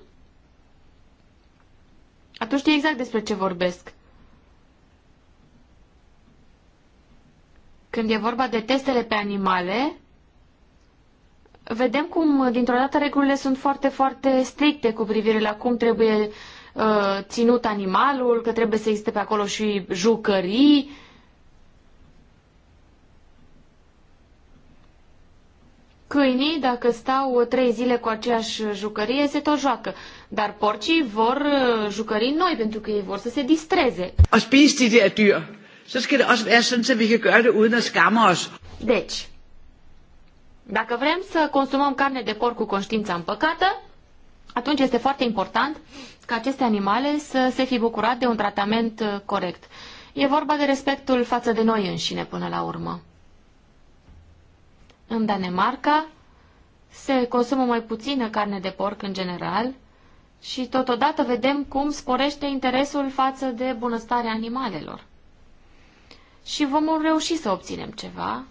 atunci știe exact despre ce vorbesc. când e vorba de testele pe animale, vedem cum, dintr-o dată, regulile sunt foarte, foarte stricte cu privire la cum trebuie uh, ținut animalul, că trebuie să existe pe acolo și jucării. Câinii, dacă stau trei zile cu aceeași jucărie, se tot joacă. Dar porcii vor uh, jucării noi, pentru că ei vor să se distreze. Aș de dyr, så skal det også være sådan, at vi kan gøre det uden at skamme os. Deci, dacă vrem să consumăm carne de porc cu conștiința împăcată, atunci este foarte important ca aceste animale să se fi bucurat de un tratament uh, corect. E vorba de respectul față de noi înșine până la urmă. În Danemarca se consumă mai puțină carne de porc în general și totodată vedem cum sporește interesul față de bunăstarea animalelor și vom reuși să obținem ceva.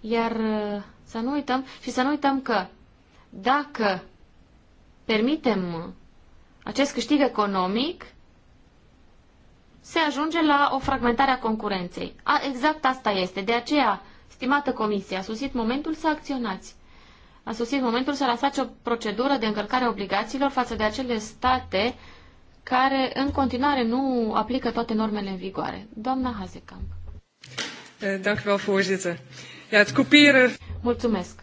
Iar uh, să nu uităm și să nu uităm că dacă permitem acest câștig economic, se ajunge la o fragmentare a concurenței. A, exact asta este. De aceea, stimată comisie, a susit momentul să acționați. A susit momentul să lansați o procedură de încălcare a obligațiilor față de acele state care în continuare nu aplică toate normele în vigoare. Doamna Hazekamp. Eh, dank u wel, voorzitter. Ja, het kopiëren... Mulțumesc.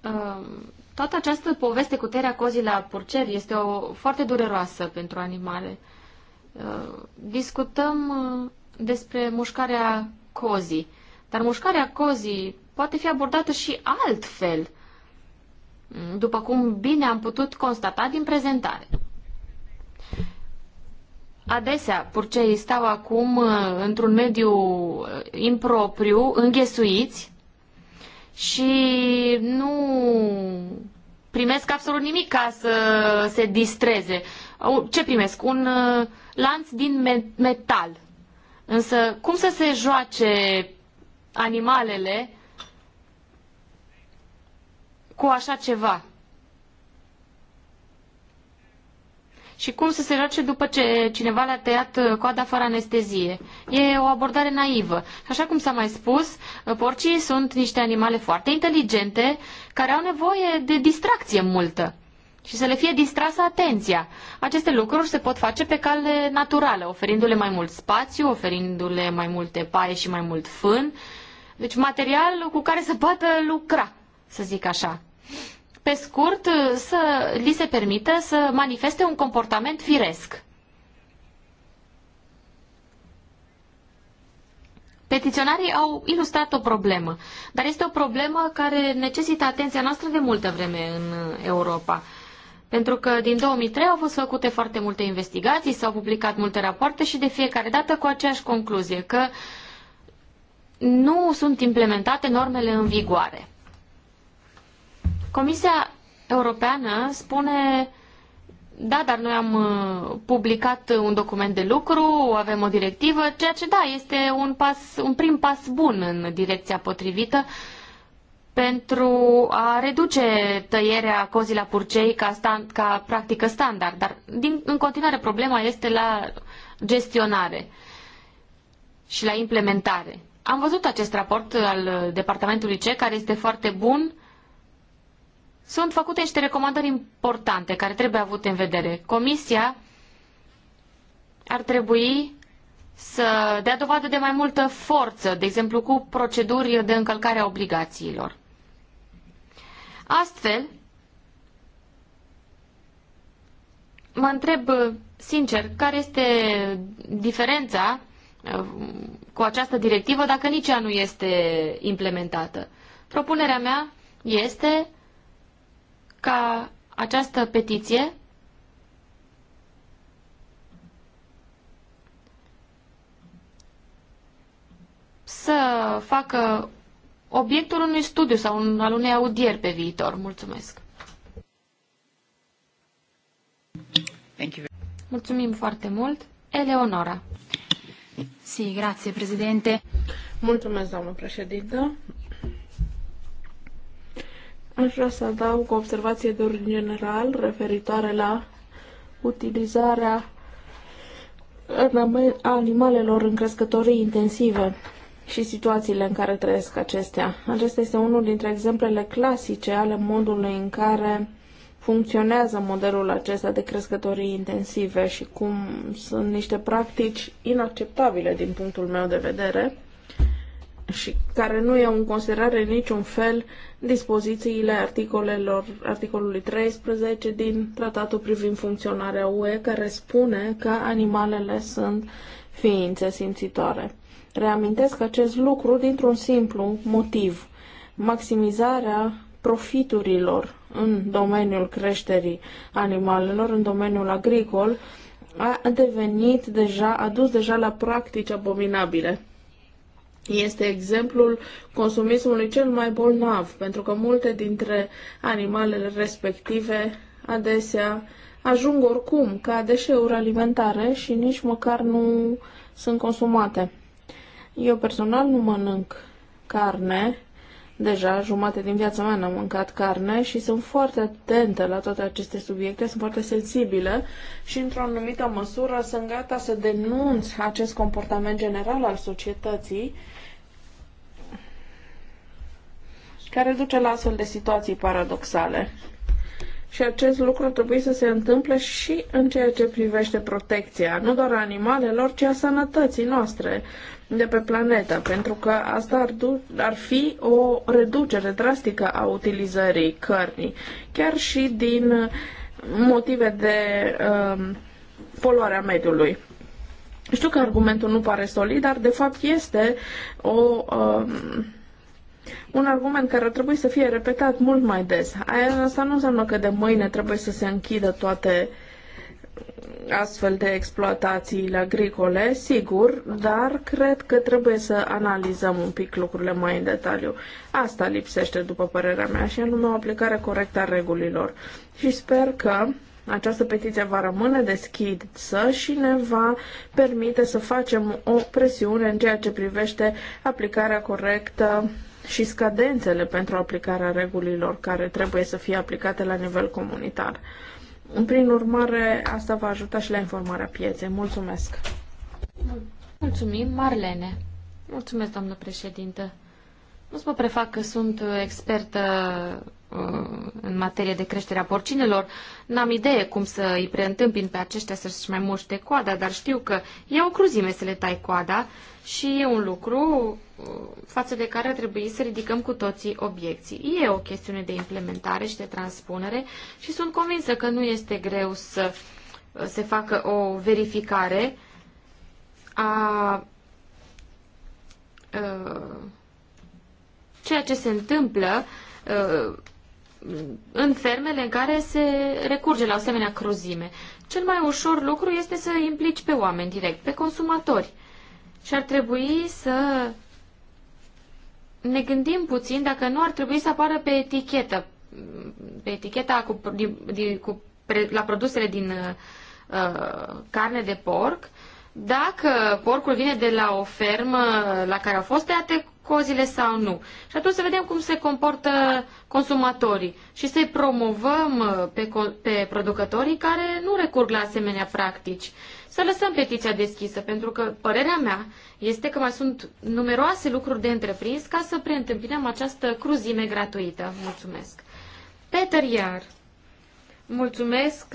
Ehm, toată această poveste cu terea cozii la purceri este o foarte dureroasă pentru animale. Ehm, discutăm eh, despre mușcarea cozii, dar mușcarea cozii poate fi abordată și altfel după cum bine am putut constata din prezentare. Adesea, purceii stau acum uh, într-un mediu uh, impropriu, înghesuiți și nu primesc absolut nimic ca să se distreze. Ce primesc? Un uh, lanț din metal. Însă, cum să se joace animalele cu așa ceva. Și cum să se joace după ce cineva le-a tăiat uh, coada fără anestezie. E o abordare naivă. Așa cum s-a mai spus, uh, porcii sunt niște animale foarte inteligente care au nevoie de distracție multă și să le fie distrasă atenția. Aceste lucruri se pot face pe cale naturală, oferindu-le mai mult spațiu, oferindu-le mai multe paie și mai mult fân, deci material cu care să poată lucra, să zic așa pe scurt, uh, să li se permită să manifeste un comportament firesc. Petiționarii au ilustrat o problemă, dar este o problemă care necesită atenția noastră de multă vreme în uh, Europa. Pentru că din 2003 au fost făcute foarte multe investigații, s-au publicat multe rapoarte și de fiecare dată cu aceeași concluzie, că nu sunt implementate normele în vigoare. Comisia Europeană spune, da, dar noi am uh, publicat un document de lucru, avem o directivă, ceea ce da, este un, pas, un prim pas bun în direcția potrivită pentru a reduce tăierea cozii la purcei ca, stand, ca practică standard, dar din, în continuare problema este la gestionare și la implementare. Am văzut acest raport al Departamentului C, care este foarte bun, sunt făcute niște recomandări importante care trebuie avute în vedere. Comisia ar trebui să dea dovadă de mai multă forță, de exemplu cu proceduri de încălcare a obligațiilor. Astfel, mă întreb sincer care este diferența uh, cu această directivă dacă nici ea nu este implementată. Propunerea mea este ca această petiție să facă obiectul unui studiu sau un, al unei audieri pe viitor. Mulțumesc! Thank you. Mulțumim foarte mult! Eleonora! Sí, grazie, președinte! Mulțumesc, doamnă președintă! Aș vrea să adaug o observație de ordin general referitoare la utilizarea a animalelor în crescătorii intensive și situațiile în care trăiesc acestea. Acesta este unul dintre exemplele clasice ale modului în care funcționează modelul acesta de crescătorii intensive și cum sunt niște practici inacceptabile din punctul meu de vedere și care nu iau în considerare niciun fel dispozițiile articolelor, articolului 13 din Tratatul privind funcționarea UE, care spune că animalele sunt ființe simțitoare. Reamintesc acest lucru dintr-un simplu motiv. Maximizarea profiturilor în domeniul creșterii animalelor, în domeniul agricol, a devenit deja, adus deja la practici abominabile este exemplul consumismului cel mai bolnav, pentru că multe dintre animalele respective adesea ajung oricum ca deșeuri alimentare și nici măcar nu sunt consumate. Eu personal nu mănânc carne, deja jumate din viața mea n-am mâncat carne și sunt foarte atentă la toate aceste subiecte, sunt foarte sensibilă și într-o anumită măsură sunt gata să denunț acest comportament general al societății care duce la astfel de situații paradoxale. Și acest lucru ar trebui să se întâmple și în ceea ce privește protecția, nu doar a animalelor, ci a sănătății noastre de pe planetă, pentru că asta ar, ar fi o reducere drastică a utilizării cărnii, chiar și din motive de uh, poluarea mediului. Știu că argumentul nu pare solid, dar de fapt este o. Uh, un argument care ar trebui să fie repetat mult mai des. Aia asta nu înseamnă că de mâine trebuie să se închidă toate mm, astfel de exploatațiile agricole, sigur, dar cred că trebuie să analizăm un pic lucrurile mai în detaliu. Asta lipsește, după părerea mea, și anume o aplicare corectă a regulilor. Și sper că această petiție va rămâne deschisă și ne va permite să facem o presiune în ceea ce privește aplicarea corectă și scadențele pentru aplicarea regulilor care trebuie să fie aplicate la nivel comunitar. Prin urmare, asta va ajuta și la informarea pieței. Mulțumesc! Mulțumim, Marlene! Mulțumesc, doamnă președintă! Nu să mă prefac că sunt expertă Uh, în materie de creșterea porcinelor. N-am idee cum să îi preîntâmpin pe aceștia să-și mai muște coada, dar știu că e o cruzime să le tai coada și e un lucru uh, față de care trebuie să ridicăm cu toții obiecții. E o chestiune de implementare și de transpunere și sunt convinsă că nu este greu să uh, se facă o verificare a ceea ce se întâmplă în fermele în care se recurge la asemenea cruzime. Cel mai ușor lucru este să implici pe oameni direct, pe consumatori. Și ar trebui să ne gândim puțin dacă nu ar trebui să apară pe etichetă, pe eticheta cu, din, cu, pre, la produsele din uh, carne de porc, dacă porcul vine de la o fermă la care au fost tăiate cozile sau nu. Și atunci să vedem cum se comportă consumatorii și să-i promovăm uh, pe, pe producătorii care nu recurg la asemenea practici. Să lăsăm petiția deschisă, pentru că părerea mea este că mai sunt numeroase lucruri de întreprins ca să preîntâmpinăm această cruzime gratuită. Mulțumesc. Peter Iar. Mulțumesc.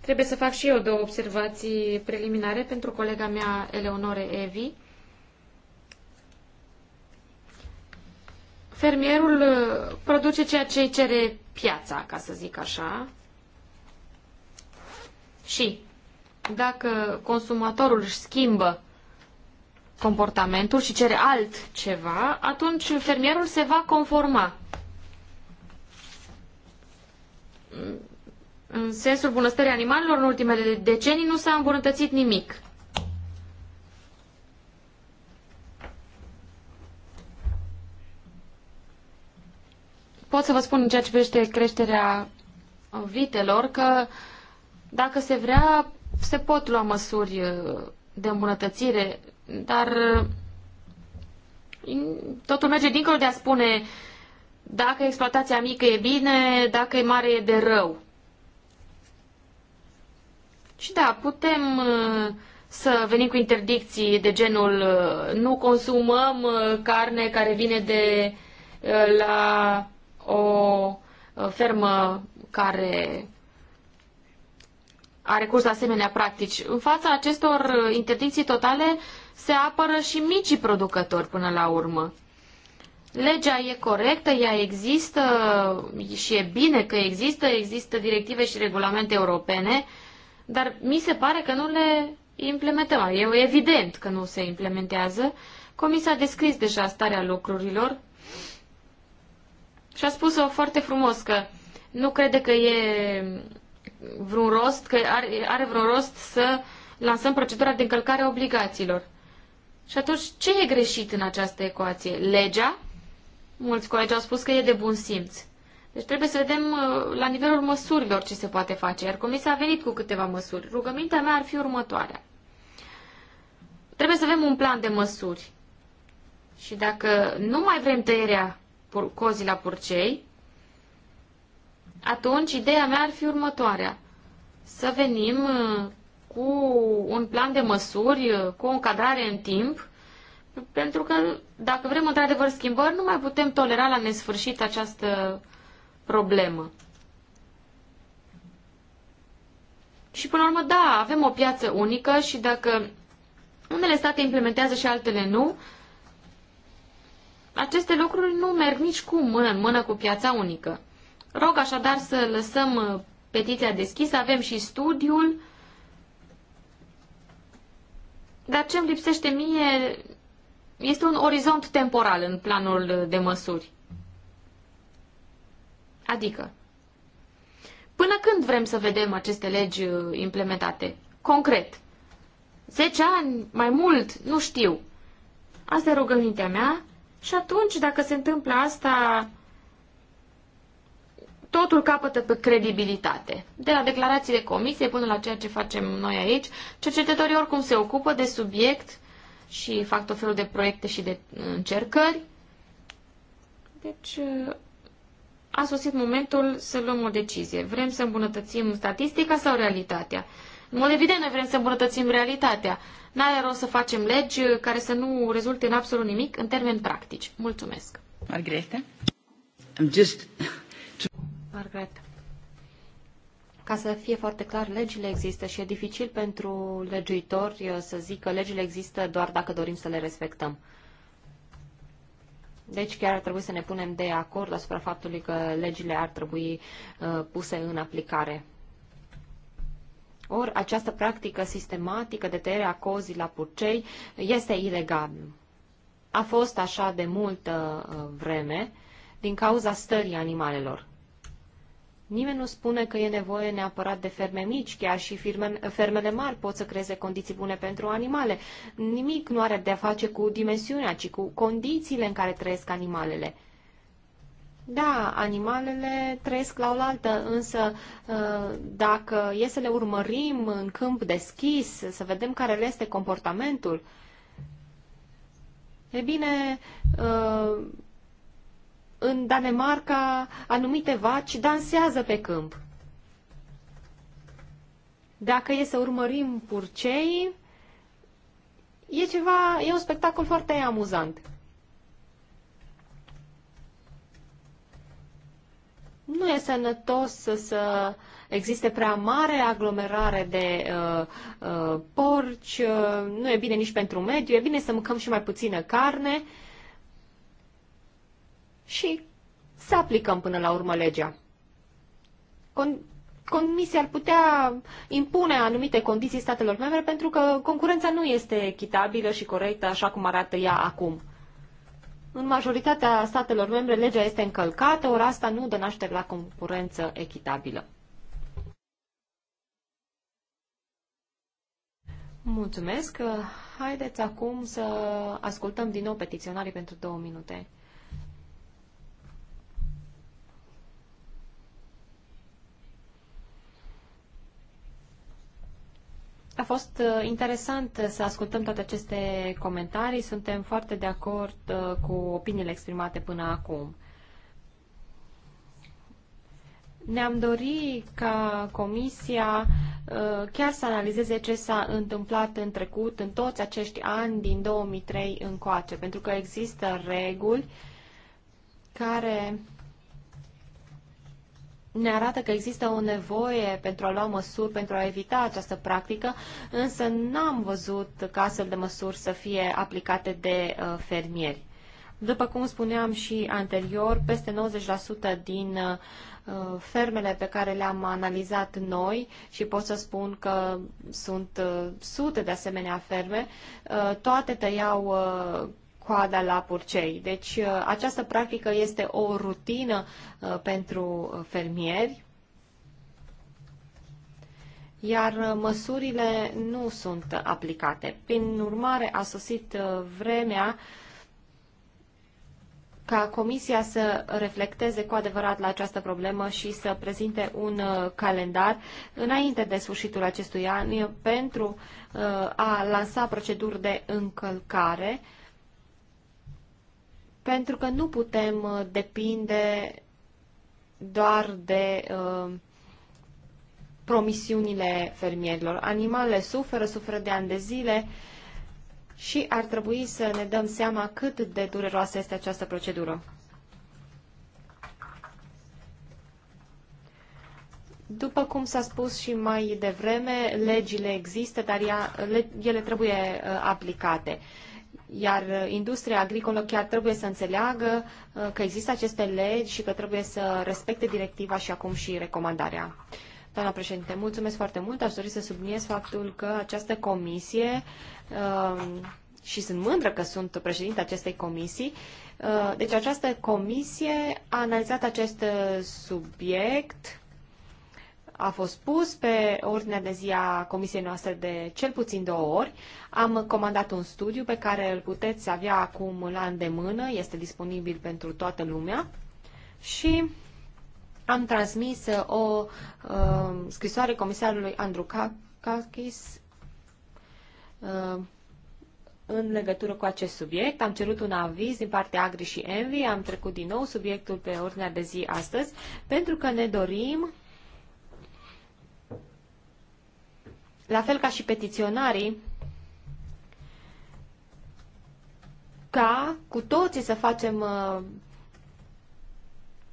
Trebuie să fac și eu două observații preliminare pentru colega mea Eleonore Evi. fermierul uh, produce ceea ce îi cere piața, ca să zic așa. Și dacă consumatorul își schimbă comportamentul și cere alt ceva, atunci fermierul se va conforma. În sensul bunăstării animalelor, în ultimele decenii nu s-a îmbunătățit nimic. pot să vă spun în ceea ce privește creșterea uh, vitelor că dacă se vrea, se pot lua măsuri uh, de îmbunătățire, dar uh, totul merge dincolo de a spune dacă exploatația mică e bine, dacă e mare e de rău. Și da, putem să venim cu interdicții de genul nu consumăm carne care vine de la o fermă care a recurs la asemenea practici. În fața acestor interdicții totale se apără și micii producători până la urmă. Legea e corectă, ea există și e bine că există, există directive și regulamente europene, dar mi se pare că nu le implementăm. E evident că nu se implementează. Comisia a descris deja starea lucrurilor și a spus-o foarte frumos că nu crede că e vreun rost, că are, are vreun rost să lansăm procedura de încălcare a obligațiilor. Și atunci, ce e greșit în această ecuație? Legea? Mulți colegi au spus că e de bun simț. Deci trebuie să vedem uh, la nivelul măsurilor ce se poate face, iar Comisia a venit cu câteva măsuri. Rugămintea mea ar fi următoarea. Trebuie să avem un plan de măsuri. Și dacă nu mai vrem tăierea cozi la purcei, atunci ideea mea ar fi următoarea. Să venim uh, cu un plan de măsuri, uh, cu o încadrare în timp, pentru că dacă vrem într-adevăr schimbări, nu mai putem tolera la nesfârșit această problemă. Și până la urmă, da, avem o piață unică și dacă unele state implementează și altele nu, aceste lucruri nu merg nici cum mână în mână cu piața unică. Rog așadar să lăsăm uh, petiția deschisă, avem și studiul. Dar ce îmi lipsește mie este un orizont temporal în planul de măsuri. Adică, până când vrem să vedem aceste legi uh, implementate? Concret. 10 ani, mai mult, nu știu. Asta e rugămintea mea. Și atunci, dacă se întâmplă asta, totul capătă pe credibilitate. De la declarațiile comisiei până la ceea ce facem noi aici, cercetătorii oricum se ocupă de subiect și fac tot felul de proiecte și de uh, încercări. Deci uh, a sosit momentul să luăm o decizie. Vrem să îmbunătățim statistica sau realitatea? În mod evident, noi vrem să îmbunătățim realitatea. N-are rost să facem legi care să nu rezulte în absolut nimic în termeni practici. Mulțumesc. Margrethe? I'm just... Margrethe. Ca să fie foarte clar, legile există și e dificil pentru legiuitori uh, să zic că legile există doar dacă dorim să le respectăm. Deci chiar ar trebui să ne punem de acord asupra faptului că legile ar trebui uh, puse în aplicare. Ori această practică sistematică de tăierea a cozii la purcei este ilegală. A fost așa de multă uh, vreme din cauza stării animalelor. Nimeni nu spune că e nevoie neapărat de ferme mici, chiar și firme, fermele mari pot să creeze condiții bune pentru animale. Nimic nu are de a face cu dimensiunea, ci cu condițiile în care trăiesc animalele. Da, animalele trăiesc la oaltă, însă ă, dacă e să le urmărim în câmp deschis, să vedem care le este comportamentul, e bine, ă, în Danemarca anumite vaci dansează pe câmp. Dacă e să urmărim purcei, e ceva, e un spectacol foarte amuzant. nu e sănătos să, să existe prea mare aglomerare de uh, uh, porci, uh, nu e bine nici pentru mediu, e bine să mâncăm și mai puțină carne și să aplicăm până la urmă legea. Con- Comisia ar putea impune anumite condiții statelor membre pentru că concurența nu este echitabilă și corectă așa cum arată ea acum. În majoritatea statelor membre, legea este încălcată, ori asta nu dă naștere la concurență echitabilă. Mulțumesc. Haideți acum să ascultăm din nou petiționarii pentru două minute. A fost uh, interesant să ascultăm toate aceste comentarii. Suntem foarte de acord uh, cu opiniile exprimate până acum. Ne-am dorit ca Comisia uh, chiar să analizeze ce s-a întâmplat în trecut, în toți acești ani din 2003 încoace, pentru că există reguli care ne arată că există o nevoie pentru a lua măsuri, pentru a evita această practică, însă n-am văzut ca astfel de măsuri să fie aplicate de uh, fermieri. După cum spuneam și anterior, peste 90% din uh, fermele pe care le-am analizat noi și pot să spun că sunt uh, sute de asemenea ferme, uh, toate tăiau uh, coada la purcei. Deci uh, această practică este o rutină uh, pentru uh, fermieri, iar măsurile nu sunt aplicate. Prin urmare, a sosit vremea ca Comisia să reflecteze cu adevărat la această problemă și să prezinte un calendar înainte de sfârșitul acestui an pentru a lansa proceduri de încălcare pentru că nu putem uh, depinde doar de uh, promisiunile fermierilor. Animalele suferă, suferă de ani de zile și ar trebui să ne dăm seama cât de dureroasă este această procedură. După cum s-a spus și mai devreme, legile există, dar ele trebuie uh, aplicate. Iar uh, industria agricolă chiar trebuie să înțeleagă uh, că există aceste legi și că trebuie să respecte directiva și acum și recomandarea. Doamna președinte, mulțumesc foarte mult. Aș dori să subliniez faptul că această comisie, uh, și sunt mândră că sunt președinte acestei comisii, deci această comisie a analizat acest subiect a fost pus pe ordinea de zi a comisiei noastre de cel puțin două ori. Am comandat un studiu pe care îl puteți avea acum la îndemână, este disponibil pentru toată lumea și am transmis uh, o uh, scrisoare comisarului Andru Kakis uh, în legătură cu acest subiect. Am cerut un aviz din partea Agri și Envi, am trecut din nou subiectul pe ordinea de zi astăzi, pentru că ne dorim la fel ca și petiționarii, ca cu toții să facem uh,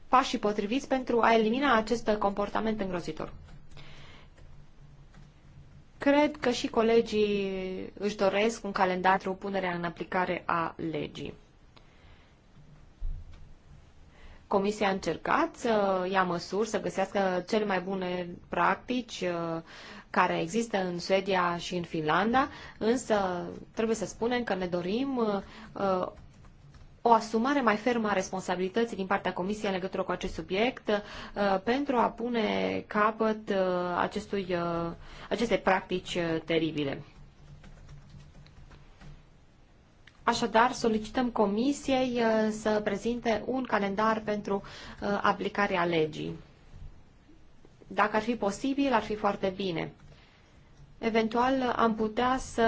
pașii potriviți pentru a elimina acest comportament îngrozitor. Cred că și colegii își doresc un calendar o punere în aplicare a legii. Comisia a încercat să ia măsuri, să găsească cele mai bune practici uh, care există în Suedia și în Finlanda, însă trebuie să spunem că ne dorim uh, uh, o asumare mai fermă a responsabilității din partea Comisiei în legătură cu acest subiect uh, pentru a pune capăt acestui, aceste practici teribile. Așadar, solicităm Comisiei să prezinte un calendar pentru aplicarea legii. Dacă ar fi posibil, ar fi foarte bine. Eventual am putea să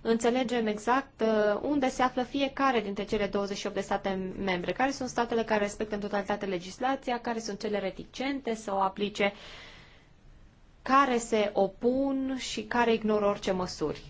înțelegem exact uh, unde se află fiecare dintre cele 28 de state membre, care sunt statele care respectă în totalitate legislația, care sunt cele reticente să o aplice, care se opun și care ignoră orice măsuri.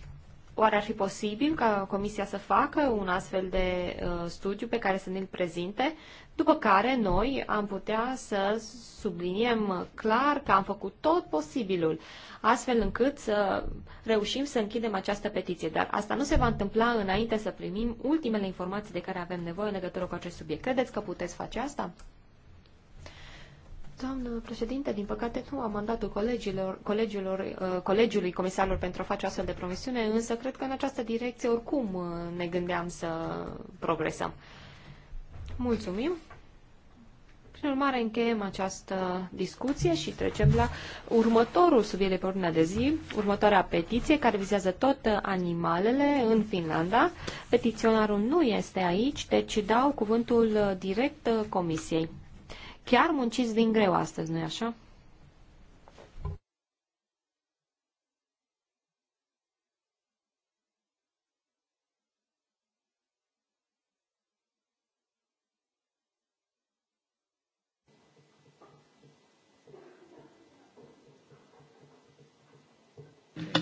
Oare ar fi posibil ca Comisia să facă un astfel de uh, studiu pe care să ne-l prezinte, după care noi am putea să subliniem clar că am făcut tot posibilul, astfel încât să reușim să închidem această petiție. Dar asta nu se va întâmpla înainte să primim ultimele informații de care avem nevoie în legătură cu acest subiect. Credeți că puteți face asta? Doamnă președinte, din păcate nu am mandatul colegilor, colegilor, uh, colegiului comisarilor pentru a face astfel de promisiune, însă cred că în această direcție oricum uh, ne gândeam să progresăm. Mulțumim! Prin urmare, încheiem această discuție și trecem la următorul subiect de pe ordinea de zi, următoarea petiție care vizează tot animalele în Finlanda. Petiționarul nu este aici, deci dau cuvântul direct uh, comisiei chiar munciți din greu astăzi, nu-i așa?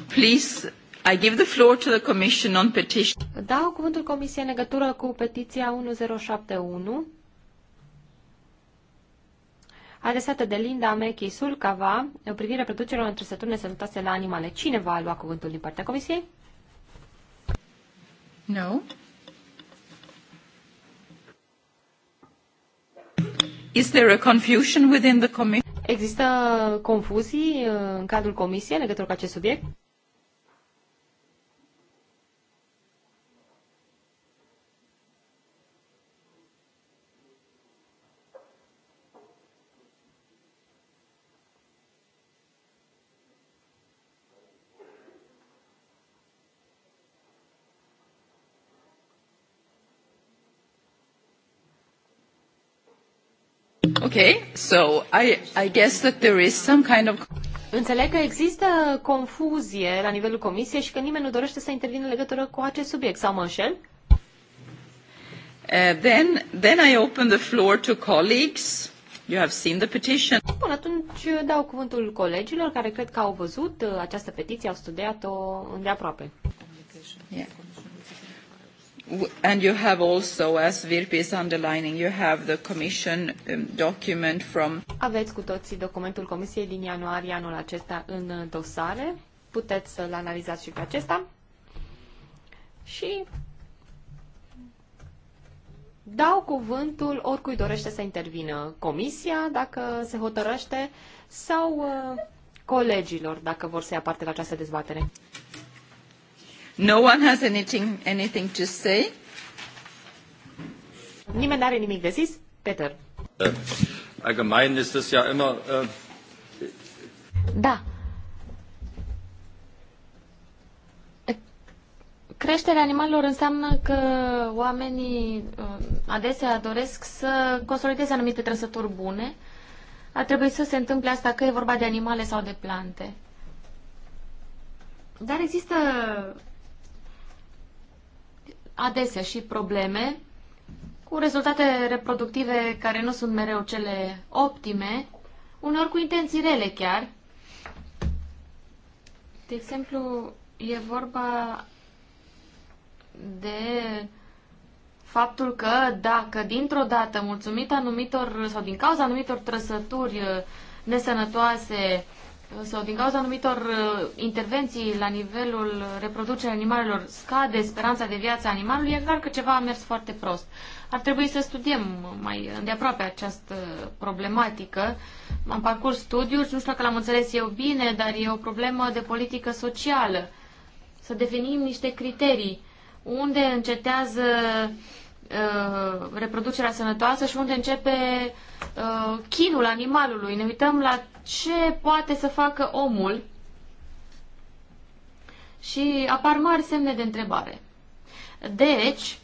Please, I give the floor to the Commission on petition. Dau cuvântul Comisiei în legătură cu petiția 1071 adresată de Linda Mechi Sulcava, privire producerilor între sătune sănătoase la animale. Cine va lua cuvântul din partea comisiei? No. Is there a confusion within the committee? Există confuzii uh, în cadrul comisiei în legătură cu acest subiect? Okay, so I, I guess that there is some kind of... Înțeleg că există confuzie la nivelul comisiei și că nimeni nu dorește să intervină în legătură cu acest subiect, sau mă înșel? Uh, then, then I open the floor to colleagues. You have seen the petition. Bun, atunci dau cuvântul colegilor care cred că au văzut uh, această petiție, au studiat-o îndeaproape. Yeah and you have also, as Virpi is underlining, you have the commission um, document from... Aveți cu toții documentul Comisiei din ianuarie anul acesta în dosare. Puteți să-l analizați și pe acesta. Și dau cuvântul oricui dorește să intervină comisia, dacă se hotărăște, sau uh, colegilor, dacă vor să ia parte la această dezbatere. No one has anything, anything to say? Nimeni are nimic de zis? Peter. Äh, allgemein ist es ja immer... Äh, da. creșterea animalelor înseamnă că oamenii uh, adesea doresc să consolideze anumite trăsături bune. Ar trebui să se întâmple asta că e vorba de animale sau de plante. Dar există adesea și probleme cu rezultate reproductive care nu sunt mereu cele optime, uneori cu intenții rele chiar. De exemplu, e vorba de faptul că dacă dintr-o dată, mulțumit anumitor sau din cauza anumitor trăsături eh, nesănătoase, sau din cauza anumitor uh, intervenții la nivelul reproducerii animalelor scade speranța de viață a animalului, e clar că ceva a mers foarte prost. Ar trebui să studiem mai îndeaproape această problematică. Am parcurs studiul și nu știu dacă l-am înțeles eu bine, dar e o problemă de politică socială. Să definim niște criterii. Unde încetează Uh, reproducerea sănătoasă și unde începe uh, chinul animalului. Ne uităm la ce poate să facă omul și apar mari semne de întrebare. Deci,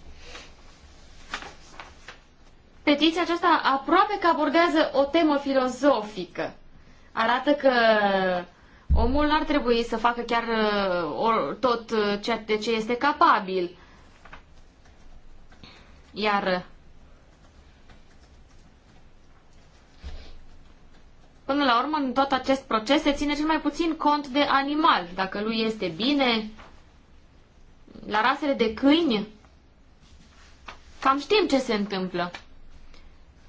petiția aceasta aproape că abordează o temă filozofică. Arată că omul ar trebui să facă chiar uh, tot uh, ceea de ce este capabil. Iar Până la urmă, în tot acest proces se ține cel mai puțin cont de animal. Dacă lui este bine, la rasele de câini, cam știm ce se întâmplă.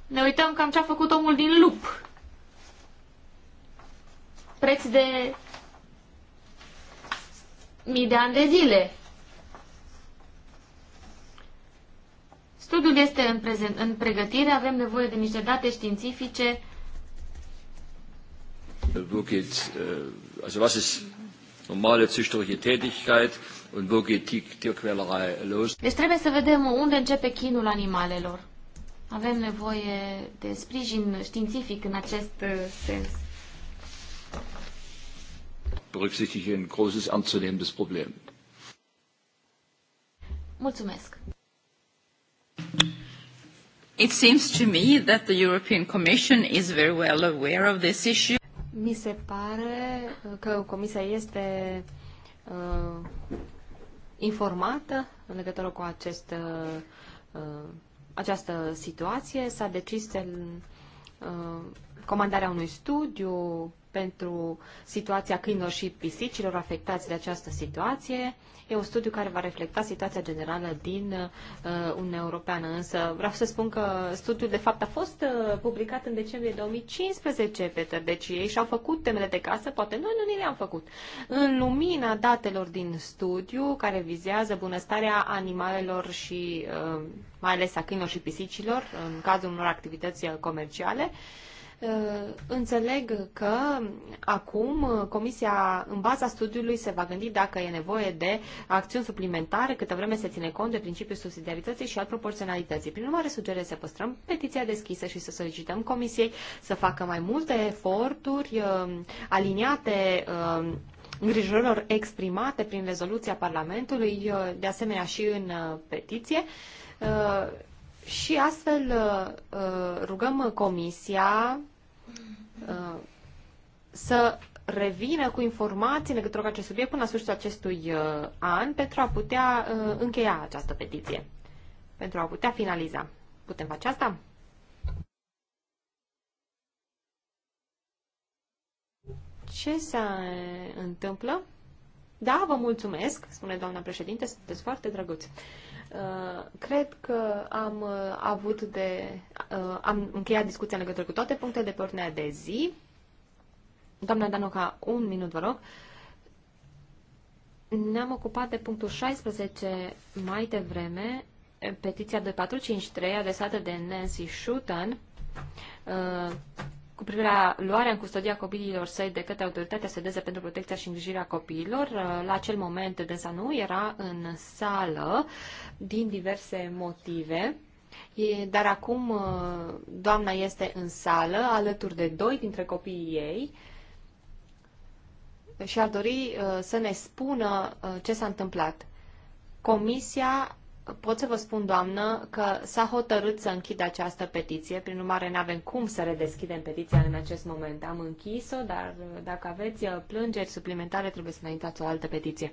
Ne uităm cam ce a făcut omul din lup. Preț de mii de ani de zile. Studiul este în, prezent, în pregătire, avem nevoie de niște date științifice. Wo geht, äh, also was ist normale züchterliche Tätigkeit und wo geht die Tierquälerei los? Deci trebuie să vedem unde începe chinul animalelor. Avem nevoie de sprijin științific în acest uh, sens. Berücksichtige ein großes anzunehmendes Problem. Mulțumesc. It seems to me that the European Commission is very well aware of this issue. Mi se pare uh, că Comisia este uh, informată în legătură cu acest, uh, uh, această situație. S-a decis uh, comandarea unui studiu pentru situația câinilor și pisicilor afectați de această situație. E un studiu care va reflecta situația generală din uh, Uniunea Europeană, însă vreau să spun că studiul de fapt a fost uh, publicat în decembrie 2015, Peter, deci ei și-au făcut temele de casă, poate noi nu ni le-am făcut. În lumina datelor din studiu, care vizează bunăstarea animalelor și uh, mai ales a câinilor și pisicilor, în cazul unor activități uh, comerciale, uh, Uh, înțeleg că acum Comisia, în baza studiului, se va gândi dacă e nevoie de acțiuni suplimentare, câtă vreme se ține cont de principiul subsidiarității și al proporționalității. Prin urmare, sugerez să păstrăm petiția deschisă și să solicităm Comisiei să facă mai multe eforturi uh, aliniate uh, îngrijorilor exprimate prin rezoluția Parlamentului, de asemenea și în petiție. Și astfel rugăm Comisia Uh, să revină cu informații în legătură cu acest subiect până la sfârșitul acestui uh, an pentru a putea uh, încheia această petiție, pentru a putea finaliza. Putem face asta? Ce se întâmplă? Da, vă mulțumesc, spune doamna președinte, sunteți foarte drăguți. Uh, cred că am uh, avut de. Uh, am încheiat discuția în legătură cu toate punctele de pe ordinea de zi. Doamna Danoca, un minut, vă rog. Ne-am ocupat de punctul 16 mai devreme, petiția 2453 adresată de Nancy Uh, cu privire la luarea în custodia copiilor săi de către autoritatea sedeze pentru protecția și îngrijirea copiilor. Uh, la acel moment Deza nu era în sală din diverse motive, dar acum uh, doamna este în sală alături de doi dintre copiii ei și ar dori uh, să ne spună ce s-a întâmplat. Comisia pot să vă spun, doamnă, că s-a hotărât să închid această petiție, prin urmare nu avem cum să redeschidem petiția în acest moment. Am închis-o, dar uh, dacă aveți uh, plângeri suplimentare, trebuie să înaintați o altă petiție.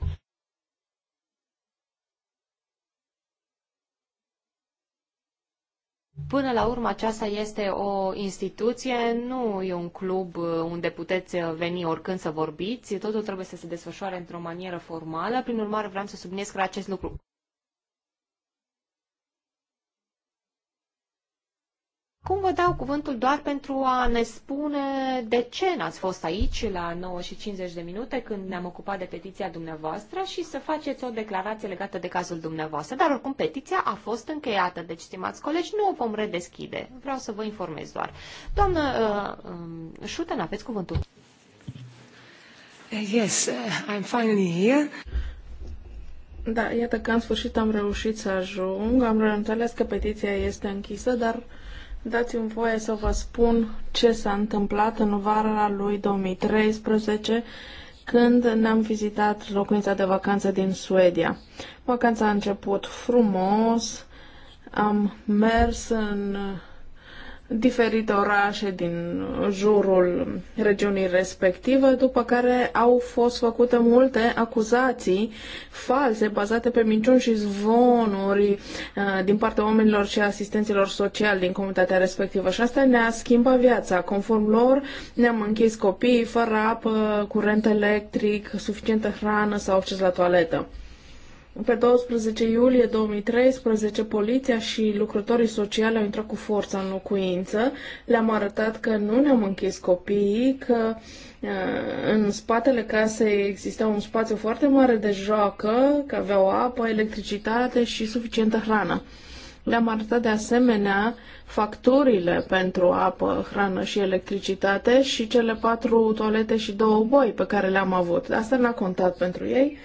Până la urmă, aceasta este o instituție, nu e un club uh, unde puteți veni oricând să vorbiți, totul trebuie să se desfășoare într-o manieră formală, prin urmare vreau să subliniez că acest lucru Cum vă dau cuvântul doar pentru a ne spune de ce n-ați fost aici la 9 și 50 de minute când ne-am ocupat de petiția dumneavoastră și să faceți o declarație legată de cazul dumneavoastră. Dar oricum petiția a fost încheiată, deci, stimați colegi, nu o vom redeschide. Vreau să vă informez doar. Doamnă uh, um, Șuten, uh, aveți cuvântul. Uh, yes, uh, I'm finally here. Da, iată că în sfârșit am reușit să ajung. Am înțeles că petiția este închisă, dar Dați-mi voie să vă spun ce s-a întâmplat în vara lui 2013, când ne-am vizitat locuința de vacanță din Suedia. Vacanța a început frumos, am mers în diferite orașe din jurul regiunii respective, după care au fost făcute multe acuzații false, bazate pe minciuni și zvonuri uh, din partea oamenilor și asistenților sociali din comunitatea respectivă. Și asta ne-a schimbat viața. Conform lor, ne-am închis copiii fără apă, curent electric, suficientă hrană sau acces la toaletă. Pe 12 iulie 2013, poliția și lucrătorii sociali au intrat cu forța în locuință. Le-am arătat că nu ne-am închis copiii, că uh, în spatele casei exista un spațiu foarte mare de joacă, că aveau apă, electricitate și suficientă hrană. Le-am arătat de asemenea facturile pentru apă, hrană și electricitate și cele patru toalete și două boi pe care le-am avut. Asta n-a contat pentru ei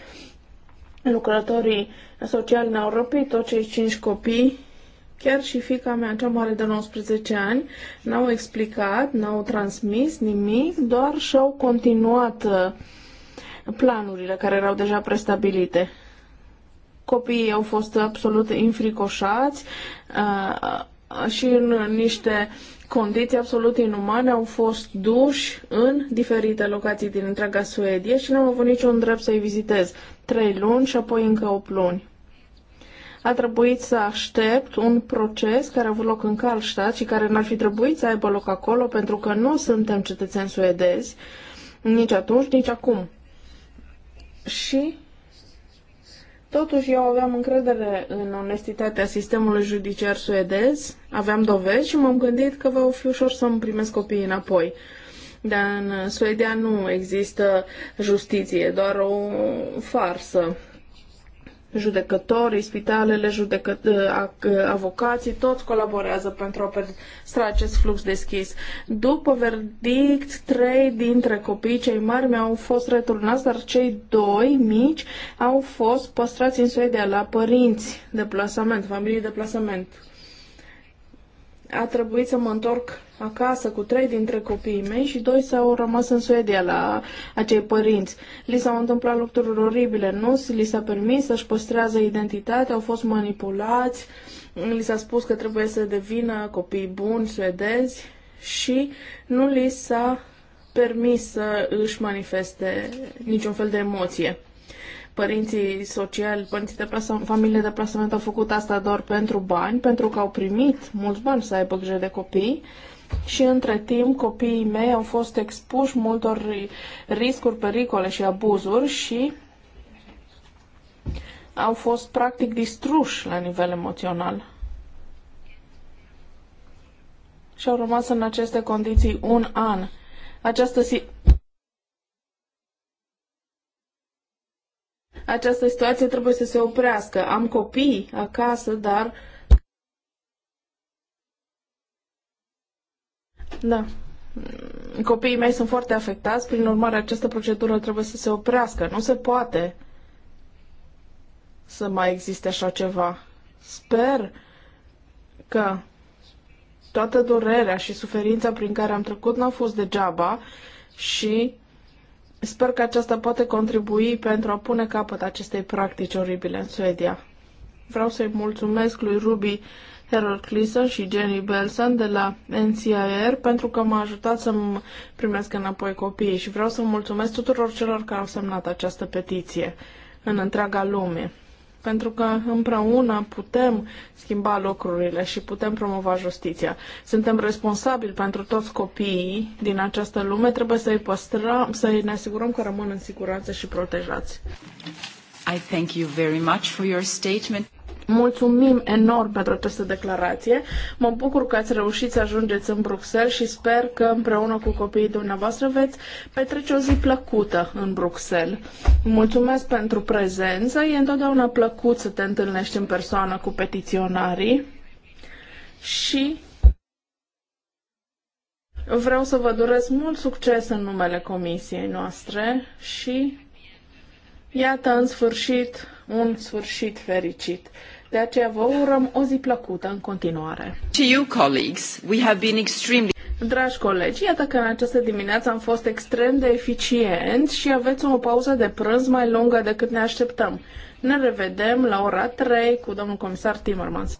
lucrătorii sociali ne-au răpit toți cei cinci copii, chiar și fica mea cea mare de 19 ani, n-au explicat, n-au transmis nimic, doar și-au continuat uh, planurile care erau deja prestabilite. Copiii au fost absolut infricoșați uh, uh, și în niște condiții absolut inumane, au fost duși în diferite locații din întreaga Suedia și n-am avut niciun drept să-i vizitez trei luni și apoi încă 8 luni. A trebuit să aștept un proces care a avut loc în Karlstad și care n-ar fi trebuit să aibă loc acolo pentru că nu suntem cetățeni suedezi nici atunci, nici acum. Și Totuși, eu aveam încredere în onestitatea sistemului judiciar suedez, aveam dovezi și m-am gândit că va fi ușor să-mi primesc copiii înapoi. Dar în Suedia nu există justiție, doar o farsă. Judecătorii, spitalele, judecă, avocații, toți colaborează pentru a păstra acest flux deschis. După verdict, trei dintre copiii cei mari mi-au fost returnați, dar cei doi mici au fost păstrați în Suedia la părinți de plasament, familii de plasament a trebuit să mă întorc acasă cu trei dintre copiii mei și doi s-au rămas în Suedia la acei părinți. Li s-au întâmplat lucruri oribile, nu li s-a permis să-și păstrează identitatea, au fost manipulați, li s-a spus că trebuie să devină copii buni suedezi și nu li s-a permis să își manifeste niciun fel de emoție părinții sociali, părinții de plasament, familie de plasament au făcut asta doar pentru bani, pentru că au primit mulți bani să aibă grijă de copii și între timp copiii mei au fost expuși multor riscuri, pericole și abuzuri și au fost practic distruși la nivel emoțional. Și au rămas în aceste condiții un an. Această si- această situație trebuie să se oprească. Am copii acasă, dar... Da. Copiii mei sunt foarte afectați, prin urmare această procedură trebuie să se oprească. Nu se poate să mai existe așa ceva. Sper că toată durerea și suferința prin care am trecut n-au fost degeaba și Sper că aceasta poate contribui pentru a pune capăt acestei practici oribile în Suedia. Vreau să-i mulțumesc lui Ruby Harold Cleason și Jenny Belson de la NCIR pentru că m-a ajutat să-mi primesc înapoi copiii și vreau să mulțumesc tuturor celor care au semnat această petiție în întreaga lume pentru că împreună putem schimba lucrurile și putem promova justiția. Suntem responsabili pentru toți copiii din această lume, trebuie să-i păstrăm, să ne asigurăm că rămân în siguranță și protejați. I thank you very much for your statement. Mulțumim enorm pentru această declarație. Mă bucur că ați reușit să ajungeți în Bruxelles și sper că împreună cu copiii dumneavoastră veți petrece o zi plăcută în Bruxelles. Mulțumesc pentru prezență. E întotdeauna plăcut să te întâlnești în persoană cu petiționarii și vreau să vă doresc mult succes în numele comisiei noastre și iată în sfârșit un sfârșit fericit. De aceea vă urăm o zi plăcută în continuare. To you, colleagues, we have been extremely... Dragi colegi, iată că în această dimineață am fost extrem de eficient și aveți o pauză de prânz mai lungă decât ne așteptăm. Ne revedem la ora 3 cu domnul comisar Timmermans.